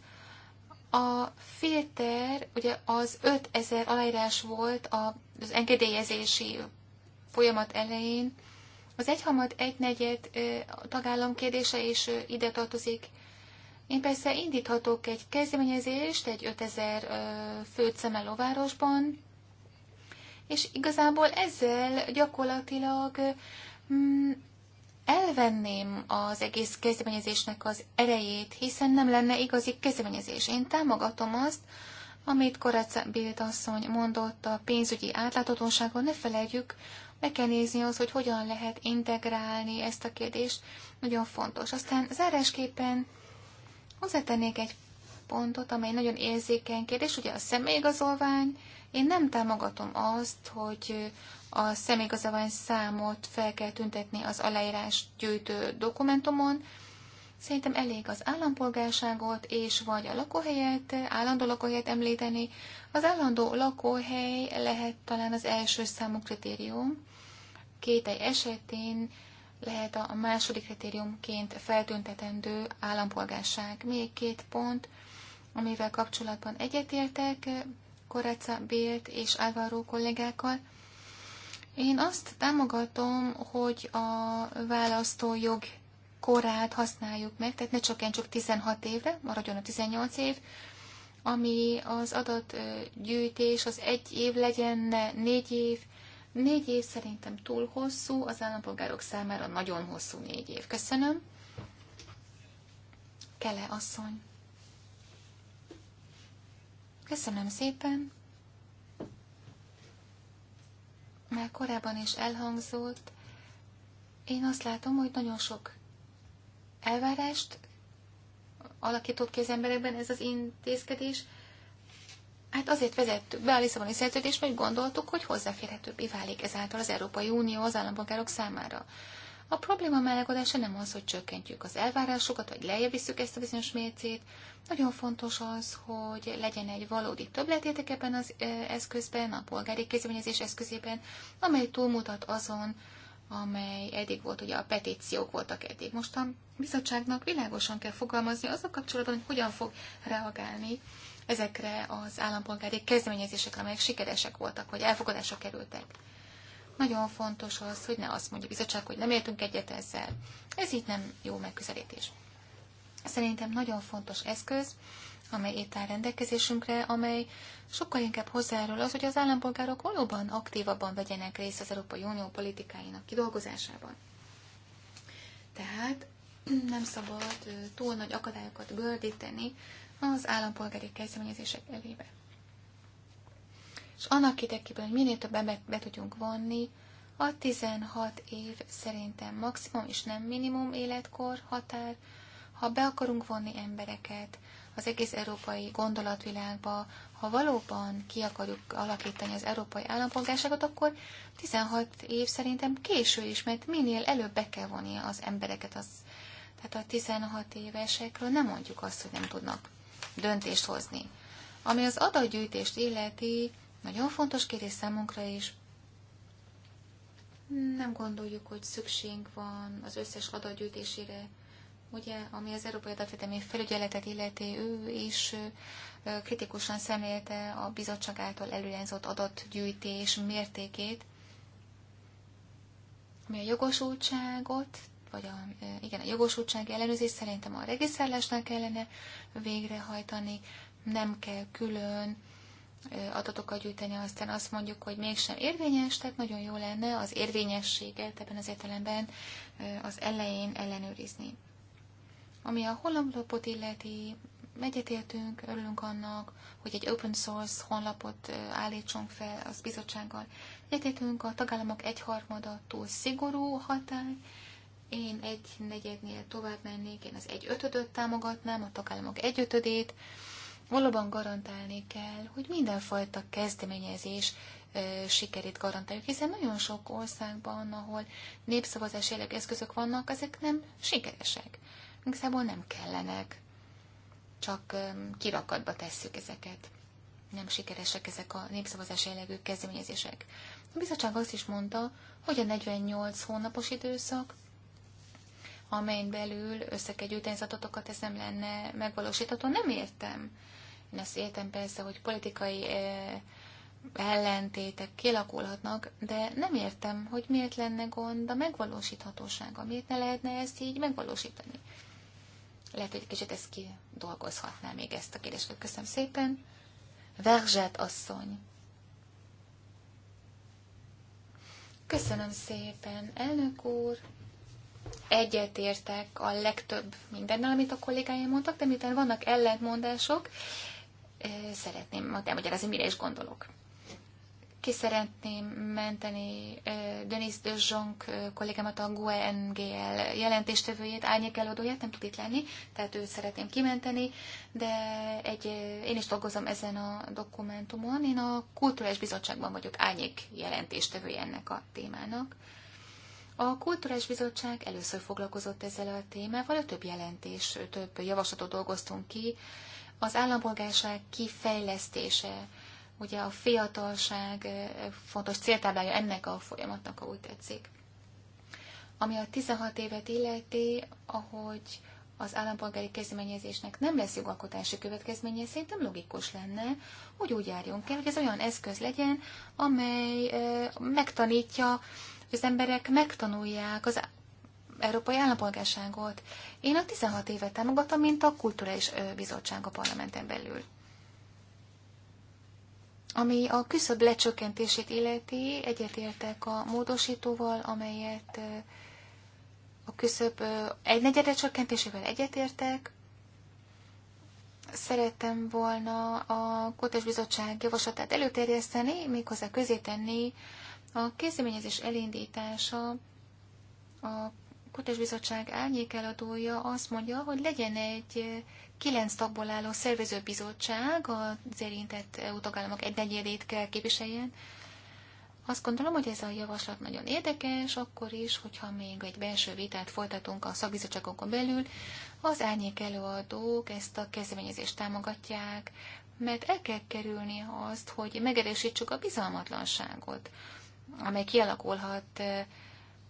A filter, ugye az 5000 aláírás volt az engedélyezési folyamat elején. Az egyhamad, egynegyed tagállam kérdése is ide tartozik. Én persze indíthatok egy kezdeményezést egy 5000 főt szemelóvárosban, és igazából ezzel gyakorlatilag mm, elvenném az egész kezdeményezésnek az erejét, hiszen nem lenne igazi kezdeményezés. Én támogatom azt, amit Koraca Bild asszony mondott a pénzügyi átláthatóságon, ne felejtjük, meg kell nézni az, hogy hogyan lehet integrálni ezt a kérdést, nagyon fontos. Aztán zárásképpen hozzátennék egy pontot, amely nagyon érzékeny kérdés, ugye a személyigazolvány. Én nem támogatom azt, hogy a személyigazolvány számot fel kell tüntetni az aláírás gyűjtő dokumentumon, Szerintem elég az állampolgárságot és vagy a lakóhelyet, állandó lakóhelyet említeni. Az állandó lakóhely lehet talán az első számú kritérium. egy esetén lehet a második kritériumként feltüntetendő állampolgárság. Még két pont, amivel kapcsolatban egyetértek Koreca Bélt és Álvaro kollégákkal. Én azt támogatom, hogy a választójog korát használjuk meg, tehát ne csak 16 évre, maradjon a 18 év, ami az adatgyűjtés, az egy év legyen, ne négy év. Négy év szerintem túl hosszú, az állampolgárok számára nagyon hosszú négy év. Köszönöm. Kele asszony. Köszönöm szépen. Már korábban is elhangzott, én azt látom, hogy nagyon sok elvárást alakított ki az emberekben ez az intézkedés. Hát azért vezettük be a Lisszaboni szerződést, mert gondoltuk, hogy hozzáférhetőbbé válik ezáltal az Európai Unió az állampolgárok számára. A probléma melegodása nem az, hogy csökkentjük az elvárásokat, vagy lejjebb visszük ezt a bizonyos mércét. Nagyon fontos az, hogy legyen egy valódi többletétek ebben az eszközben, a polgári kezdeményezés eszközében, amely túlmutat azon, amely eddig volt, ugye a petíciók voltak eddig. Most a bizottságnak világosan kell fogalmazni azzal kapcsolatban, hogy hogyan fog reagálni ezekre az állampolgári kezdeményezésekre, amelyek sikeresek voltak, vagy elfogadásra kerültek. Nagyon fontos az, hogy ne azt mondja a bizottság, hogy nem értünk egyet ezzel. Ez így nem jó megközelítés. Szerintem nagyon fontos eszköz, amely itt áll rendelkezésünkre, amely sokkal inkább hozzájárul az, hogy az állampolgárok valóban aktívabban vegyenek részt az Európai Unió politikáinak kidolgozásában. Tehát nem szabad túl nagy akadályokat gördíteni az állampolgári kezdeményezések elébe. És annak érdekében, hogy minél több embert be tudjunk vonni, a 16 év szerintem maximum és nem minimum életkor határ, ha be akarunk vonni embereket, az egész európai gondolatvilágba, ha valóban ki akarjuk alakítani az európai állampolgárságot, akkor 16 év szerintem késő is, mert minél előbb be kell vonni az embereket. Az, tehát a 16 évesekről nem mondjuk azt, hogy nem tudnak döntést hozni. Ami az adatgyűjtést illeti, nagyon fontos kérdés számunkra is. Nem gondoljuk, hogy szükség van az összes adatgyűjtésére, ugye, ami az Európai Adatvédelmi Felügyeletet illeti, ő is kritikusan szemlélte a bizottság által előirányzott adatgyűjtés mértékét, ami a jogosultságot, vagy a, igen, a jogosultsági ellenőrzés szerintem a regisztrálásnál kellene végrehajtani, nem kell külön adatokat gyűjteni, aztán azt mondjuk, hogy mégsem érvényes, tehát nagyon jó lenne az érvényességet ebben az értelemben az elején ellenőrizni. Ami a honlapot illeti, egyetértünk, örülünk annak, hogy egy open source honlapot állítson fel az bizottsággal. Egyetértünk, a tagállamok egyharmada túl szigorú hatály, én egy negyednél tovább mennék, én az egy ötödöt támogatnám, a tagállamok egy ötödét. Valóban garantálni kell, hogy mindenfajta kezdeményezés sikerét garantáljuk, hiszen nagyon sok országban, ahol népszavazás jellegű eszközök vannak, ezek nem sikeresek igazából nem kellenek, csak kirakatba tesszük ezeket. Nem sikeresek ezek a népszavazás jellegű kezdeményezések. A bizottság azt is mondta, hogy a 48 hónapos időszak, amelyen belül összekegyült ez nem lenne megvalósítható. Nem értem. Én azt értem persze, hogy politikai ellentétek kilakulhatnak, de nem értem, hogy miért lenne gond a megvalósíthatósága, miért ne lehetne ezt így megvalósítani. Lehet, hogy kicsit ezt kidolgozhatná még ezt a kérdést. Köszönöm szépen. Verzsát asszony. Köszönöm szépen, elnök úr. Egyetértek a legtöbb mindennel, amit a kollégáim mondtak, de miután vannak ellentmondások, eh, szeretném elmagyarázni, mire is gondolok. Ki szeretném menteni Denis de uh, kollégámat a GUE NGL jelentéstevőjét, árnyék előadóját, nem tud itt lenni, tehát őt szeretném kimenteni, de egy, én is dolgozom ezen a dokumentumon. Én a Kulturális Bizottságban vagyok árnyék jelentéstevője ennek a témának. A Kulturális Bizottság először foglalkozott ezzel a témával, több jelentés, több javaslatot dolgoztunk ki, az állampolgárság kifejlesztése, Ugye a fiatalság fontos céltáblája ennek a folyamatnak, ahogy tetszik. Ami a 16 évet illeti, ahogy az állampolgári kezdeményezésnek nem lesz jogalkotási következménye, szerintem logikus lenne, hogy úgy járjunk el, hogy ez olyan eszköz legyen, amely megtanítja, hogy az emberek megtanulják az európai állampolgárságot. Én a 16 évet támogatom, mint a Kulturális Bizottság a parlamenten belül. Ami a küszöb lecsökkentését illeti, egyetértek a módosítóval, amelyet a küszöb egynegyede csökkentésével egyetértek. Szerettem volna a Kótes Bizottság javaslatát előterjeszteni, méghozzá közé tenni a kezdeményezés elindítása. A Kótes Bizottság árnyékeladója azt mondja, hogy legyen egy kilenc tagból álló szervezőbizottság az érintett EU tagállamok egynegyedét kell képviseljen. Azt gondolom, hogy ez a javaslat nagyon érdekes, akkor is, hogyha még egy belső vitát folytatunk a szakbizottságokon belül, az árnyék előadók ezt a kezdeményezést támogatják, mert el kell kerülni azt, hogy megerősítsük a bizalmatlanságot, amely kialakulhat eh,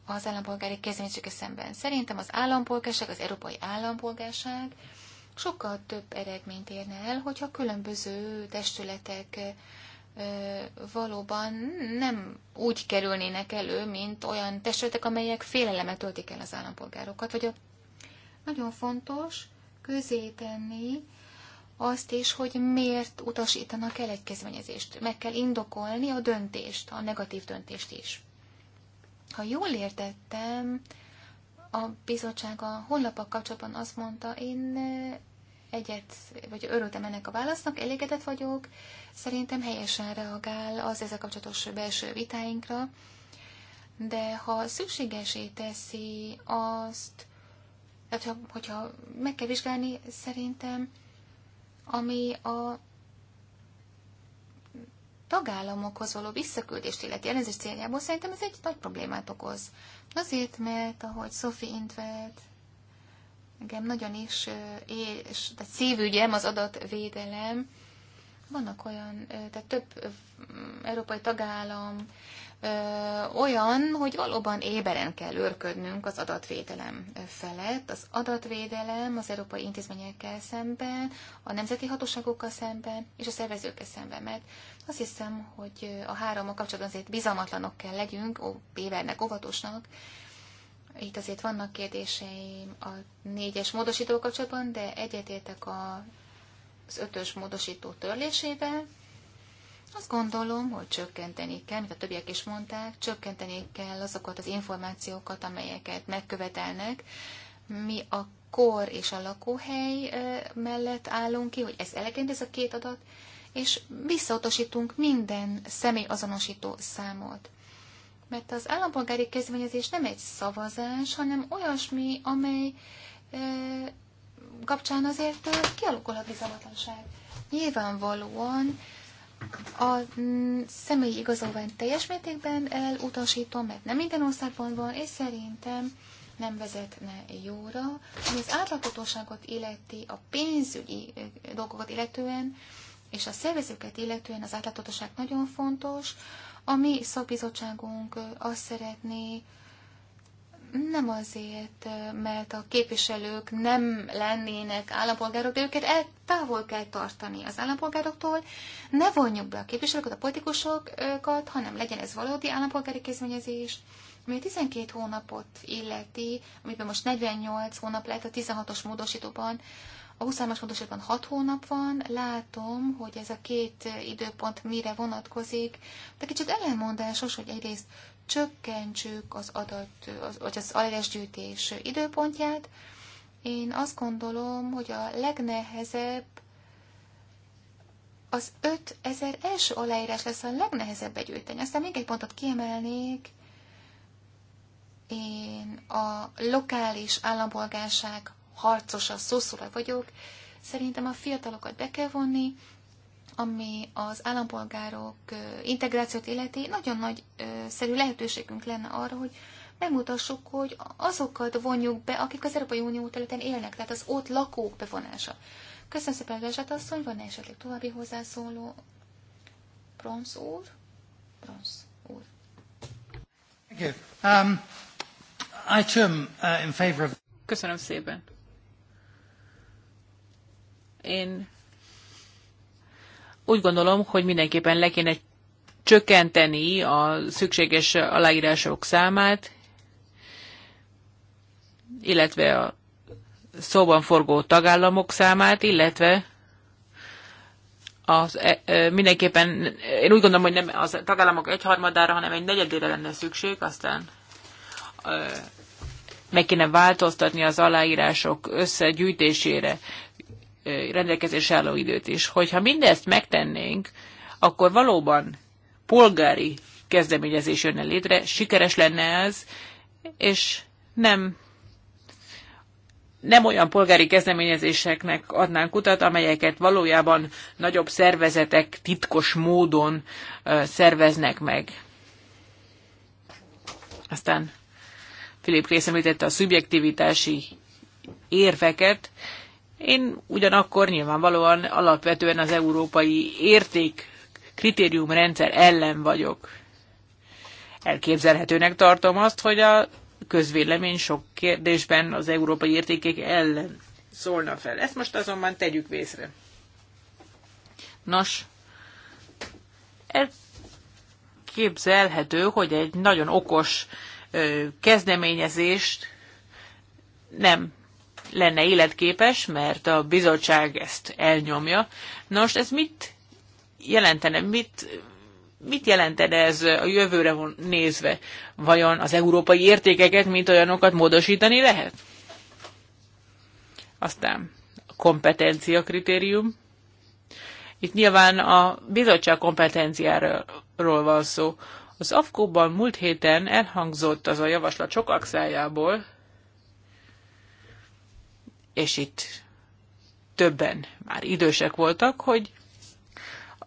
az állampolgári kezdeményezőkkel szemben. Szerintem az állampolgárság, az európai állampolgárság, sokkal több eredményt érne el, hogyha különböző testületek valóban nem úgy kerülnének elő, mint olyan testületek, amelyek félelemet töltik el az állampolgárokat, vagy a nagyon fontos közé tenni azt is, hogy miért utasítanak el egy kezdeményezést. Meg kell indokolni a döntést, a negatív döntést is. Ha jól értettem, a bizottság a honlapak kapcsolatban azt mondta, én egyet, vagy örültem ennek a válasznak, elégedett vagyok, szerintem helyesen reagál az ezzel kapcsolatos belső vitáinkra, de ha szükségesé teszi azt, tehát ha, hogyha meg kell vizsgálni, szerintem, ami a tagállamokhoz való visszaküldést illeti ellenzés céljából, szerintem ez egy nagy problémát okoz. Azért, mert ahogy Sophie Intveld, engem nagyon is, és, tehát szívügyem az adatvédelem, vannak olyan, tehát több európai tagállam olyan, hogy valóban éberen kell őrködnünk az adatvédelem felett. Az adatvédelem az európai intézményekkel szemben, a nemzeti hatóságokkal szemben és a szervezőkkel szemben, mert azt hiszem, hogy a hárommal kapcsolatban azért bizalmatlanok kell legyünk, ó, ébernek, óvatosnak. Itt azért vannak kérdéseim a négyes módosító kapcsolatban, de egyetértek az ötös módosító törlésével, azt gondolom, hogy csökkenteni kell, mint a többiek is mondták, csökkenteni kell azokat az információkat, amelyeket megkövetelnek. Mi a kor és a lakóhely mellett állunk ki, hogy ez elegendő ez a két adat, és visszautasítunk minden személyazonosító számot. Mert az állampolgári kezdeményezés nem egy szavazás, hanem olyasmi, amely e, kapcsán azért kialakulhat bizalmatlanság. Nyilvánvalóan e, a mm, személyi igazolvány teljes mértékben elutasítom, mert nem minden országban van, és szerintem nem vezetne jóra, ami az átlagotóságot illeti, a pénzügyi dolgokat illetően, és a szervezőket illetően az átlagotóság nagyon fontos. A mi szakbizottságunk azt szeretné, nem azért, mert a képviselők nem lennének állampolgárok, de őket el, távol kell tartani az állampolgároktól. Ne vonjuk be a képviselőket, a politikusokat, hanem legyen ez valódi állampolgári kezdeményezés, ami 12 hónapot illeti, amiben most 48 hónap lehet a 16-os módosítóban, a 23-as módosítóban 6 hónap van, látom, hogy ez a két időpont mire vonatkozik, de kicsit ellenmondásos, hogy egyrészt csökkentsük az adat, az, vagy az adatgyűjtés időpontját. Én azt gondolom, hogy a legnehezebb az 5000 első aláírás lesz a legnehezebb begyűjteni. Aztán még egy pontot kiemelnék, én a lokális állampolgárság harcosa, szószóra vagyok. Szerintem a fiatalokat be kell vonni, ami az állampolgárok integrációt illeti, nagyon nagy szerű lehetőségünk lenne arra, hogy megmutassuk, hogy azokat vonjuk be, akik az Európai Unió területen élnek, tehát az ott lakók bevonása. Köszönöm szépen, Vezsát asszony, van -e esetleg további hozzászóló? Bronz úr? Bronz úr. Thank you. Um, uh, in favor of... Köszönöm szépen. Én úgy gondolom, hogy mindenképpen le kéne csökkenteni a szükséges aláírások számát, illetve a szóban forgó tagállamok számát, illetve az, e, e, mindenképpen, én úgy gondolom, hogy nem az tagállamok egyharmadára, hanem egy negyedére lenne szükség, aztán e, meg kéne változtatni az aláírások összegyűjtésére, rendelkezés álló időt is. Hogyha mindezt megtennénk, akkor valóban polgári kezdeményezés jönne létre, sikeres lenne ez, és nem nem olyan polgári kezdeményezéseknek adnánk utat, amelyeket valójában nagyobb szervezetek titkos módon szerveznek meg. Aztán Filip részemlítette a szubjektivitási érveket. Én ugyanakkor nyilvánvalóan alapvetően az európai érték kritériumrendszer ellen vagyok. Elképzelhetőnek tartom azt, hogy a közvélemény sok kérdésben az európai értékek ellen szólna fel. Ezt most azonban tegyük vészre. Nos, elképzelhető, hogy egy nagyon okos kezdeményezést nem lenne életképes, mert a bizottság ezt elnyomja. Nos, ez mit jelentene, mit, mit jelentene ez a jövőre nézve? Vajon az európai értékeket, mint olyanokat módosítani lehet? Aztán a kompetencia kritérium. Itt nyilván a bizottság kompetenciáról van szó. Az AFKO-ban múlt héten elhangzott az a javaslat sokak szájából, és itt többen már idősek voltak, hogy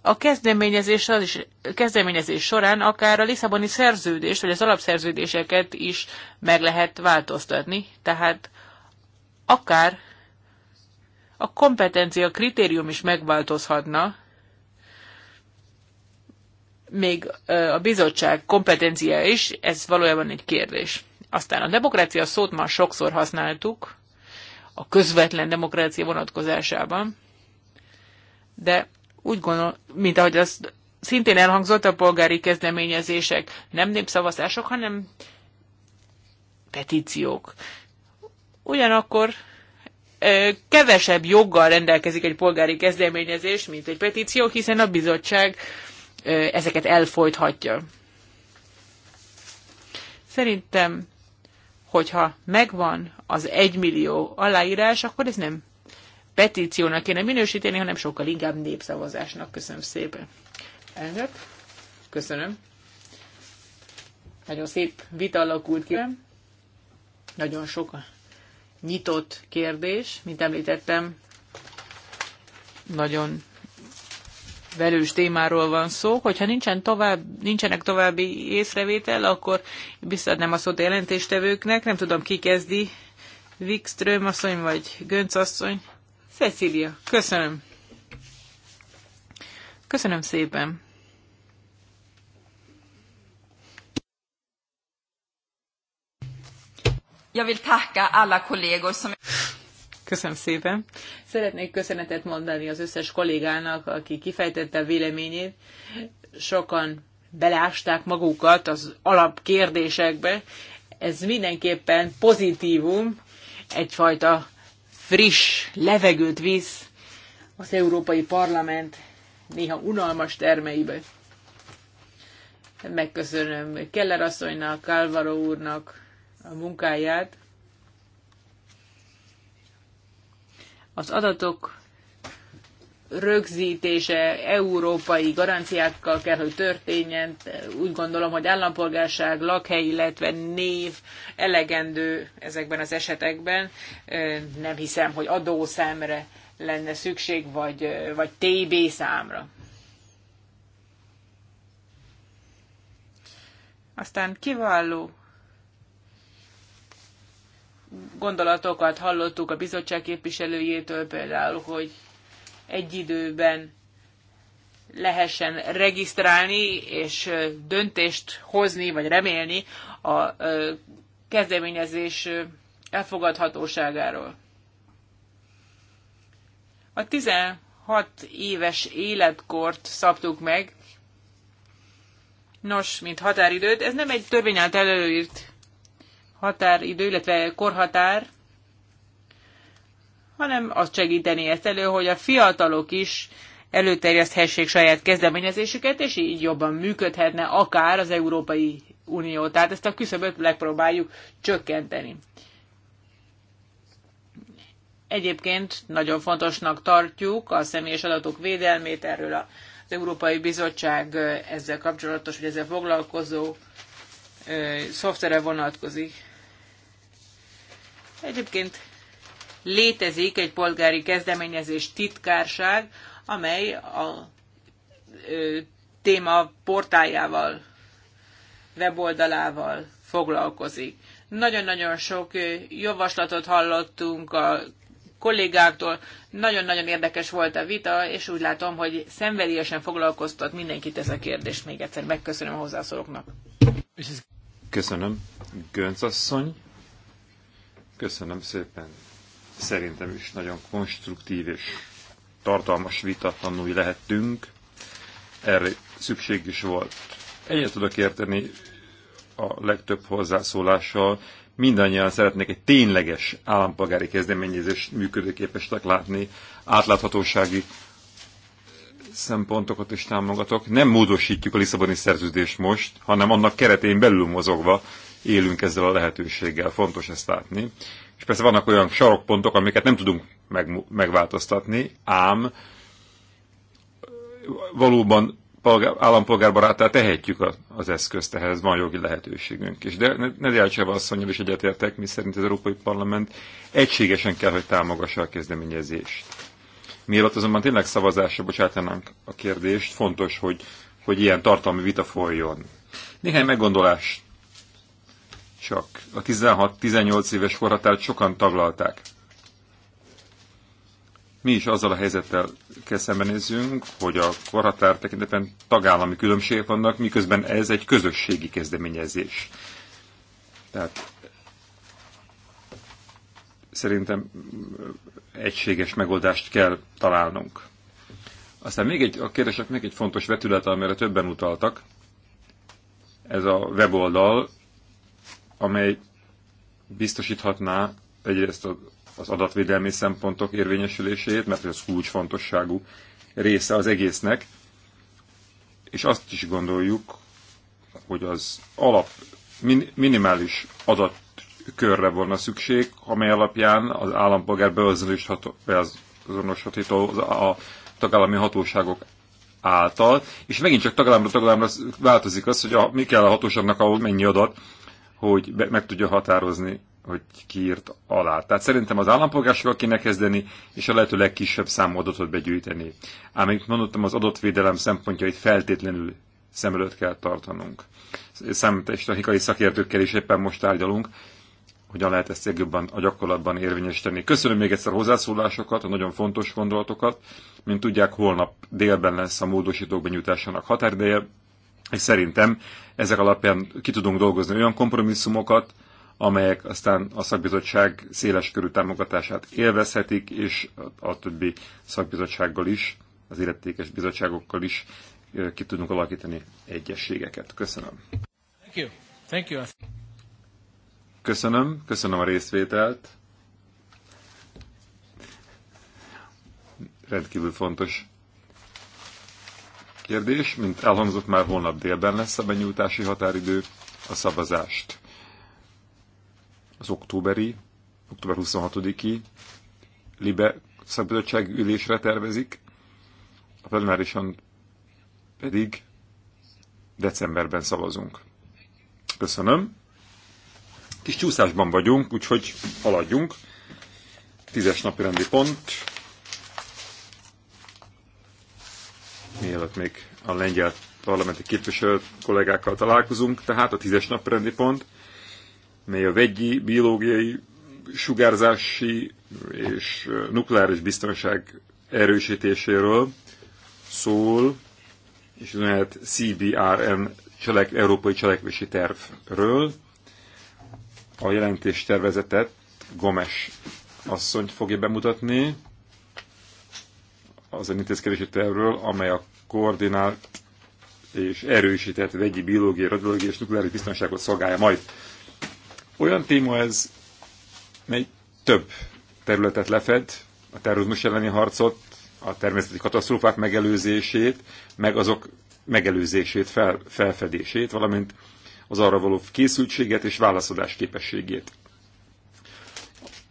a kezdeményezés, az is, kezdeményezés során akár a Lisszaboni szerződést, vagy az alapszerződéseket is meg lehet változtatni, tehát akár a kompetencia kritérium is megváltozhatna, még a bizottság kompetenciája is, ez valójában egy kérdés. Aztán a demokrácia szót már sokszor használtuk, a közvetlen demokrácia vonatkozásában, de úgy gondolom, mint ahogy az szintén elhangzott, a polgári kezdeményezések nem népszavazások, hanem petíciók. Ugyanakkor kevesebb joggal rendelkezik egy polgári kezdeményezés, mint egy petíció, hiszen a bizottság ezeket elfolythatja. Szerintem hogyha megvan az egymillió aláírás, akkor ez nem petíciónak kéne minősíteni, hanem sokkal inkább népszavazásnak. Köszönöm szépen. Elnök, köszönöm. Nagyon szép vita alakult ki. Nagyon sok nyitott kérdés, mint említettem, nagyon velős témáról van szó. Hogyha nincsen tovább, nincsenek további észrevétel, akkor visszadnám a szót jelentéstevőknek. Nem tudom, ki kezdi. Wikström asszony vagy Gönc asszony. Cecília, köszönöm. Köszönöm szépen. Jag vill tacka alla kollegor som... Köszönöm szépen. Szeretnék köszönetet mondani az összes kollégának, aki kifejtette a véleményét. Sokan belásták magukat az alapkérdésekbe. Ez mindenképpen pozitívum, egyfajta friss levegőt visz az Európai Parlament néha unalmas termeibe. Megköszönöm Keller asszonynak, Álvaro úrnak a munkáját. az adatok rögzítése európai garanciákkal kell, hogy történjen. Úgy gondolom, hogy állampolgárság, lakhely, illetve név elegendő ezekben az esetekben. Nem hiszem, hogy adószámra lenne szükség, vagy, vagy TB számra. Aztán kiváló gondolatokat hallottuk a bizottság képviselőjétől például, hogy egy időben lehessen regisztrálni és döntést hozni, vagy remélni a kezdeményezés elfogadhatóságáról. A 16 éves életkort szabtuk meg, nos, mint határidőt, ez nem egy törvény által előírt határidő, illetve korhatár, hanem azt segíteni ezt elő, hogy a fiatalok is előterjeszthessék saját kezdeményezésüket, és így jobban működhetne akár az Európai Unió. Tehát ezt a küszöböt megpróbáljuk csökkenteni. Egyébként nagyon fontosnak tartjuk a személyes adatok védelmét, erről az Európai Bizottság ezzel kapcsolatos, hogy ezzel foglalkozó szoftvere vonatkozik. Egyébként létezik egy polgári kezdeményezés titkárság, amely a ö, téma portájával, weboldalával foglalkozik. Nagyon-nagyon sok javaslatot hallottunk a kollégáktól, nagyon-nagyon érdekes volt a vita, és úgy látom, hogy szenvedélyesen foglalkoztat mindenkit ez a kérdés. Még egyszer megköszönöm a hozzászólóknak. Köszönöm, Gönc asszony. Köszönöm szépen. Szerintem is nagyon konstruktív és tartalmas vita tanulni lehettünk. Erre szükség is volt. Egyet tudok érteni a legtöbb hozzászólással. Mindannyian szeretnék egy tényleges állampolgári kezdeményezést működőképesnek látni, átláthatósági szempontokat is támogatok. Nem módosítjuk a Lisszaboni szerződést most, hanem annak keretén belül mozogva élünk ezzel a lehetőséggel, fontos ezt látni. És persze vannak olyan sarokpontok, amiket nem tudunk meg, megváltoztatni, ám valóban állampolgárbarátá tehetjük az, eszközt, ehhez van jogi lehetőségünk is. De Nedelcseva ne asszonyjal is egyetértek, mi szerint az Európai Parlament egységesen kell, hogy támogassa a kezdeményezést. Mielőtt azonban tényleg szavazásra bocsátanánk a kérdést, fontos, hogy, hogy ilyen tartalmi vita folyjon. Néhány meggondolást csak a 16-18 éves korhatárt sokan taglalták. Mi is azzal a helyzettel kell szembenézzünk, hogy a korhatár tekintetben tagállami különbségek vannak, miközben ez egy közösségi kezdeményezés. Tehát szerintem egységes megoldást kell találnunk. Aztán még egy, a kérdések még egy fontos vetület, amire többen utaltak, ez a weboldal amely biztosíthatná egyrészt az adatvédelmi szempontok érvényesülését, mert ez kulcsfontosságú része az egésznek, és azt is gondoljuk, hogy az alap min, minimális adatkörre volna szükség, amely alapján az állampolgár beazonosítható a tagállami hatóságok által, és megint csak tagállamra tagállamra változik az, hogy a, mi kell a hatóságnak ahol mennyi adat, hogy meg tudja határozni, hogy írt alá. Tehát szerintem az állampolgársággal kéne kezdeni, és a lehető legkisebb számú adatot begyűjteni. Ám, mint mondottam, az adatvédelem szempontjait feltétlenül szem előtt kell tartanunk. Számítástechnikai szakértőkkel is éppen most tárgyalunk, hogyan lehet ezt jobban a gyakorlatban érvényesíteni. Köszönöm még egyszer a hozzászólásokat, a nagyon fontos gondolatokat. Mint tudják, holnap délben lesz a módosítók benyújtásának határideje, és szerintem ezek alapján ki tudunk dolgozni olyan kompromisszumokat, amelyek aztán a szakbizottság széles körű támogatását élvezhetik, és a többi szakbizottsággal is, az illetékes bizottságokkal is ki tudunk alakítani egyességeket. Köszönöm. Thank you. Thank you. Köszönöm, köszönöm a részvételt. Rendkívül fontos kérdés, mint elhangzott már holnap délben lesz a benyújtási határidő, a szavazást. Az októberi, október 26-i Libe szabadság ülésre tervezik, a plenárisan pedig decemberben szavazunk. Köszönöm. Kis csúszásban vagyunk, úgyhogy haladjunk. Tízes napi rendi pont. mielőtt még a lengyel parlamenti képviselő kollégákkal találkozunk, tehát a tízes naprendi pont, mely a vegyi, biológiai, sugárzási és nukleáris biztonság erősítéséről szól, és az lehet CBRN cselek, Európai Cselekvési Tervről. A jelentés tervezetet Gomes asszony fogja bemutatni az intézkedési tervről, amely a koordinált és erősített vegyi biológiai, radiológiai és nukleáris biztonságot szolgálja majd. Olyan téma ez, mely több területet lefed, a terrorizmus elleni harcot, a természeti katasztrófák megelőzését, meg azok megelőzését, fel, felfedését, valamint az arra való készültséget és válaszadás képességét.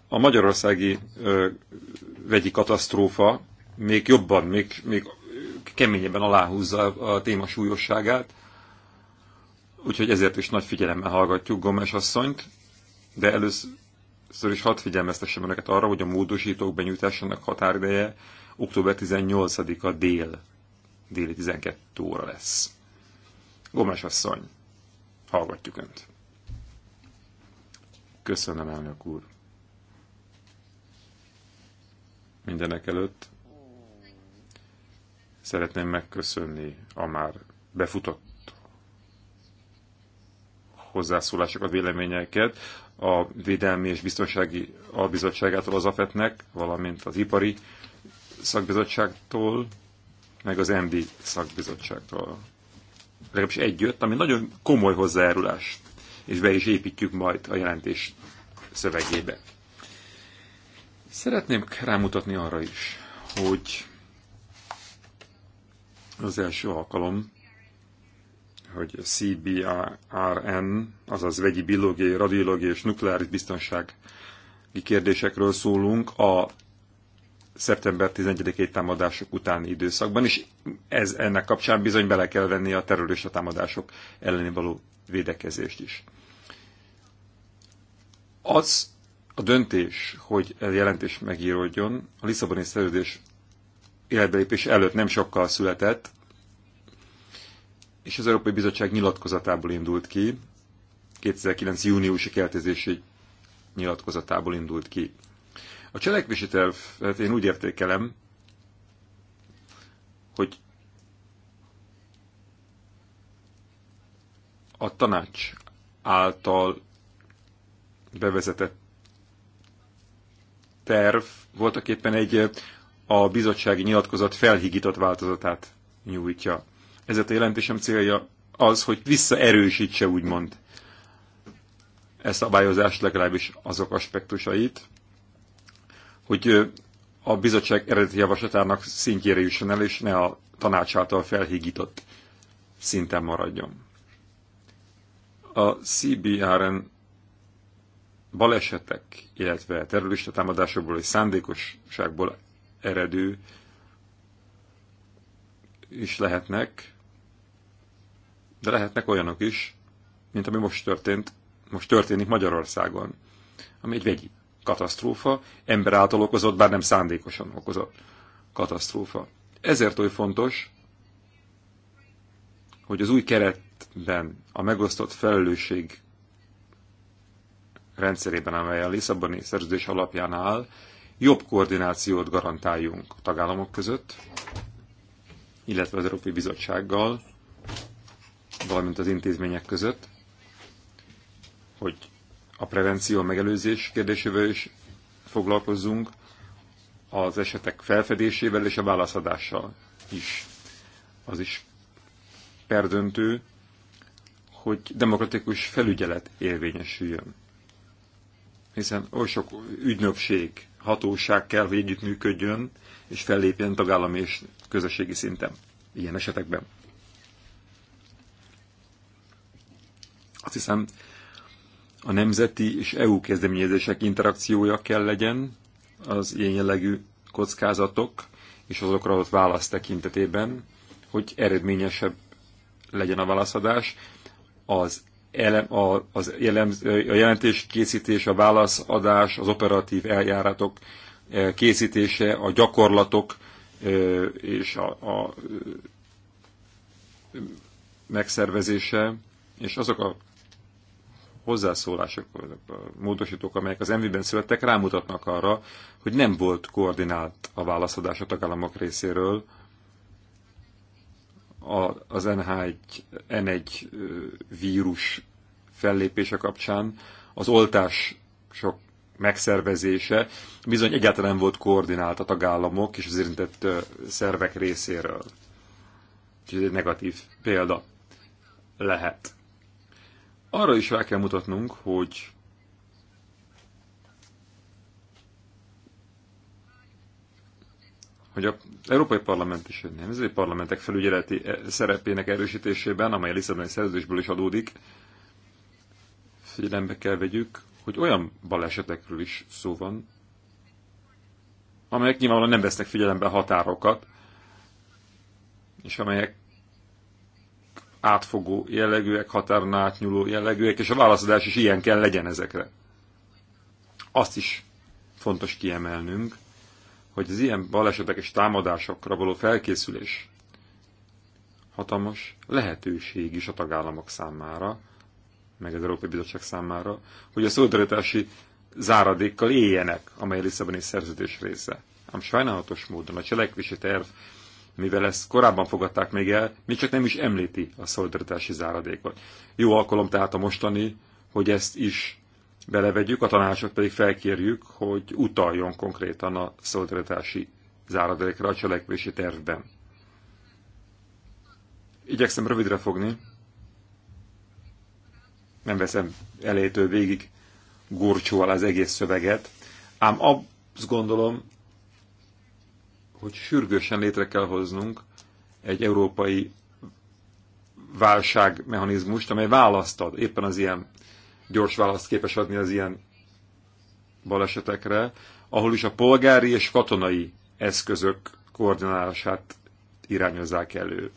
A magyarországi ö, vegyi katasztrófa még jobban, még, még keményebben aláhúzza a téma súlyosságát. Úgyhogy ezért is nagy figyelemmel hallgatjuk Gomes asszonyt, de először is hadd figyelmeztessem önöket arra, hogy a módosítók benyújtásának határideje október 18-a dél, déli 12 óra lesz. Gomes asszony, hallgatjuk Önt. Köszönöm, elnök úr. Mindenek előtt Szeretném megköszönni a már befutott hozzászólásokat, véleményeket a Védelmi és Biztonsági Albizottságától az AFET-nek, valamint az Ipari Szakbizottságtól, meg az MD Szakbizottságtól. Legalábbis egy jött, ami nagyon komoly hozzájárulás, és be is építjük majd a jelentés szövegébe. Szeretném rámutatni arra is, hogy az első alkalom, hogy CBRN, azaz vegyi biológiai, radiológiai és nukleáris biztonsági kérdésekről szólunk a szeptember 11-i támadások utáni időszakban, és ez ennek kapcsán bizony bele kell venni a terrorista támadások elleni való védekezést is. Az a döntés, hogy a jelentés megíródjon, a Lisszaboni szerződés életbelépés előtt nem sokkal született, és az Európai Bizottság nyilatkozatából indult ki, 2009. júniusi keltezési nyilatkozatából indult ki. A cselekvési tervet én úgy értékelem, hogy a tanács által bevezetett terv voltak éppen egy a bizottsági nyilatkozat felhigított változatát nyújtja. Ez a jelentésem célja az, hogy visszaerősítse úgymond ezt a bályozást legalábbis azok aspektusait, hogy a bizottság eredeti javaslatának szintjére jusson el, és ne a tanács által felhígított szinten maradjon. A CBRN balesetek, illetve terrorista támadásokból és szándékosságból eredő is lehetnek, de lehetnek olyanok is, mint ami most történt, most történik Magyarországon, ami egy vegyi katasztrófa, ember által okozott, bár nem szándékosan okozott katasztrófa. Ezért oly fontos, hogy az új keretben a megosztott felelősség rendszerében, amely a Lisszaboni szerződés alapján áll, jobb koordinációt garantáljunk a tagállamok között, illetve az Európai Bizottsággal, valamint az intézmények között, hogy a prevenció megelőzés kérdésével is foglalkozzunk, az esetek felfedésével és a válaszadással is. Az is perdöntő, hogy demokratikus felügyelet érvényesüljön. Hiszen oly sok ügynökség hatóság kell, hogy együttműködjön, és fellépjen tagállam és közösségi szinten ilyen esetekben. Azt hiszem, a nemzeti és EU kezdeményezések interakciója kell legyen az ilyen jellegű kockázatok és azokra adott válasz tekintetében, hogy eredményesebb legyen a válaszadás. Az elem, a, az jelem, a készítés, a válaszadás, az operatív eljáratok készítése, a gyakorlatok és a, a megszervezése, és azok a hozzászólások, a módosítók, amelyek az MV-ben születtek, rámutatnak arra, hogy nem volt koordinált a válaszadás a tagállamok részéről, az NH1, N1 vírus fellépése kapcsán az oltás sok megszervezése bizony egyáltalán nem volt koordinált a tagállamok és az érintett szervek részéről. Úgyhogy ez egy negatív példa lehet. Arra is rá kell mutatnunk, hogy hogy az Európai Parlament és a Nemzeti Parlamentek felügyeleti eh, szerepének erősítésében, amely a Lisszaboni szerződésből is adódik, figyelembe kell vegyük, hogy olyan balesetekről is szó van, amelyek nyilvánvalóan nem vesznek figyelembe határokat, és amelyek átfogó jellegűek, határon átnyúló jellegűek, és a válaszadás is ilyen kell legyen ezekre. Azt is fontos kiemelnünk, hogy az ilyen balesetek és támadásokra való felkészülés hatalmas lehetőség is a tagállamok számára, meg az Európai Bizottság számára, hogy a szolidaritási záradékkal éljenek, amely a Lisszaboni szerződés része. Ám sajnálatos módon a cselekvési terv, mivel ezt korábban fogadták még el, még csak nem is említi a szolidaritási záradékot. Jó alkalom tehát a mostani, hogy ezt is belevegyük, a tanácsot pedig felkérjük, hogy utaljon konkrétan a szolidaritási záradékra a cselekvési tervben. Igyekszem rövidre fogni, nem veszem elétől végig gurcsóval az egész szöveget, ám azt gondolom, hogy sürgősen létre kell hoznunk egy európai válságmechanizmust, amely választad éppen az ilyen gyors választ képes adni az ilyen balesetekre, ahol is a polgári és katonai eszközök koordinálását irányozzák elő.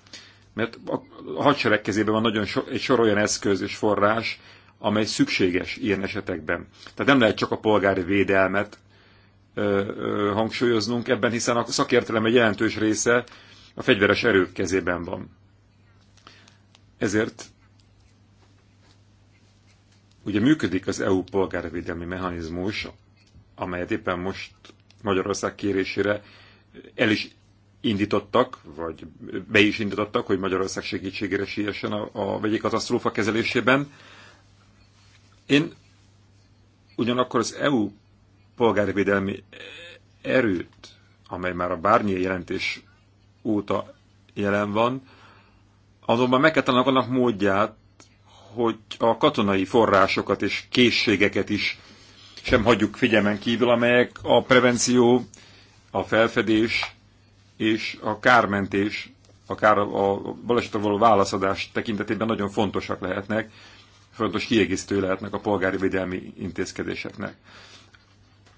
Mert a hadsereg kezében van nagyon so, egy sor olyan eszköz és forrás, amely szükséges ilyen esetekben. Tehát nem lehet csak a polgári védelmet ö, ö, hangsúlyoznunk ebben, hiszen a szakértelem egy jelentős része a fegyveres erők kezében van. Ezért Ugye működik az EU polgárvédelmi mechanizmus, amelyet éppen most Magyarország kérésére el is indítottak, vagy be is indítottak, hogy Magyarország segítségére siessen a, a vegyi katasztrófa kezelésében. Én ugyanakkor az EU polgárvédelmi erőt, amely már a bárnyi jelentés óta jelen van, azonban meg kell annak módját, hogy a katonai forrásokat és készségeket is sem hagyjuk figyelmen kívül, amelyek a prevenció, a felfedés és a kármentés, akár a, a balesetre való válaszadás tekintetében nagyon fontosak lehetnek, fontos kiegészítő lehetnek a polgári védelmi intézkedéseknek.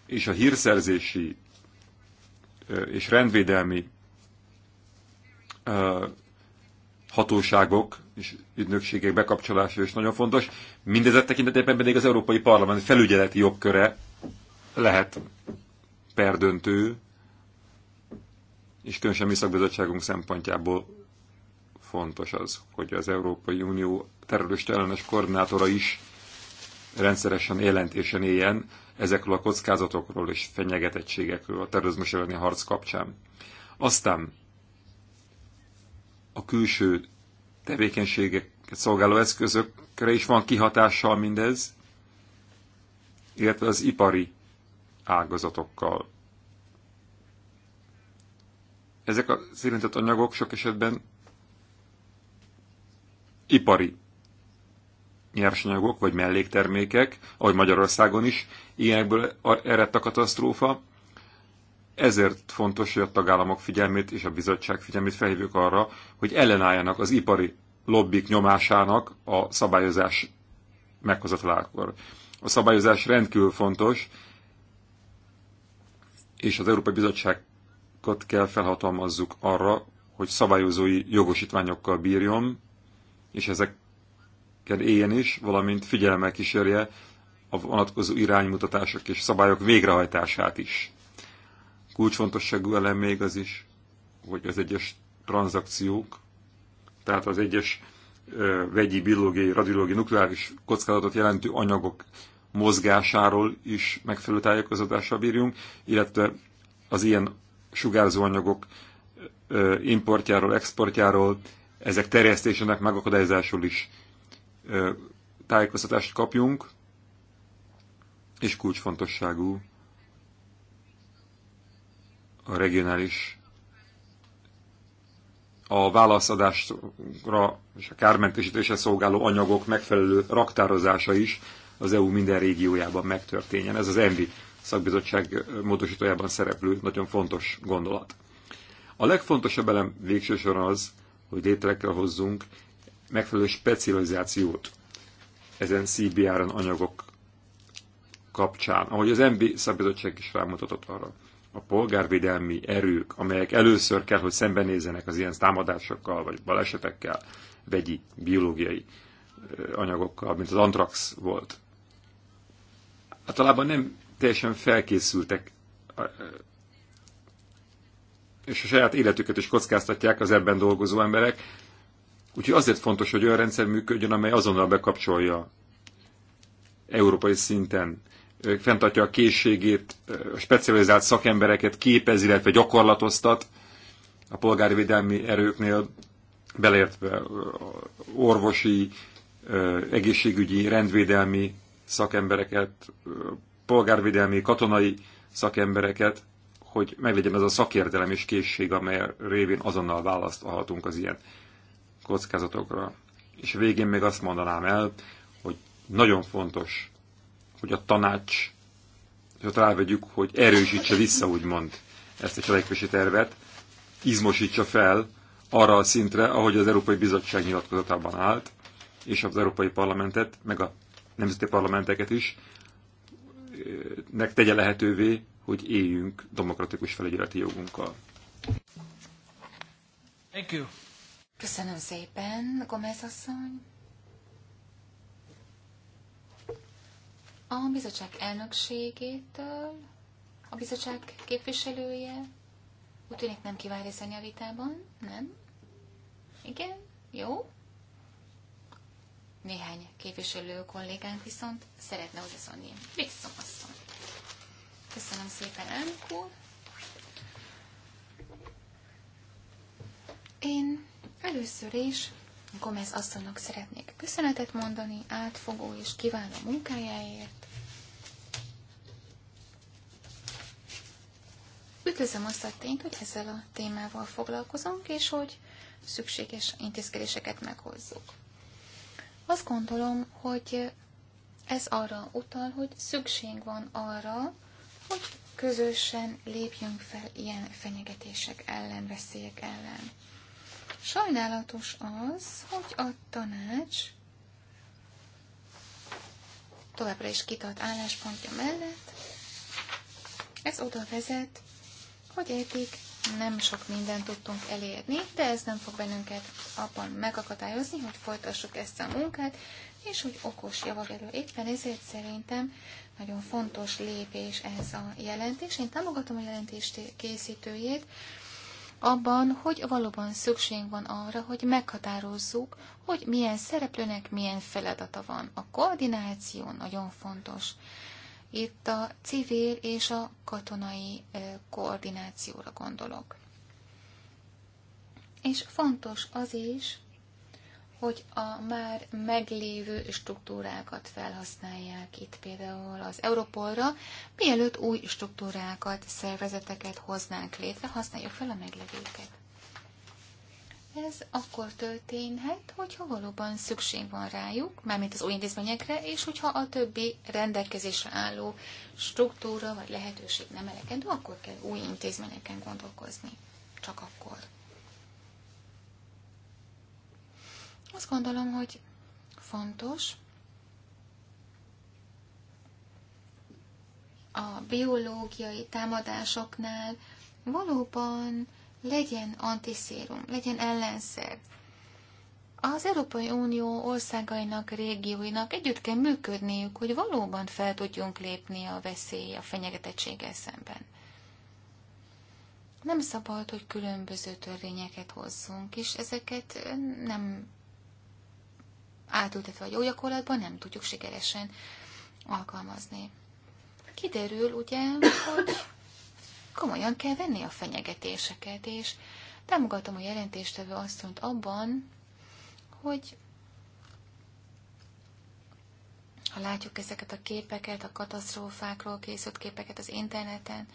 És a hírszerzési és rendvédelmi hatóságok és ügynökségek bekapcsolása is nagyon fontos. Mindezek tekintetében pedig az Európai Parlament felügyeleti jogköre lehet perdöntő, és különösen mi szakbizottságunk szempontjából fontos az, hogy az Európai Unió terrorista ellenes koordinátora is rendszeresen jelentésen éljen ezekről a kockázatokról és fenyegetettségekről a terrorizmus elleni harc kapcsán. Aztán a külső tevékenységeket szolgáló eszközökre is van kihatással mindez, illetve az ipari ágazatokkal. Ezek a érintett anyagok sok esetben ipari nyersanyagok vagy melléktermékek, ahogy Magyarországon is, ilyenekből eredt a katasztrófa, ezért fontos, hogy a tagállamok figyelmét és a bizottság figyelmét felhívjuk arra, hogy ellenálljanak az ipari lobbik nyomásának a szabályozás meghozatalákor. A szabályozás rendkívül fontos, és az Európai Bizottságot kell felhatalmazzuk arra, hogy szabályozói jogosítványokkal bírjon, és ezeken éljen is, valamint figyelme kísérje a vonatkozó iránymutatások és szabályok végrehajtását is. Kulcsfontosságú elem még az is, hogy az egyes tranzakciók, tehát az egyes vegyi, biológiai, radiológiai, nukleáris kockázatot jelentő anyagok mozgásáról is megfelelő tájékozódással bírjunk, illetve az ilyen sugárzó anyagok importjáról, exportjáról, ezek terjesztésének megakadályozásról is tájékoztatást kapjunk, és kulcsfontosságú, a regionális a válaszadásra és a kármentesítésre szolgáló anyagok megfelelő raktározása is az EU minden régiójában megtörténjen. Ez az ENVI szakbizottság módosítójában szereplő nagyon fontos gondolat. A legfontosabb elem végső soron az, hogy létre kell hozzunk megfelelő specializációt ezen CBR-en anyagok kapcsán, ahogy az ENVI szakbizottság is rámutatott arra a polgárvédelmi erők, amelyek először kell, hogy szembenézzenek az ilyen támadásokkal vagy balesetekkel, vegyi, biológiai anyagokkal, mint az antrax volt. Általában nem teljesen felkészültek, és a saját életüket is kockáztatják az ebben dolgozó emberek. Úgyhogy azért fontos, hogy olyan rendszer működjön, amely azonnal bekapcsolja európai szinten fenntartja a készségét, a specializált szakembereket képez, illetve gyakorlatoztat a polgári védelmi erőknél, beleértve orvosi, egészségügyi, rendvédelmi szakembereket, polgárvédelmi, katonai szakembereket, hogy meglegyen az a szakértelem és készség, amely révén azonnal választhatunk az ilyen kockázatokra. És végén még azt mondanám el, hogy nagyon fontos hogy a tanács hogy rávegyük, hogy erősítse vissza, úgymond, ezt a cselekvési tervet, izmosítsa fel arra a szintre, ahogy az Európai Bizottság nyilatkozatában állt, és az Európai Parlamentet, meg a nemzeti parlamenteket is, nek tegye lehetővé, hogy éljünk demokratikus felügyeleti jogunkkal. Thank you. Köszönöm szépen, Gomez asszony. a bizottság elnökségétől, a bizottság képviselője úgy tűnik nem kíván részt a vitában, nem? Igen? Jó? Néhány képviselő kollégánk viszont szeretne hozzászólni. Vixom asszony. Köszönöm szépen, elnök úr. Én először is Gomez asszonynak szeretnék köszönetet mondani, átfogó és kiváló munkájáért. Üdvözlöm azt a tényt, hogy ezzel a témával foglalkozunk, és hogy szükséges intézkedéseket meghozzuk. Azt gondolom, hogy ez arra utal, hogy szükség van arra, hogy közösen lépjünk fel ilyen fenyegetések ellen, veszélyek ellen. Sajnálatos az, hogy a tanács továbbra is kitart álláspontja mellett, ez oda vezet, hogy eddig nem sok mindent tudtunk elérni, de ez nem fog bennünket abban megakadályozni, hogy folytassuk ezt a munkát, és hogy okos javak elő. Éppen ezért szerintem nagyon fontos lépés ez a jelentés. Én támogatom a jelentést készítőjét abban, hogy valóban szükség van arra, hogy meghatározzuk, hogy milyen szereplőnek milyen feladata van. A koordináció nagyon fontos. Itt a civil és a katonai koordinációra gondolok. És fontos az is, hogy a már meglévő struktúrákat felhasználják itt például az Europolra, mielőtt új struktúrákat, szervezeteket hoznánk létre, használjuk fel a meglevőket. Ez akkor történhet, hogyha valóban szükség van rájuk, mármint az új intézményekre, és hogyha a többi rendelkezésre álló struktúra vagy lehetőség nem elegendő, akkor kell új intézményeken gondolkozni. Csak akkor. Azt gondolom, hogy fontos a biológiai támadásoknál valóban legyen antiszérum, legyen ellenszer. Az Európai Unió országainak, régióinak együtt kell működniük, hogy valóban fel tudjunk lépni a veszély, a fenyegetettséggel szemben. Nem szabad, hogy különböző törvényeket hozzunk, és ezeket nem átültetve a jó gyakorlatban nem tudjuk sikeresen alkalmazni. Kiderül ugye, hogy komolyan kell venni a fenyegetéseket, és támogatom a jelentéstevő asszonyt abban, hogy ha látjuk ezeket a képeket, a katasztrófákról készült képeket az interneten,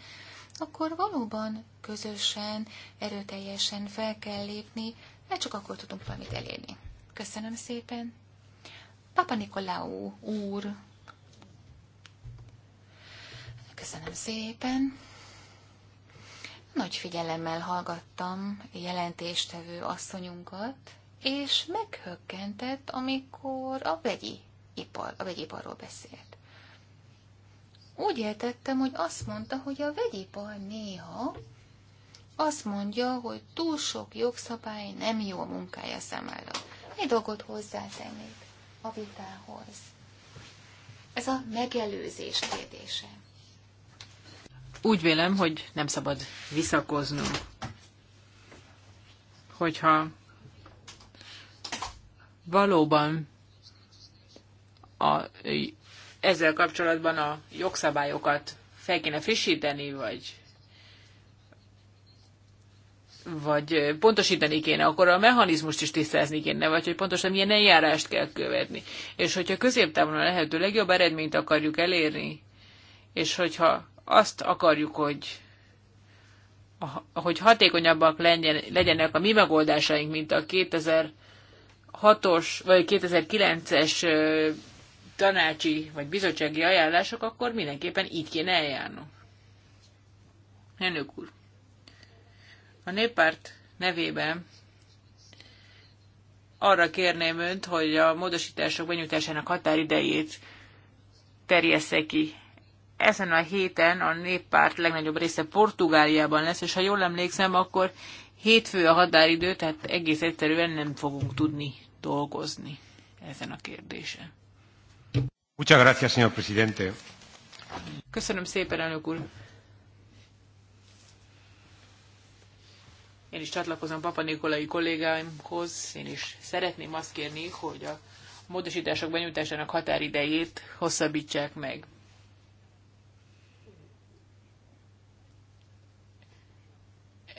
akkor valóban közösen, erőteljesen fel kell lépni, mert csak akkor tudunk valamit elérni. Köszönöm szépen! Papa Nikolaou úr! Köszönöm szépen! Nagy figyelemmel hallgattam jelentéstevő asszonyunkat, és meghökkentett, amikor a vegyi ipar, a vegyiparról beszélt. Úgy értettem, hogy azt mondta, hogy a vegyipar néha azt mondja, hogy túl sok jogszabály nem jó a munkája számára. Mi dolgot hozzátennék a vitához. Ez a megelőzés kérdése úgy vélem, hogy nem szabad visszakoznunk. Hogyha valóban a, ezzel kapcsolatban a jogszabályokat fel kéne frissíteni, vagy vagy pontosítani kéne, akkor a mechanizmust is tisztázni kéne, vagy hogy pontosan milyen eljárást kell követni. És hogyha középtávon a lehető legjobb eredményt akarjuk elérni, és hogyha azt akarjuk, hogy hogy hatékonyabbak legyen, legyenek a mi megoldásaink, mint a 2006-os vagy 2009-es tanácsi vagy bizottsági ajánlások, akkor mindenképpen így kéne eljárnunk. Elnök úr, a néppárt nevében arra kérném önt, hogy a módosítások benyújtásának határidejét terjessze ki ezen a héten a néppárt legnagyobb része Portugáliában lesz, és ha jól emlékszem, akkor hétfő a határidő, tehát egész egyszerűen nem fogunk tudni dolgozni ezen a kérdésen. Muchas gracias, señor presidente. Köszönöm szépen, elnök úr. Én is csatlakozom Papa Nikolai kollégáimhoz, én is szeretném azt kérni, hogy a módosítások benyújtásának határidejét hosszabbítsák meg.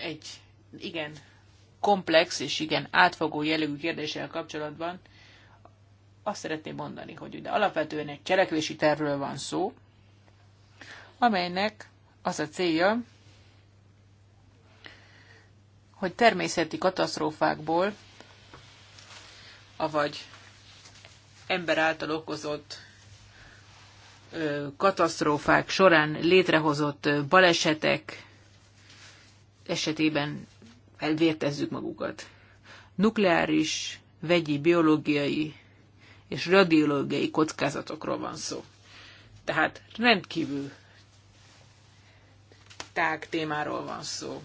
egy igen komplex és igen átfogó jellegű kérdéssel kapcsolatban azt szeretném mondani, hogy ugye alapvetően egy cselekvési tervről van szó, amelynek az a célja, hogy természeti katasztrófákból, avagy ember által okozott katasztrófák során létrehozott balesetek esetében elvértezzük magukat. Nukleáris, vegyi, biológiai és radiológiai kockázatokról van szó. Tehát rendkívül tág témáról van szó.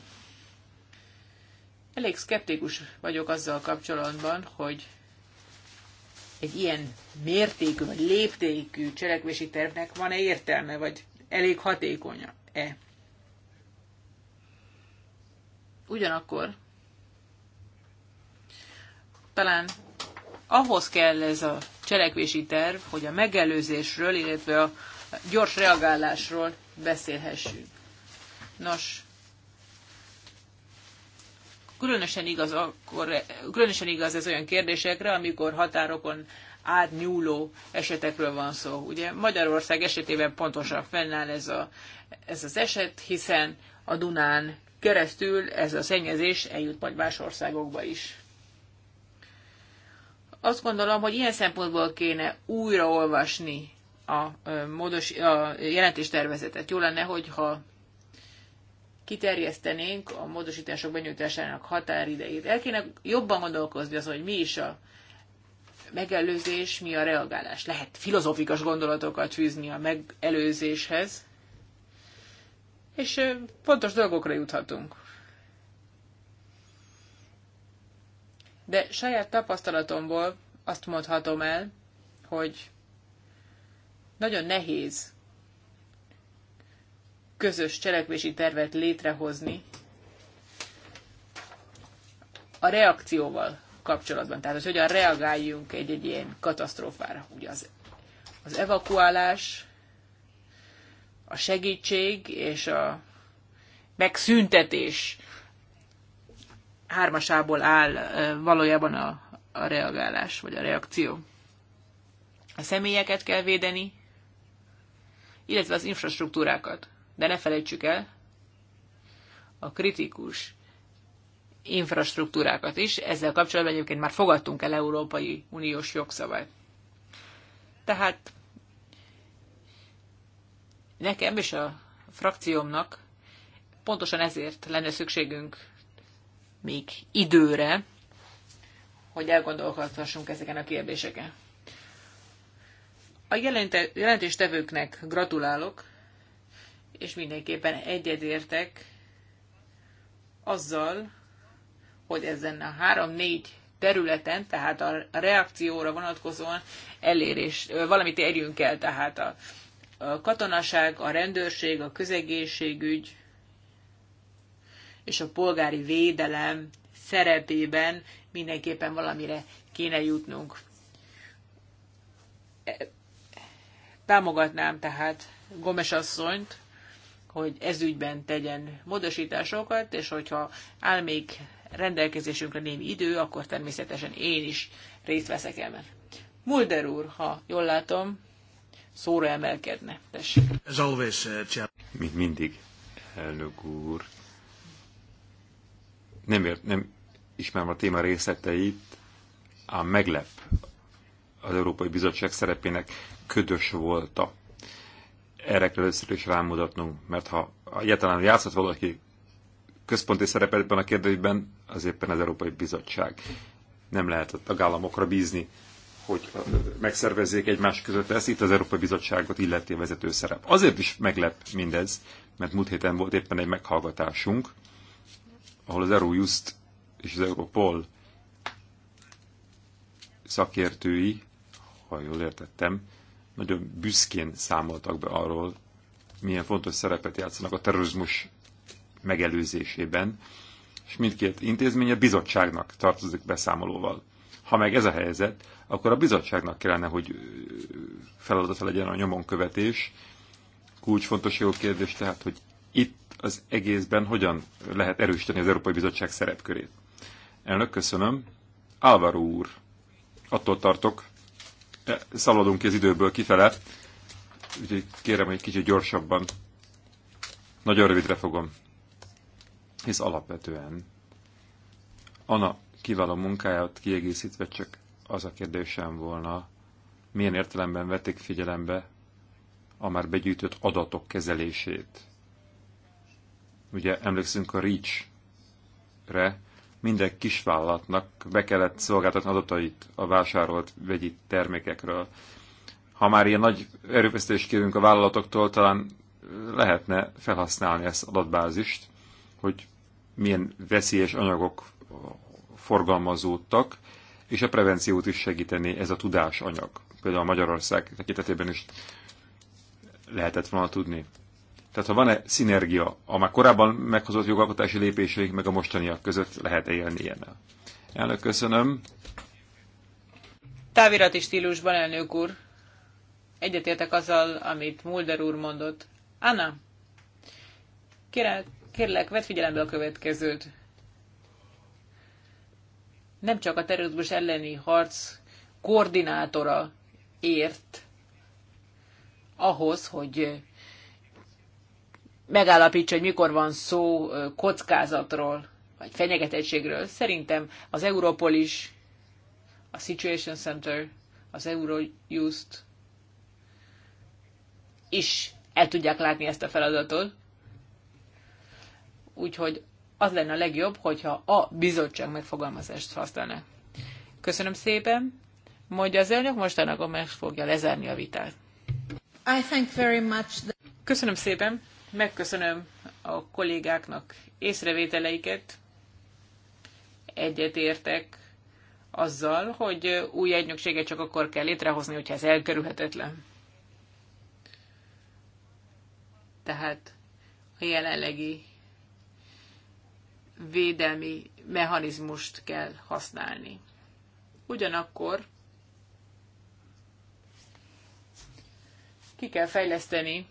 Elég szkeptikus vagyok azzal kapcsolatban, hogy egy ilyen mértékű vagy léptékű cselekvési tervnek van-e értelme, vagy elég hatékonya-e. Ugyanakkor talán ahhoz kell ez a cselekvési terv, hogy a megelőzésről, illetve a gyors reagálásról beszélhessünk. Nos, különösen igaz, akkor, különösen igaz ez olyan kérdésekre, amikor határokon átnyúló esetekről van szó. Ugye Magyarország esetében pontosan fennáll ez, a, ez az eset, hiszen a Dunán keresztül ez a szennyezés eljut majd más országokba is. Azt gondolom, hogy ilyen szempontból kéne újraolvasni a, módos, a jelentéstervezetet. Jó lenne, hogyha kiterjesztenénk a módosítások benyújtásának határidejét. El kéne jobban gondolkozni az, hogy mi is a megelőzés, mi a reagálás. Lehet filozófikas gondolatokat fűzni a megelőzéshez, és fontos dolgokra juthatunk. De saját tapasztalatomból azt mondhatom el, hogy nagyon nehéz közös cselekvési tervet létrehozni a reakcióval kapcsolatban. Tehát, hogy hogyan reagáljunk egy-egy ilyen katasztrófára. Ugye az, az evakuálás a segítség és a megszüntetés hármasából áll valójában a, a reagálás, vagy a reakció. A személyeket kell védeni, illetve az infrastruktúrákat. De ne felejtsük el a kritikus infrastruktúrákat is. Ezzel kapcsolatban egyébként már fogadtunk el Európai Uniós jogszabályt. Tehát nekem és a frakciómnak pontosan ezért lenne szükségünk még időre, hogy elgondolkodhassunk ezeken a kérdéseken. A jelentéstevőknek gratulálok, és mindenképpen egyedértek azzal, hogy ezen a három-négy területen, tehát a reakcióra vonatkozóan elérés, valamit érjünk el, tehát a a katonaság, a rendőrség, a közegészségügy és a polgári védelem szerepében mindenképpen valamire kéne jutnunk. Támogatnám tehát Gomes asszonyt, hogy ez ügyben tegyen módosításokat, és hogyha áll még rendelkezésünkre némi idő, akkor természetesen én is részt veszek ebben. Mulder úr, ha jól látom, szóra emelkedne. Tessék. As always, uh, Mint mindig, elnök úr. Nem, ért, nem ismerem a téma részleteit, ám meglep az Európai Bizottság szerepének ködös volt a erre kell először is rámutatnunk, mert ha egyáltalán játszott valaki központi szerepet a kérdőjében, az éppen az Európai Bizottság. Nem lehet a tagállamokra bízni hogy megszervezzék egymás között ezt, itt az Európai Bizottságot illeti a vezető szerep. Azért is meglep mindez, mert múlt héten volt éppen egy meghallgatásunk, ahol az Eurojust és az Europol szakértői, ha jól értettem, nagyon büszkén számoltak be arról, milyen fontos szerepet játszanak a terrorizmus megelőzésében, és mindkét intézménye bizottságnak tartozik beszámolóval. Ha meg ez a helyzet, akkor a bizottságnak kellene, hogy feladata legyen a nyomonkövetés. Kulcsfontosságú kérdés tehát, hogy itt az egészben hogyan lehet erősíteni az Európai Bizottság szerepkörét. Elnök, köszönöm. Álvaro úr, attól tartok, e, szaladunk ki az időből kifele, úgyhogy kérem, hogy kicsit gyorsabban. Nagyon rövidre fogom. Hisz alapvetően Anna kiváló munkáját kiegészítve csak az a kérdésem volna, milyen értelemben vették figyelembe a már begyűjtött adatok kezelését. Ugye emlékszünk a REACH-re, minden kisvállalatnak be kellett szolgáltatni adatait a vásárolt vegyi termékekről. Ha már ilyen nagy erőfeszítést kérünk a vállalatoktól, talán lehetne felhasználni ezt adatbázist, hogy milyen veszélyes anyagok forgalmazódtak, és a prevenciót is segíteni ez a tudásanyag. Például a Magyarország tekintetében is lehetett volna tudni. Tehát ha van-e szinergia a már korábban meghozott jogalkotási lépéseik meg a mostaniak között, lehet élni ilyennel? Elnök, köszönöm. Távirati stílusban, elnök úr. Egyetértek azzal, amit Mulder úr mondott. Anna, kérlek, kérlek vedd figyelembe a következőt nem csak a terrorizmus elleni harc koordinátora ért ahhoz, hogy megállapítsa, hogy mikor van szó kockázatról, vagy fenyegetettségről. Szerintem az Europol is, a Situation Center, az Eurojust is el tudják látni ezt a feladatot. Úgyhogy az lenne a legjobb, hogyha a bizottság megfogalmazást használná. Köszönöm szépen, mondja az elnök, mostanában meg fogja lezárni a vitát. I thank very much the... Köszönöm szépen, megköszönöm a kollégáknak észrevételeiket, egyetértek azzal, hogy új egynökséget csak akkor kell létrehozni, hogyha ez elkerülhetetlen. Tehát a jelenlegi védelmi mechanizmust kell használni. Ugyanakkor ki kell fejleszteni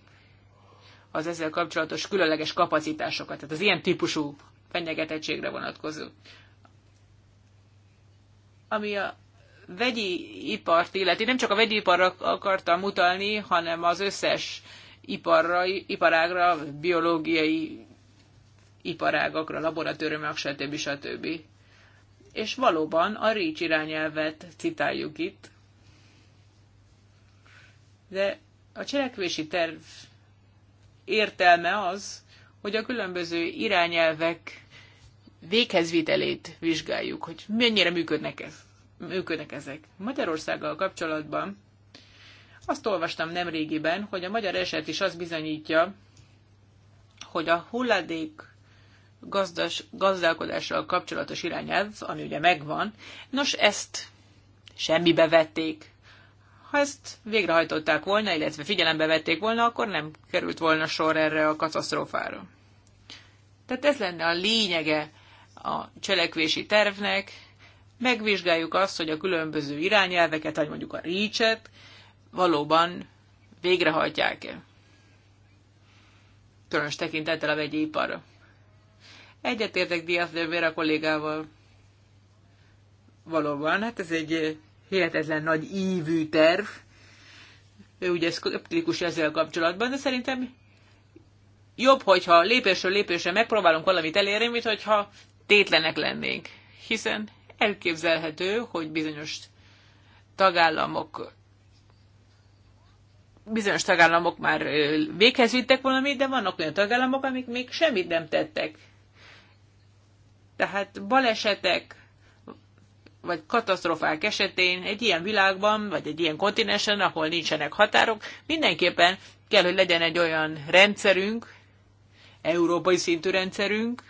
az ezzel kapcsolatos különleges kapacitásokat, tehát az ilyen típusú fenyegetettségre vonatkozó. Ami a vegyi ipart illeti, nem csak a vegyi iparra akartam mutalni, hanem az összes iparra, iparágra, biológiai iparágakra, laboratóriumok, stb. stb. És valóban a REACH irányelvet citáljuk itt, de a cselekvési terv értelme az, hogy a különböző irányelvek véghezvitelét vizsgáljuk, hogy mennyire működnek, ez, működnek ezek. Magyarországgal kapcsolatban azt olvastam nemrégiben, hogy a magyar eset is azt bizonyítja, hogy a hulladék gazdas, gazdálkodással kapcsolatos irányelv, ami ugye megvan, nos ezt semmibe vették. Ha ezt végrehajtották volna, illetve figyelembe vették volna, akkor nem került volna sor erre a katasztrófára. Tehát ez lenne a lényege a cselekvési tervnek. Megvizsgáljuk azt, hogy a különböző irányelveket, vagy mondjuk a REACH-et valóban végrehajtják-e. Különös tekintettel a vegyi iparra. Egyetértek Diaz de Vera kollégával. Valóban, hát ez egy hihetetlen nagy ívű terv. Ő ugye szkeptikus ezzel kapcsolatban, de szerintem jobb, hogyha lépésről lépésre megpróbálunk valamit elérni, mint hogyha tétlenek lennénk. Hiszen elképzelhető, hogy bizonyos tagállamok bizonyos tagállamok már véghez vittek valamit, de vannak olyan tagállamok, amik még semmit nem tettek. Tehát balesetek vagy katasztrofák esetén egy ilyen világban, vagy egy ilyen kontinensen, ahol nincsenek határok, mindenképpen kell, hogy legyen egy olyan rendszerünk, európai szintű rendszerünk,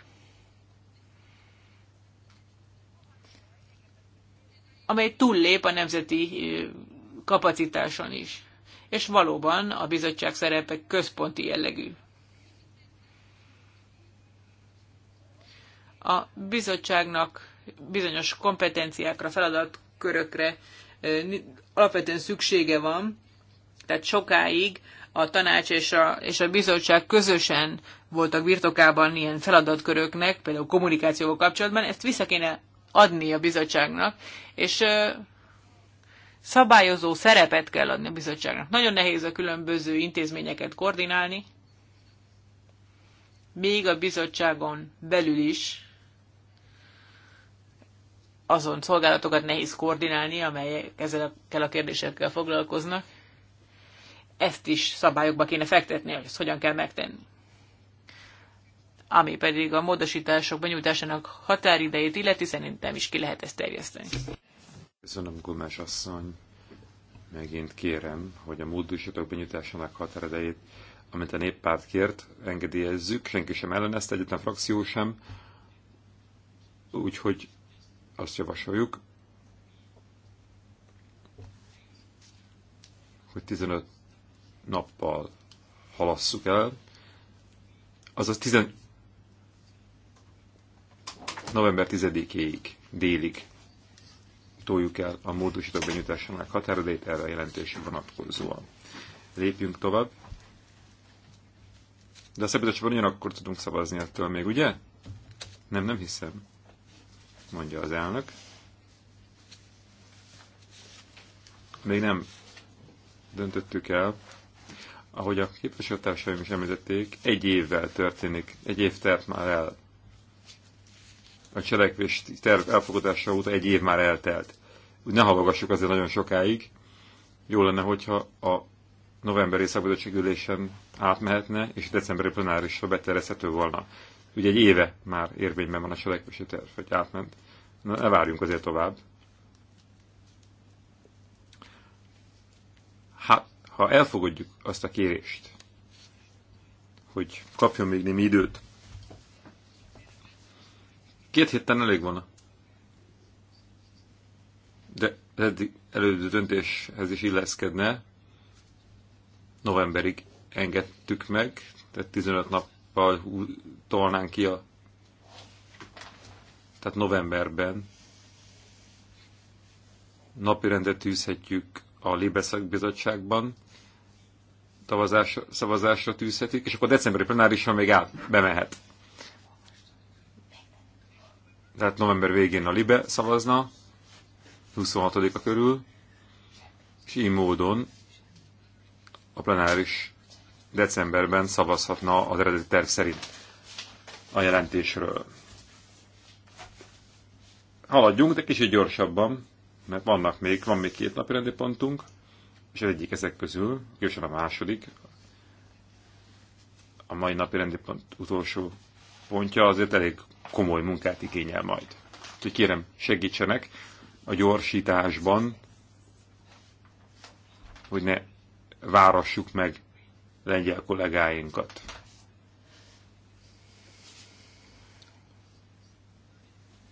amely túllép a nemzeti kapacitáson is. És valóban a bizottság szerepe központi jellegű. a bizottságnak bizonyos kompetenciákra, feladatkörökre alapvetően szüksége van, tehát sokáig a tanács és a, és a bizottság közösen voltak birtokában ilyen feladatköröknek, például kommunikációval kapcsolatban, ezt vissza kéne adni a bizottságnak, és szabályozó szerepet kell adni a bizottságnak. Nagyon nehéz a különböző intézményeket koordinálni, még a bizottságon belül is azon szolgálatokat nehéz koordinálni, amelyek ezekkel a kérdésekkel foglalkoznak. Ezt is szabályokba kéne fektetni, hogy ezt hogyan kell megtenni. Ami pedig a módosítások benyújtásának határidejét illeti, szerintem is ki lehet ezt terjeszteni. Köszönöm, Gomás asszony. Megint kérem, hogy a módosítások benyújtásának határidejét, amit a néppárt kért, engedélyezzük. Senki sem ellenezte, egyetlen frakció sem. Úgyhogy azt javasoljuk, hogy 15 nappal halasszuk el, azaz 10, november 10-ig, délig toljuk el a módosítók benyújtásának határodét, erre a jelentésre vonatkozóan. Lépjünk tovább. De a szabadásban ugyanakkor tudunk szavazni ettől még, ugye? Nem, nem hiszem mondja az elnök. Még nem döntöttük el, ahogy a képviselőtársaim is említették, egy évvel történik, egy év telt már el. A cselekvés terv elfogadása óta egy év már eltelt. Úgy ne halogassuk azért nagyon sokáig. Jó lenne, hogyha a novemberi szabadságülésen átmehetne, és decemberi plenárisra beterezhető volna. Ugye egy éve már érvényben van a selekvési terv, hogy átment. Na, ne várjunk azért tovább. Ha, hát, ha elfogadjuk azt a kérést, hogy kapjon még némi időt, két héten elég volna. De eddig előző döntéshez is illeszkedne. Novemberig engedtük meg, tehát 15 nap tolnánk ki a tehát novemberben napirendet tűzhetjük a Lébeszak Bizottságban, szavazásra, szavazásra tűzhetik, és akkor decemberi plenárisra még át bemehet. Tehát november végén a Libe szavazna, 26-a körül, és így módon a plenáris decemberben szavazhatna az eredeti terv szerint a jelentésről. Haladjunk, de kicsit gyorsabban, mert vannak még, van még két napi rendi pontunk, és az egyik ezek közül, később a második, a mai napi rendi pont utolsó pontja azért elég komoly munkát igényel majd. Úgyhogy kérem, segítsenek a gyorsításban, hogy ne várassuk meg lengyel kollégáinkat.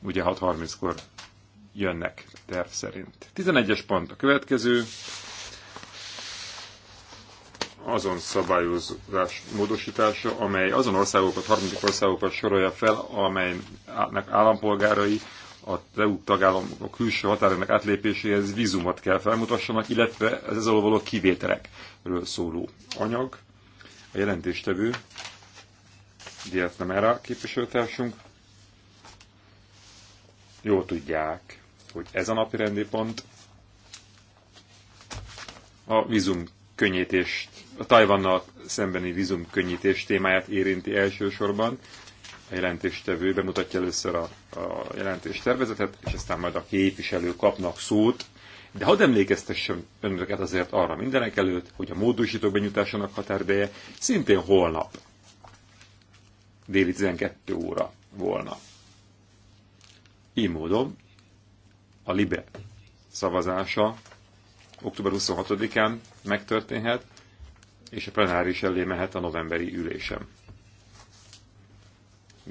Ugye 6.30-kor jönnek terv szerint. 11-es pont a következő. Azon szabályozás módosítása, amely azon országokat, harmadik országokat sorolja fel, amelynek állampolgárai a EU tagállamok külső határának átlépéséhez vízumot kell felmutassanak, illetve ez az való kivételekről szóló anyag. A jelentéstevő, Diaz a képviselőtársunk, jól tudják, hogy ez a napi rendi pont a vízum könnyítést, a Tajvannal szembeni vízum könnyítés témáját érinti elsősorban, a jelentéstevő bemutatja először a, a jelentéstervezetet, és aztán majd a képviselők kapnak szót. De hadd emlékeztessem önöket azért arra mindenek előtt, hogy a módosító benyújtásának határideje szintén holnap déli 12 óra volna. Így módon a LIBE szavazása október 26-án megtörténhet, és a plenáris elé mehet a novemberi ülésem.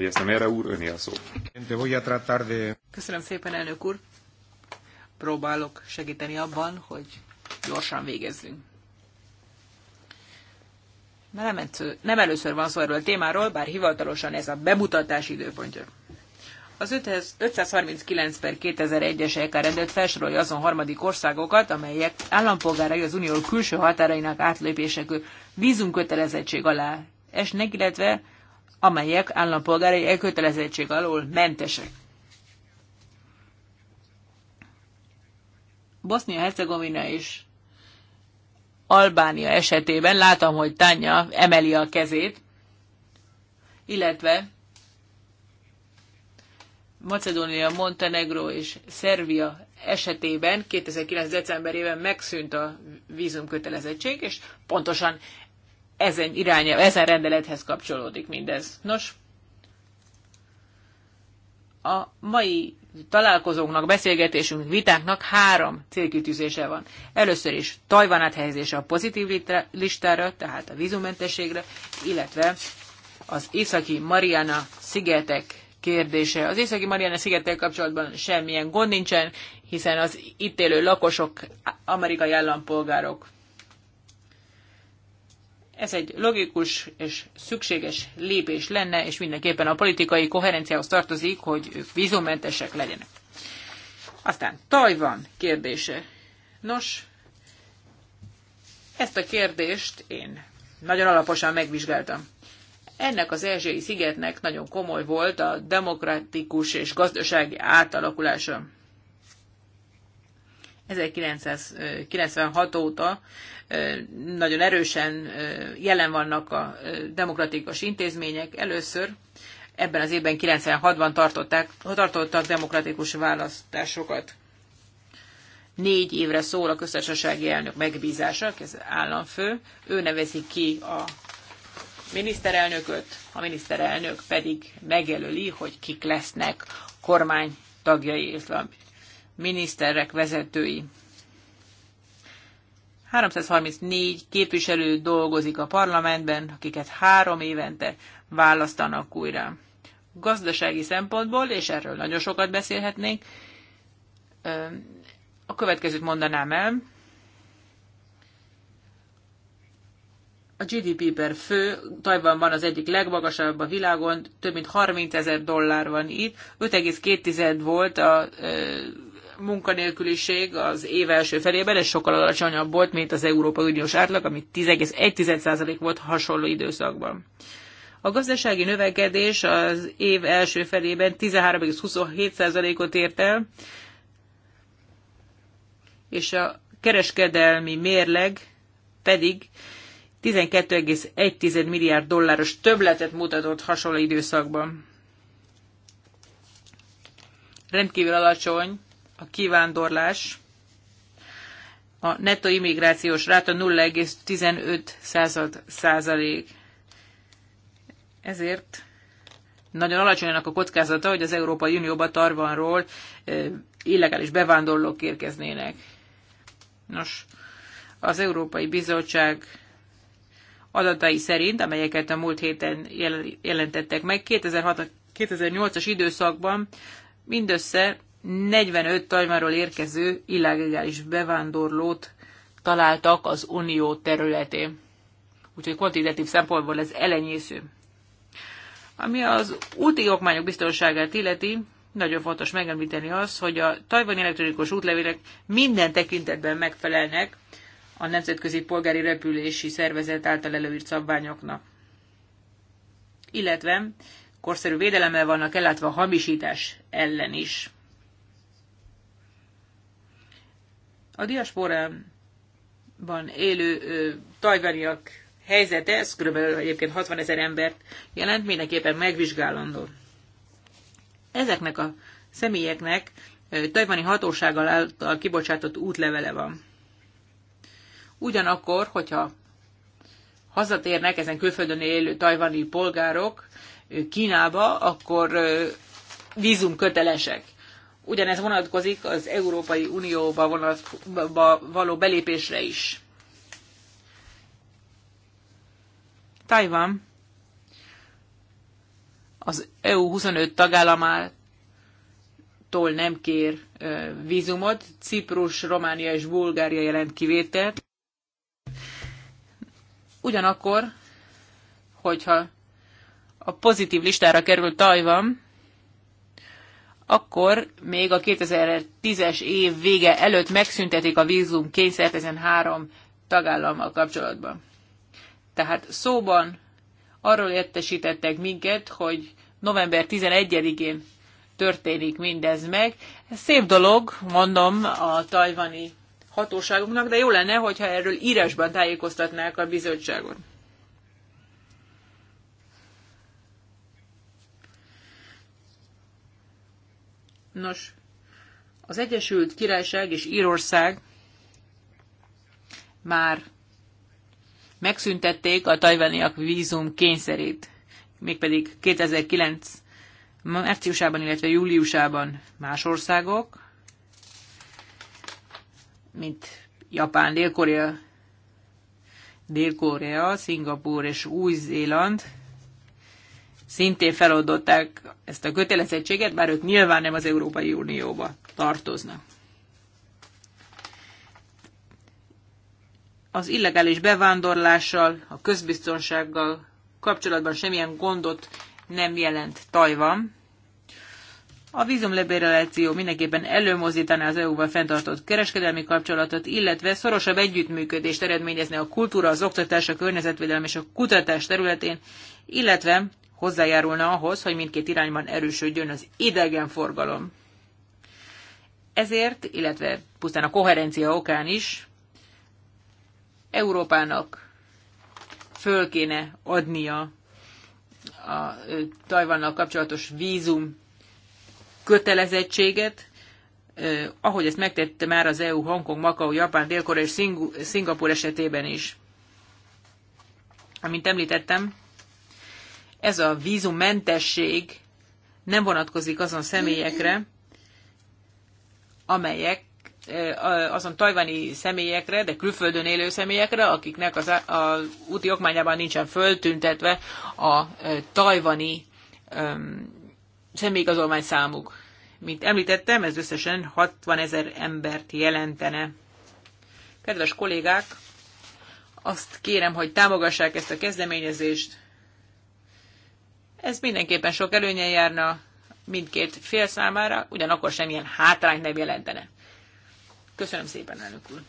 De ezt nem erre úr, öné a szó. Köszönöm szépen, elnök úr. Próbálok segíteni abban, hogy gyorsan végezzünk. Nem, nem először van szó erről a témáról, bár hivatalosan ez a bemutatás időpontja. Az 539 per 2001-es EK rendelet felsorolja azon harmadik országokat, amelyek állampolgárai az unió külső határainak átlépésekor vízumkötelezettség alá esnek, illetve amelyek állampolgári elkötelezettség alól mentesek. Bosznia-Hercegovina és Albánia esetében látom, hogy Tanya emeli a kezét, illetve Macedónia, Montenegro és Szervia esetében 2009. decemberében megszűnt a vízumkötelezettség, és pontosan ezen iránya, ezen rendelethez kapcsolódik mindez. Nos, a mai találkozónknak, beszélgetésünk, vitáknak három célkitűzése van. Először is Tajvan áthelyezése a pozitív listára, tehát a vízumentességre, illetve az északi Mariana szigetek kérdése. Az északi Mariana szigetek kapcsolatban semmilyen gond nincsen, hiszen az itt élő lakosok amerikai állampolgárok ez egy logikus és szükséges lépés lenne, és mindenképpen a politikai koherenciához tartozik, hogy ők vízumentesek legyenek. Aztán Tajvan kérdése. Nos, ezt a kérdést én nagyon alaposan megvizsgáltam. Ennek az Erzsélyi szigetnek nagyon komoly volt a demokratikus és gazdasági átalakulása. 1996 óta nagyon erősen jelen vannak a demokratikus intézmények. Először ebben az évben 96-ban tartották, tartottak demokratikus választásokat. Négy évre szól a köztársasági elnök megbízása, ez államfő. Ő nevezi ki a miniszterelnököt, a miniszterelnök pedig megjelöli, hogy kik lesznek kormány tagjai, illetve miniszterek vezetői. 334 képviselő dolgozik a parlamentben, akiket három évente választanak újra. Gazdasági szempontból, és erről nagyon sokat beszélhetnénk, a következőt mondanám el. A GDP per fő van az egyik legmagasabb a világon, több mint 30 ezer dollár van itt, 5,2 volt a munkanélküliség az év első felében, ez sokkal alacsonyabb volt, mint az Európai Uniós átlag, ami 10,1% volt hasonló időszakban. A gazdasági növekedés az év első felében 13,27%-ot ért el, és a kereskedelmi mérleg pedig 12,1 milliárd dolláros többletet mutatott hasonló időszakban. Rendkívül alacsony a kivándorlás, a netto immigrációs ráta 0,15 század százalék. Ezért nagyon alacsonyanak a kockázata, hogy az Európai Unióba tarvanról illegális bevándorlók érkeznének. Nos, az Európai Bizottság adatai szerint, amelyeket a múlt héten jelentettek meg, 2008-as időszakban mindössze 45 tajmáról érkező illegális bevándorlót találtak az unió területén. Úgyhogy kvantitatív szempontból ez elenyésző. Ami az úti okmányok biztonságát illeti, nagyon fontos megemlíteni az, hogy a tajvani elektronikus útlevélek minden tekintetben megfelelnek a Nemzetközi Polgári Repülési Szervezet által előírt szabványoknak. Illetve korszerű védelemmel vannak ellátva a hamisítás ellen is. A diasporában élő tajvaniak helyzete, ez kb. egyébként 60 ezer embert jelent, mindenképpen megvizsgálandó. Ezeknek a személyeknek tajvani hatósággal által kibocsátott útlevele van. Ugyanakkor, hogyha hazatérnek ezen külföldön élő tajvani polgárok Kínába, akkor vízum kötelesek. Ugyanez vonatkozik az Európai Unióba vonatba való belépésre is. Tajvan az EU 25 tagállamától nem kér vízumot, Ciprus, Románia és Bulgária jelent kivételt. Ugyanakkor, hogyha a pozitív listára kerül Tajvan, akkor még a 2010-es év vége előtt megszüntetik a vízum kényszert ezen három tagállammal kapcsolatban. Tehát szóban arról értesítettek minket, hogy november 11-én történik mindez meg. Ez szép dolog, mondom a tajvani hatóságunknak, de jó lenne, hogyha erről írásban tájékoztatnák a bizottságot. Nos, az Egyesült Királyság és Írország már megszüntették a tajvaniak vízum kényszerét, mégpedig 2009 márciusában, illetve júliusában más országok, mint Japán, Dél-Korea, Dél-Korea, Szingapúr és Új-Zéland szintén feloldották ezt a kötelezettséget, bár ők nyilván nem az Európai Unióba tartoznak. Az illegális bevándorlással, a közbiztonsággal kapcsolatban semmilyen gondot nem jelent Tajvan. A vízumliberáció mindenképpen előmozdítaná az EU-val fenntartott kereskedelmi kapcsolatot, illetve szorosabb együttműködést eredményezne a kultúra, az oktatás, a környezetvédelem és a kutatás területén, illetve hozzájárulna ahhoz, hogy mindkét irányban erősödjön az idegenforgalom. Ezért, illetve pusztán a koherencia okán is, Európának föl kéne adnia a Tajvannal kapcsolatos vízum kötelezettséget, ahogy ezt megtette már az EU, Hongkong, Makau, Japán, dél és Szingapur esetében is. Amint említettem, ez a vízummentesség nem vonatkozik azon személyekre, amelyek eh, azon tajvani személyekre, de külföldön élő személyekre, akiknek az a úti okmányában nincsen föltüntetve a eh, tajvani um, személyigazolvány számuk. Mint említettem, ez összesen 60 ezer embert jelentene. Kedves kollégák, azt kérem, hogy támogassák ezt a kezdeményezést, ez mindenképpen sok előnye járna mindkét fél számára, ugyanakkor semmilyen hátrányt nem jelentene. Köszönöm szépen, elnök úr.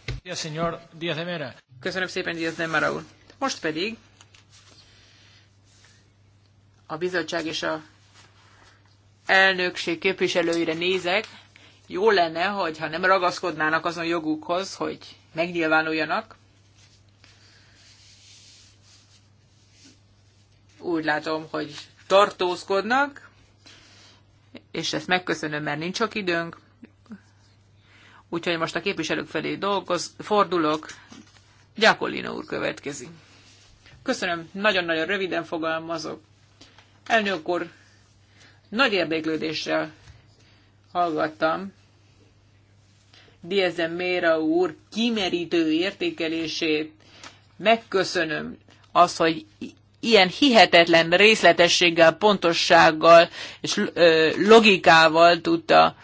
Köszönöm szépen, Díaz de Mara úr. Most pedig a bizottság és a elnökség képviselőire nézek. Jó lenne, hogyha nem ragaszkodnának azon jogukhoz, hogy megnyilvánuljanak. Úgy látom, hogy tartózkodnak, és ezt megköszönöm, mert nincs sok időnk. Úgyhogy most a képviselők felé dolgoz, fordulok. Gyakolina úr következik. Köszönöm, nagyon-nagyon röviden fogalmazok. Elnök úr, nagy érdeklődéssel hallgattam Diezen Méra úr kimerítő értékelését. Megköszönöm az, hogy ilyen hihetetlen részletességgel, pontossággal és logikával tudta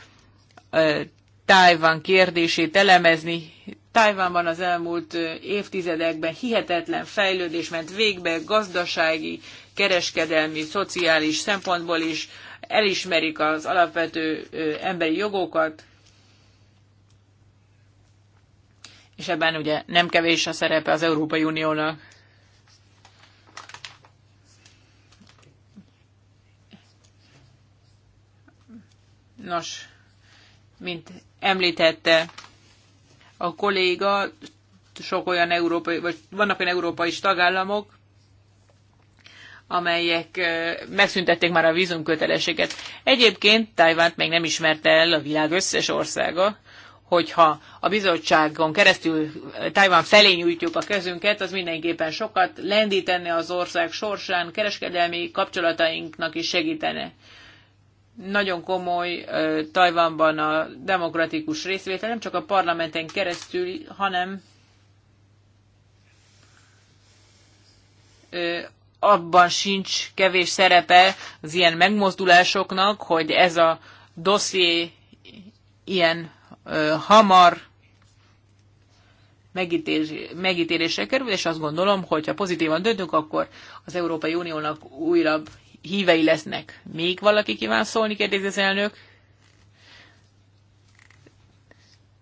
Tájván kérdését elemezni. Tájvánban az elmúlt évtizedekben hihetetlen fejlődés ment végbe gazdasági, kereskedelmi, szociális szempontból is, elismerik az alapvető emberi jogokat, és ebben ugye nem kevés a szerepe az Európai Uniónak. Nos, mint említette a kolléga, sok olyan európai, vagy vannak olyan európai tagállamok, amelyek megszüntették már a vízumkötelességet. Egyébként Tajvánt még nem ismerte el a világ összes országa, hogyha a bizottságon keresztül Tajván felé nyújtjuk a kezünket, az mindenképpen sokat lendítene az ország sorsán, kereskedelmi kapcsolatainknak is segítene nagyon komoly Tajvanban a demokratikus részvétel, nem csak a parlamenten keresztül, hanem abban sincs kevés szerepe az ilyen megmozdulásoknak, hogy ez a dosszié ilyen hamar megítélésre kerül, és azt gondolom, hogy ha pozitívan döntünk, akkor az Európai Uniónak újabb hívei lesznek. Még valaki kíván szólni, kérdezi az elnök?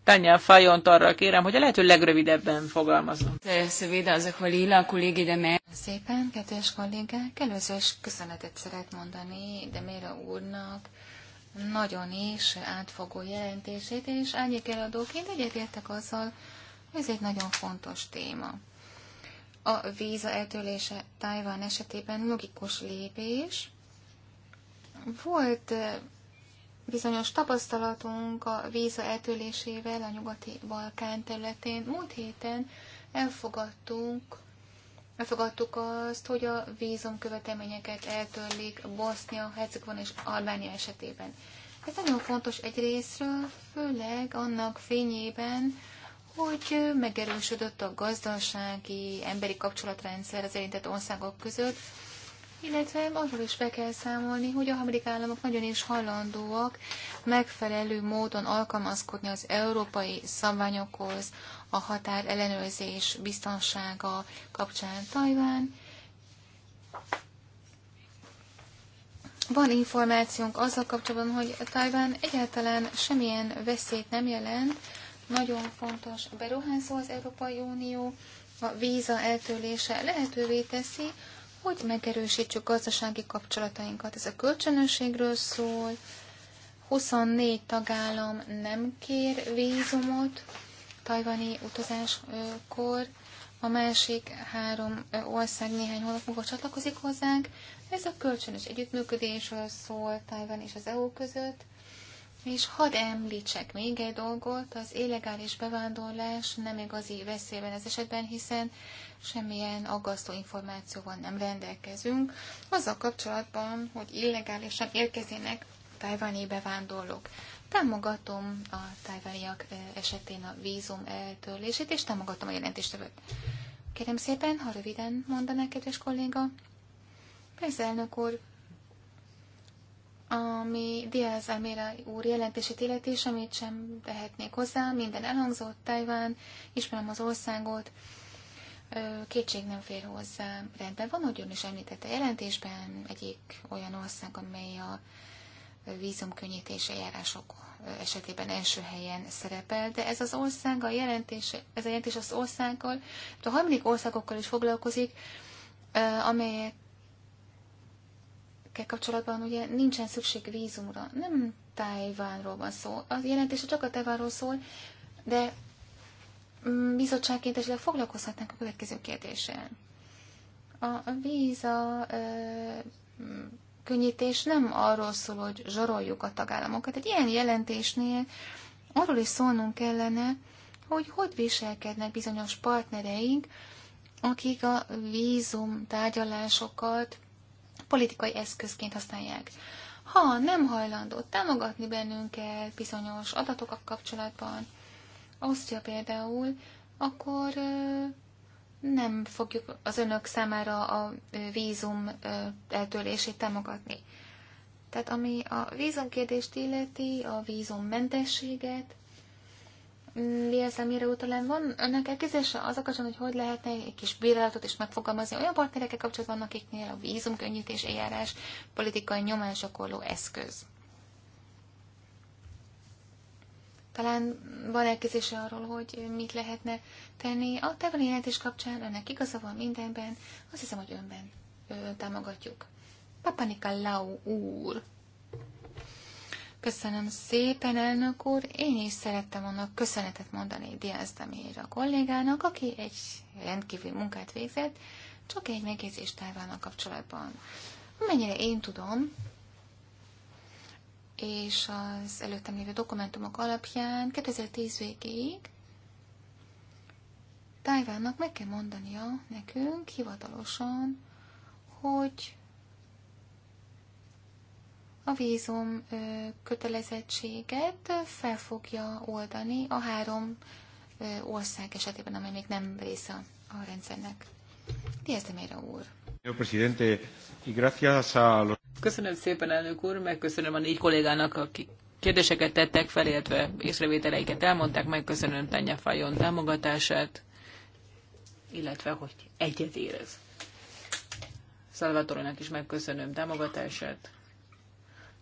Tanya fajon arra kérem, hogy a lehető legrövidebben fogalmazom. Szépen, kedves kollégák, először is köszönetet szeret mondani Demira úrnak, nagyon is átfogó jelentését, és kell adóként egyetértek azzal, hogy ez egy nagyon fontos téma a víza eltörlése Tajván esetében logikus lépés. Volt eh, bizonyos tapasztalatunk a víza eltörlésével a nyugati Balkán területén. Múlt héten elfogadtunk Elfogadtuk azt, hogy a követelményeket eltörlik Bosznia, Hercegovina és Albánia esetében. Ez nagyon fontos egy részről, főleg annak fényében, hogy megerősödött a gazdasági, emberi kapcsolatrendszer az érintett országok között, illetve arról is be kell számolni, hogy a harmadik államok nagyon is hajlandóak megfelelő módon alkalmazkodni az európai szabványokhoz, a határ ellenőrzés biztonsága kapcsán Tajván. Van információnk azzal kapcsolatban, hogy Tajván egyáltalán semmilyen veszélyt nem jelent nagyon fontos a beruházó az Európai Unió, a víza eltőlése lehetővé teszi, hogy megerősítsük gazdasági kapcsolatainkat. Ez a kölcsönösségről szól, 24 tagállam nem kér vízumot tajvani utazáskor, a másik három ország néhány hónap múlva csatlakozik hozzánk. Ez a kölcsönös együttműködésről szól Tajvan és az EU között. És hadd említsek még egy dolgot, az illegális bevándorlás nem igazi veszélyben ez esetben, hiszen semmilyen aggasztó információval nem rendelkezünk. Azzal kapcsolatban, hogy illegálisan érkezének tájváni bevándorlók. Támogatom a tájvániak esetén a vízum eltörlését, és támogatom a jelentéstevőt. Kérem szépen, ha röviden mondaná, kedves kolléga. Persze, elnök úr, ami Diaz Amira úr jelentését illeti, amit sem tehetnék hozzá, minden elhangzott, Tajván, ismerem az országot, kétség nem fér hozzá. Rendben van, hogy ön is említette jelentésben, egyik olyan ország, amely a vízumkönnyítés eljárások esetében első helyen szerepel, de ez az ország, a jelentés, ez a jelentés az országgal, a harmadik országokkal is foglalkozik, amelyek kapcsolatban ugye nincsen szükség vízumra. Nem Tájvánról van szó. A jelentése csak a Tájvánról szól, de mm, bizottságként esetleg foglalkozhatnánk a következő kérdéssel. A víza ö, mm, könnyítés nem arról szól, hogy zsaroljuk a tagállamokat. Egy ilyen jelentésnél arról is szólnunk kellene, hogy hogy viselkednek bizonyos partnereink, akik a vízum tárgyalásokat politikai eszközként használják. Ha nem hajlandó támogatni bennünket bizonyos adatokkal kapcsolatban, osztja például, akkor nem fogjuk az önök számára a vízum eltörlését támogatni. Tehát ami a vízumkérdést illeti, a vízummentességet, Diaz mire utalán van önnek elképzelése az kapcsolatban, hogy hogy lehetne egy kis bírálatot is megfogalmazni olyan partnerekkel kapcsolatban, akiknél a vízumkönnyítés eljárás politikai nyomásgyakorló eszköz. Talán van elképzelése arról, hogy mit lehetne tenni. A távoli kapcsán önnek igaza van mindenben, azt hiszem, hogy önben támogatjuk. Papanika Lau úr. Köszönöm szépen, elnök úr. Én is szerettem volna köszönetet mondani Diaz Damir a kollégának, aki egy rendkívül munkát végzett, csak egy megjegyzést a kapcsolatban. Mennyire én tudom, és az előttem lévő dokumentumok alapján 2010 végéig Tájvánnak meg kell mondania nekünk hivatalosan, hogy a vízum kötelezettséget fel fogja oldani a három ország esetében, amely még nem része a rendszernek. Diazdemére úr. Köszönöm szépen, elnök úr, megköszönöm a négy kollégának, akik kérdéseket tettek fel, illetve észrevételeiket elmondták, megköszönöm Tanya Fajon támogatását, illetve hogy egyet érez. Szalvatorinak is megköszönöm támogatását.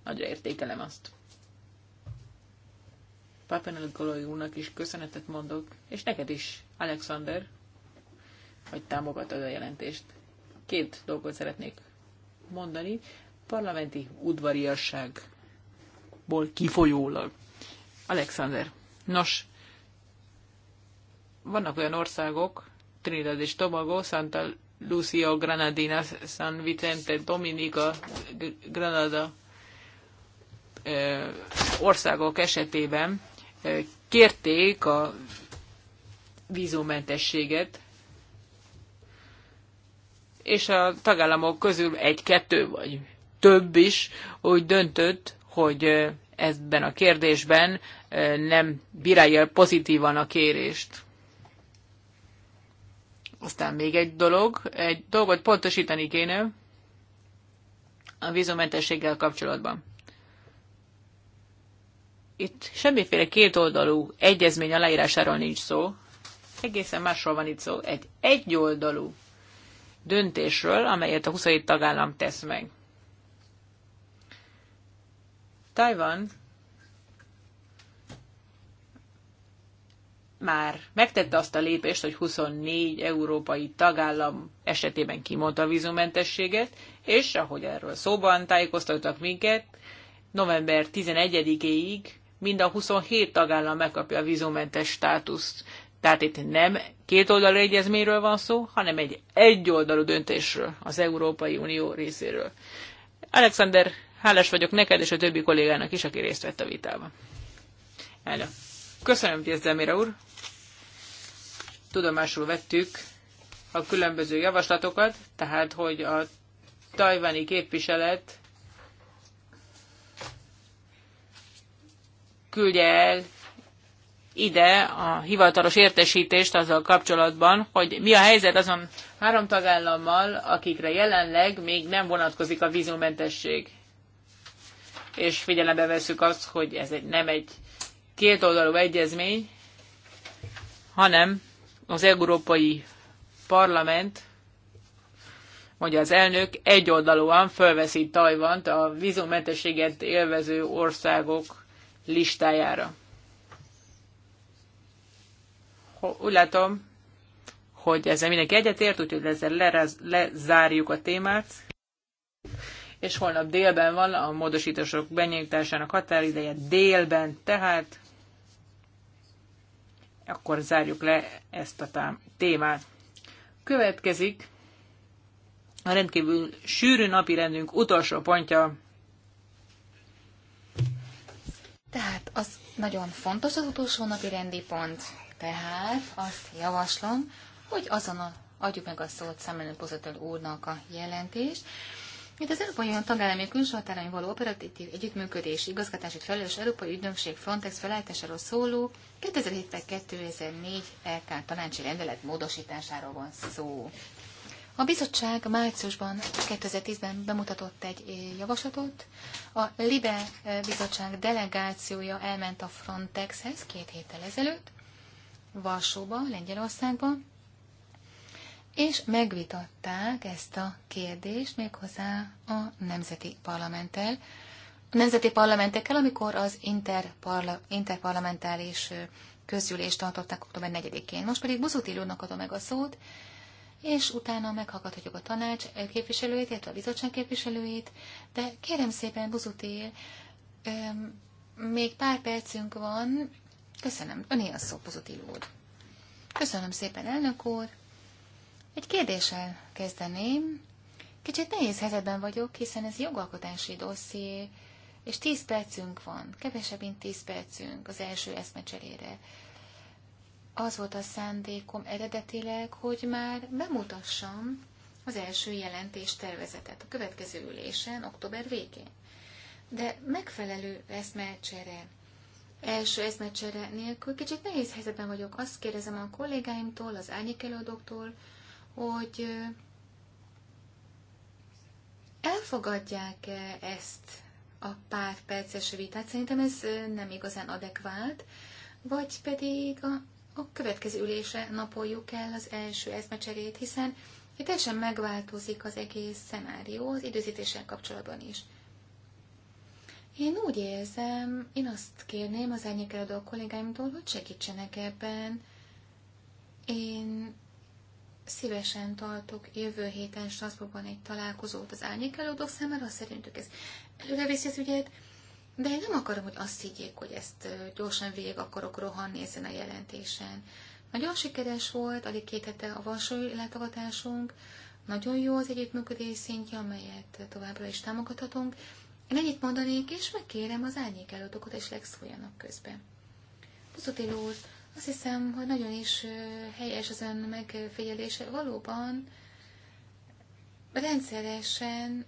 Nagyra értékelem azt. Papenel Golai úrnak is köszönetet mondok, és neked is, Alexander, hogy támogatod a jelentést. Két dolgot szeretnék mondani. Parlamenti udvariasságból kifolyólag. Alexander, nos, vannak olyan országok, Trinidad és Tobago, Santa Lucia, Granadina, San Vicente, Dominica, Granada, országok esetében kérték a vízumentességet, és a tagállamok közül egy-kettő vagy több is úgy döntött, hogy ebben a kérdésben nem bírálja pozitívan a kérést. Aztán még egy dolog, egy dolgot pontosítani kéne a vízumentességgel kapcsolatban itt semmiféle kétoldalú egyezmény aláírásáról nincs szó, egészen másról van itt szó, egy egyoldalú döntésről, amelyet a 27 tagállam tesz meg. Tajvan már megtette azt a lépést, hogy 24 európai tagállam esetében kimondta a vízumentességet, és ahogy erről szóban tájékoztattak minket, november 11-éig mind a 27 tagállam megkapja a vízumentes státuszt. Tehát itt nem kétoldalú egyezményről van szó, hanem egy egyoldalú döntésről az Európai Unió részéről. Alexander, hálás vagyok neked és a többi kollégának is, aki részt vett a vitában. Elnök. Köszönöm, Pizdemire úr. Tudomásul vettük a különböző javaslatokat, tehát hogy a tajvani képviselet küldje el ide a hivatalos értesítést azzal kapcsolatban, hogy mi a helyzet azon három tagállammal, akikre jelenleg még nem vonatkozik a vízumentesség. És figyelembe veszük azt, hogy ez egy, nem egy kétoldalú egyezmény, hanem az Európai Parlament, mondja az elnök, egyoldalúan fölveszi Tajvant a vízumentességet élvező országok listájára. Úgy látom, hogy ezzel mindenki egyetért, úgyhogy ezzel lezárjuk a témát. És holnap délben van a módosítások benyújtásának határideje, délben, tehát akkor zárjuk le ezt a témát. Következik a rendkívül sűrű napi rendünk utolsó pontja, Tehát az nagyon fontos az utolsó napi rendi pont. Tehát azt javaslom, hogy azon a, adjuk meg a szót Szemmelő Pozatol úrnak a jelentést. Mint az Európai Unió tagállami határain való operatív együttműködés igazgatási felelős Európai Ügynökség Frontex felállításáról szóló 2007-2004 LK tanácsi rendelet módosításáról van szó. A bizottság márciusban 2010-ben bemutatott egy eh, javaslatot. A LIBE eh, bizottság delegációja elment a Frontexhez két héttel ezelőtt, Varsóba, Lengyelországba, és megvitatták ezt a kérdést méghozzá a Nemzeti Parlamenttel. A Nemzeti Parlamentekkel, amikor az interparla, interparlamentális eh, közgyűlést tartották október 4-én. Most pedig Buzuti adom meg a szót, és utána meghallgathatjuk a tanács képviselőjét, illetve a bizottság képviselőjét, de kérem szépen, Buzutél, még pár percünk van. Köszönöm, öné a szó, Buzutél úr. Köszönöm szépen, elnök úr. Egy kérdéssel kezdeném. Kicsit nehéz helyzetben vagyok, hiszen ez jogalkotási dosszié, és 10 percünk van, kevesebb, mint 10 percünk az első eszmecserére. Az volt a szándékom eredetileg, hogy már bemutassam az első jelentés tervezetet a következő ülésen, október végén. De megfelelő eszmecsere, első eszmecsere nélkül kicsit nehéz helyzetben vagyok. Azt kérdezem a kollégáimtól, az előadóktól, hogy elfogadják-e ezt a pár perces vitát. Szerintem ez nem igazán adekvált, vagy pedig a a következő ülésre napoljuk el az első eszmecserét, hiszen itt teljesen megváltozik az egész szenárió az időzítéssel kapcsolatban is. Én úgy érzem, én azt kérném az árnyékeladó kollégáimtól, hogy segítsenek ebben. Én szívesen tartok jövő héten Strasbourgban egy találkozót az árnyékeladók számára, ha szerintük ez előreviszi az ügyet, de én nem akarom, hogy azt higgyék, hogy ezt gyorsan végig akarok rohanni ezen a jelentésen. Nagyon sikeres volt, alig két hete a Varsói látogatásunk, nagyon jó az együttműködés szintje, amelyet továbbra is támogathatunk. Én ennyit mondanék, és megkérem az árnyék előadókat, és legszóljanak közben. Buzuti úr, azt hiszem, hogy nagyon is helyes az ön megfigyelése. Valóban rendszeresen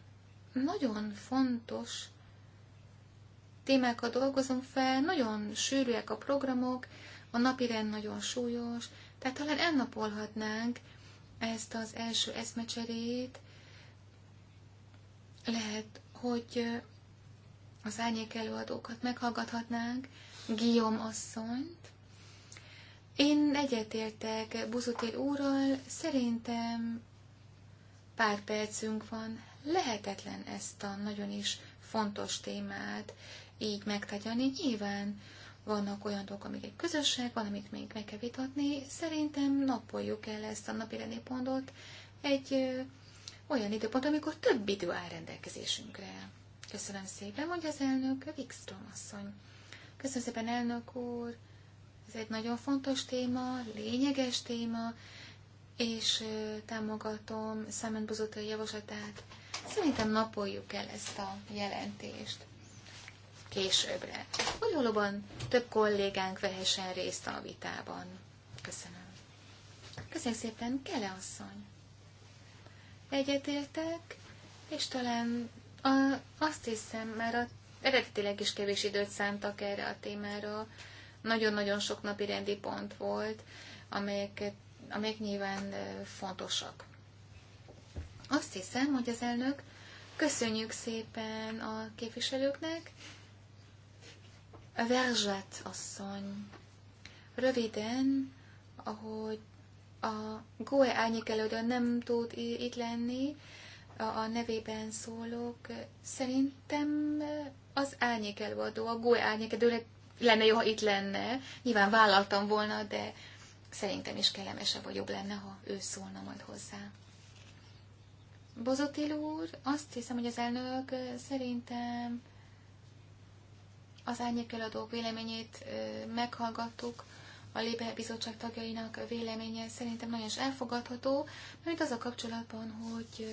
nagyon fontos témákat dolgozunk fel, nagyon sűrűek a programok, a napirend nagyon súlyos, tehát talán elnapolhatnánk ezt az első eszmecserét, lehet, hogy az árnyék előadókat meghallgathatnánk, Guillaume asszonyt. Én egyetértek Buzutér úrral, szerintem pár percünk van, lehetetlen ezt a nagyon is fontos témát így megtagyani. Nyilván vannak olyan dolgok, amik egy közösség, van, amit még meg kell vitatni. Szerintem napoljuk el ezt a napi pontot egy ö, olyan időpont, amikor több idő áll rendelkezésünkre. Köszönöm szépen, mondja az elnök, Wikström asszony. Köszönöm szépen, elnök úr. Ez egy nagyon fontos téma, lényeges téma, és ö, támogatom Szemen Buzotai javaslatát. Szerintem napoljuk el ezt a jelentést későbbre, hogy valóban több kollégánk vehessen részt a vitában. Köszönöm. Köszönjük szépen, Kele asszony. Egyetértek, és talán a, azt hiszem, már a, eredetileg is kevés időt szántak erre a témára. Nagyon-nagyon sok napi rendi pont volt, amelyeket, amelyek nyilván fontosak. Azt hiszem, hogy az elnök köszönjük szépen a képviselőknek, Verzset asszony. Röviden, ahogy a Goe árnyékelődön nem tud itt lenni, a nevében szólok, szerintem az előadó, a Goe árnyékelődő lenne jó, ha itt lenne. Nyilván vállaltam volna, de szerintem is kellemesebb vagy jobb lenne, ha ő szólna majd hozzá. Bozotil úr, azt hiszem, hogy az elnök szerintem az árnyékeladók véleményét meghallgattuk, a Lébe Bizottság tagjainak véleménye szerintem nagyon is elfogadható, mert az a kapcsolatban, hogy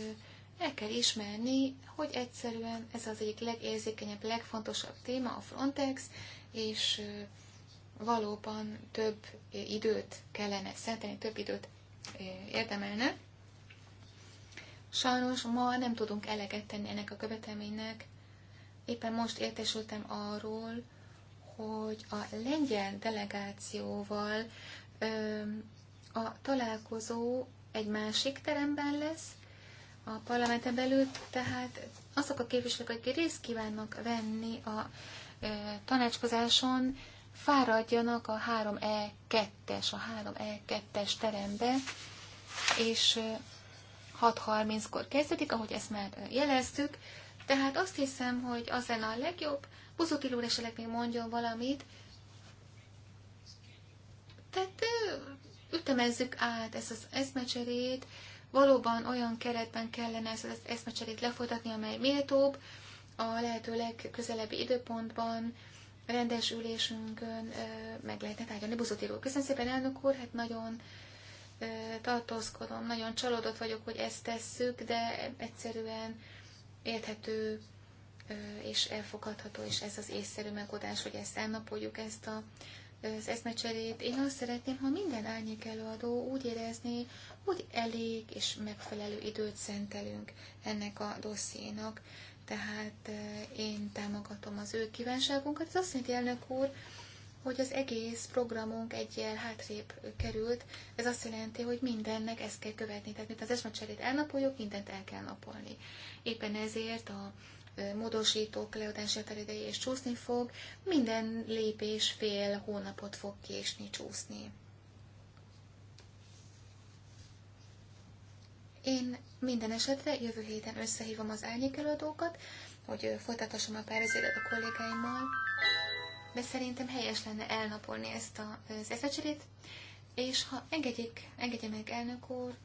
el kell ismerni, hogy egyszerűen ez az egyik legérzékenyebb, legfontosabb téma a Frontex, és valóban több időt kellene szenteni, több időt érdemelne. Sajnos ma nem tudunk eleget tenni ennek a követelménynek, Éppen most értesültem arról, hogy a lengyel delegációval ö, a találkozó egy másik teremben lesz, a parlamenten belül, tehát azok a képviselők, akik részt kívánnak venni a ö, tanácskozáson, fáradjanak a 3E2-es, a 3E2-es terembe, és 6.30-kor kezdődik, ahogy ezt már jeleztük, tehát azt hiszem, hogy az lenne a legjobb. Buzutil úr esetleg még mondjon valamit. Tehát ütemezzük át ezt az eszmecserét, valóban olyan keretben kellene ezt az eszmecserét lefolytatni, amely méltóbb, a lehető legközelebbi időpontban, rendes ülésünkön meg lehetne tárgyalni. Buzotiról. Köszönöm szépen, elnök úr, hát nagyon tartózkodom, nagyon csalódott vagyok, hogy ezt tesszük, de egyszerűen érthető és elfogadható, és ez az észszerű megoldás, hogy ezt elnapoljuk, ezt a, az eszmecserét. Én azt szeretném, ha minden árnyék előadó úgy érezné, hogy elég és megfelelő időt szentelünk ennek a dossziénak, tehát én támogatom az ő kívánságunkat. Ez azt jelenti, elnök úr, hogy az egész programunk egyel hátrébb került. Ez azt jelenti, hogy mindennek ezt kell követni. Tehát, mint az esmacserét elnapoljuk, mindent el kell napolni. Éppen ezért a módosítók leadási határideje és csúszni fog, minden lépés fél hónapot fog késni, csúszni. Én minden esetre jövő héten összehívom az árnyékelőadókat, hogy folytathassam a párbeszédet a kollégáimmal de szerintem helyes lenne elnapolni ezt a, az eszecserét, és ha engedjék, engedje meg elnök úr,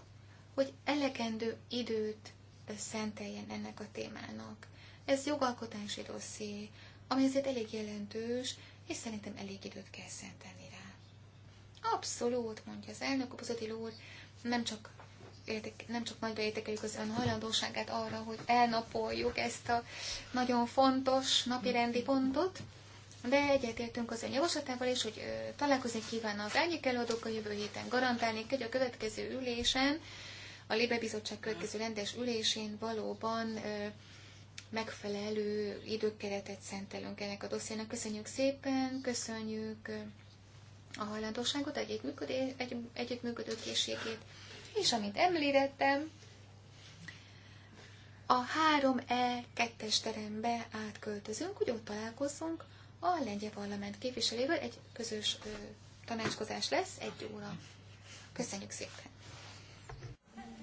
hogy elegendő időt szenteljen ennek a témának. Ez jogalkotási dosszié, ami azért elég jelentős, és szerintem elég időt kell szentelni rá. Abszolút, mondja az elnök, Bozotil úr, nem csak, értek, nem csak nagyra értékeljük az ön hajlandóságát arra, hogy elnapoljuk ezt a nagyon fontos napirendi pontot, de egyetértünk az ön javaslatával is, hogy találkozni kíván az árnyék előadók a jövő héten. garantálni, hogy a következő ülésen, a Lébe Bizottság következő rendes ülésén valóban megfelelő időkeretet szentelünk ennek a dossziénak. Köszönjük szépen, köszönjük a hajlandóságot, együttműködő, egy, együttműködő készségét, és amit említettem, a 3E2-es terembe átköltözünk, hogy ott találkozzunk a lengyel parlament képviselővel egy közös ö, tanácskozás lesz egy óra. Köszönjük szépen!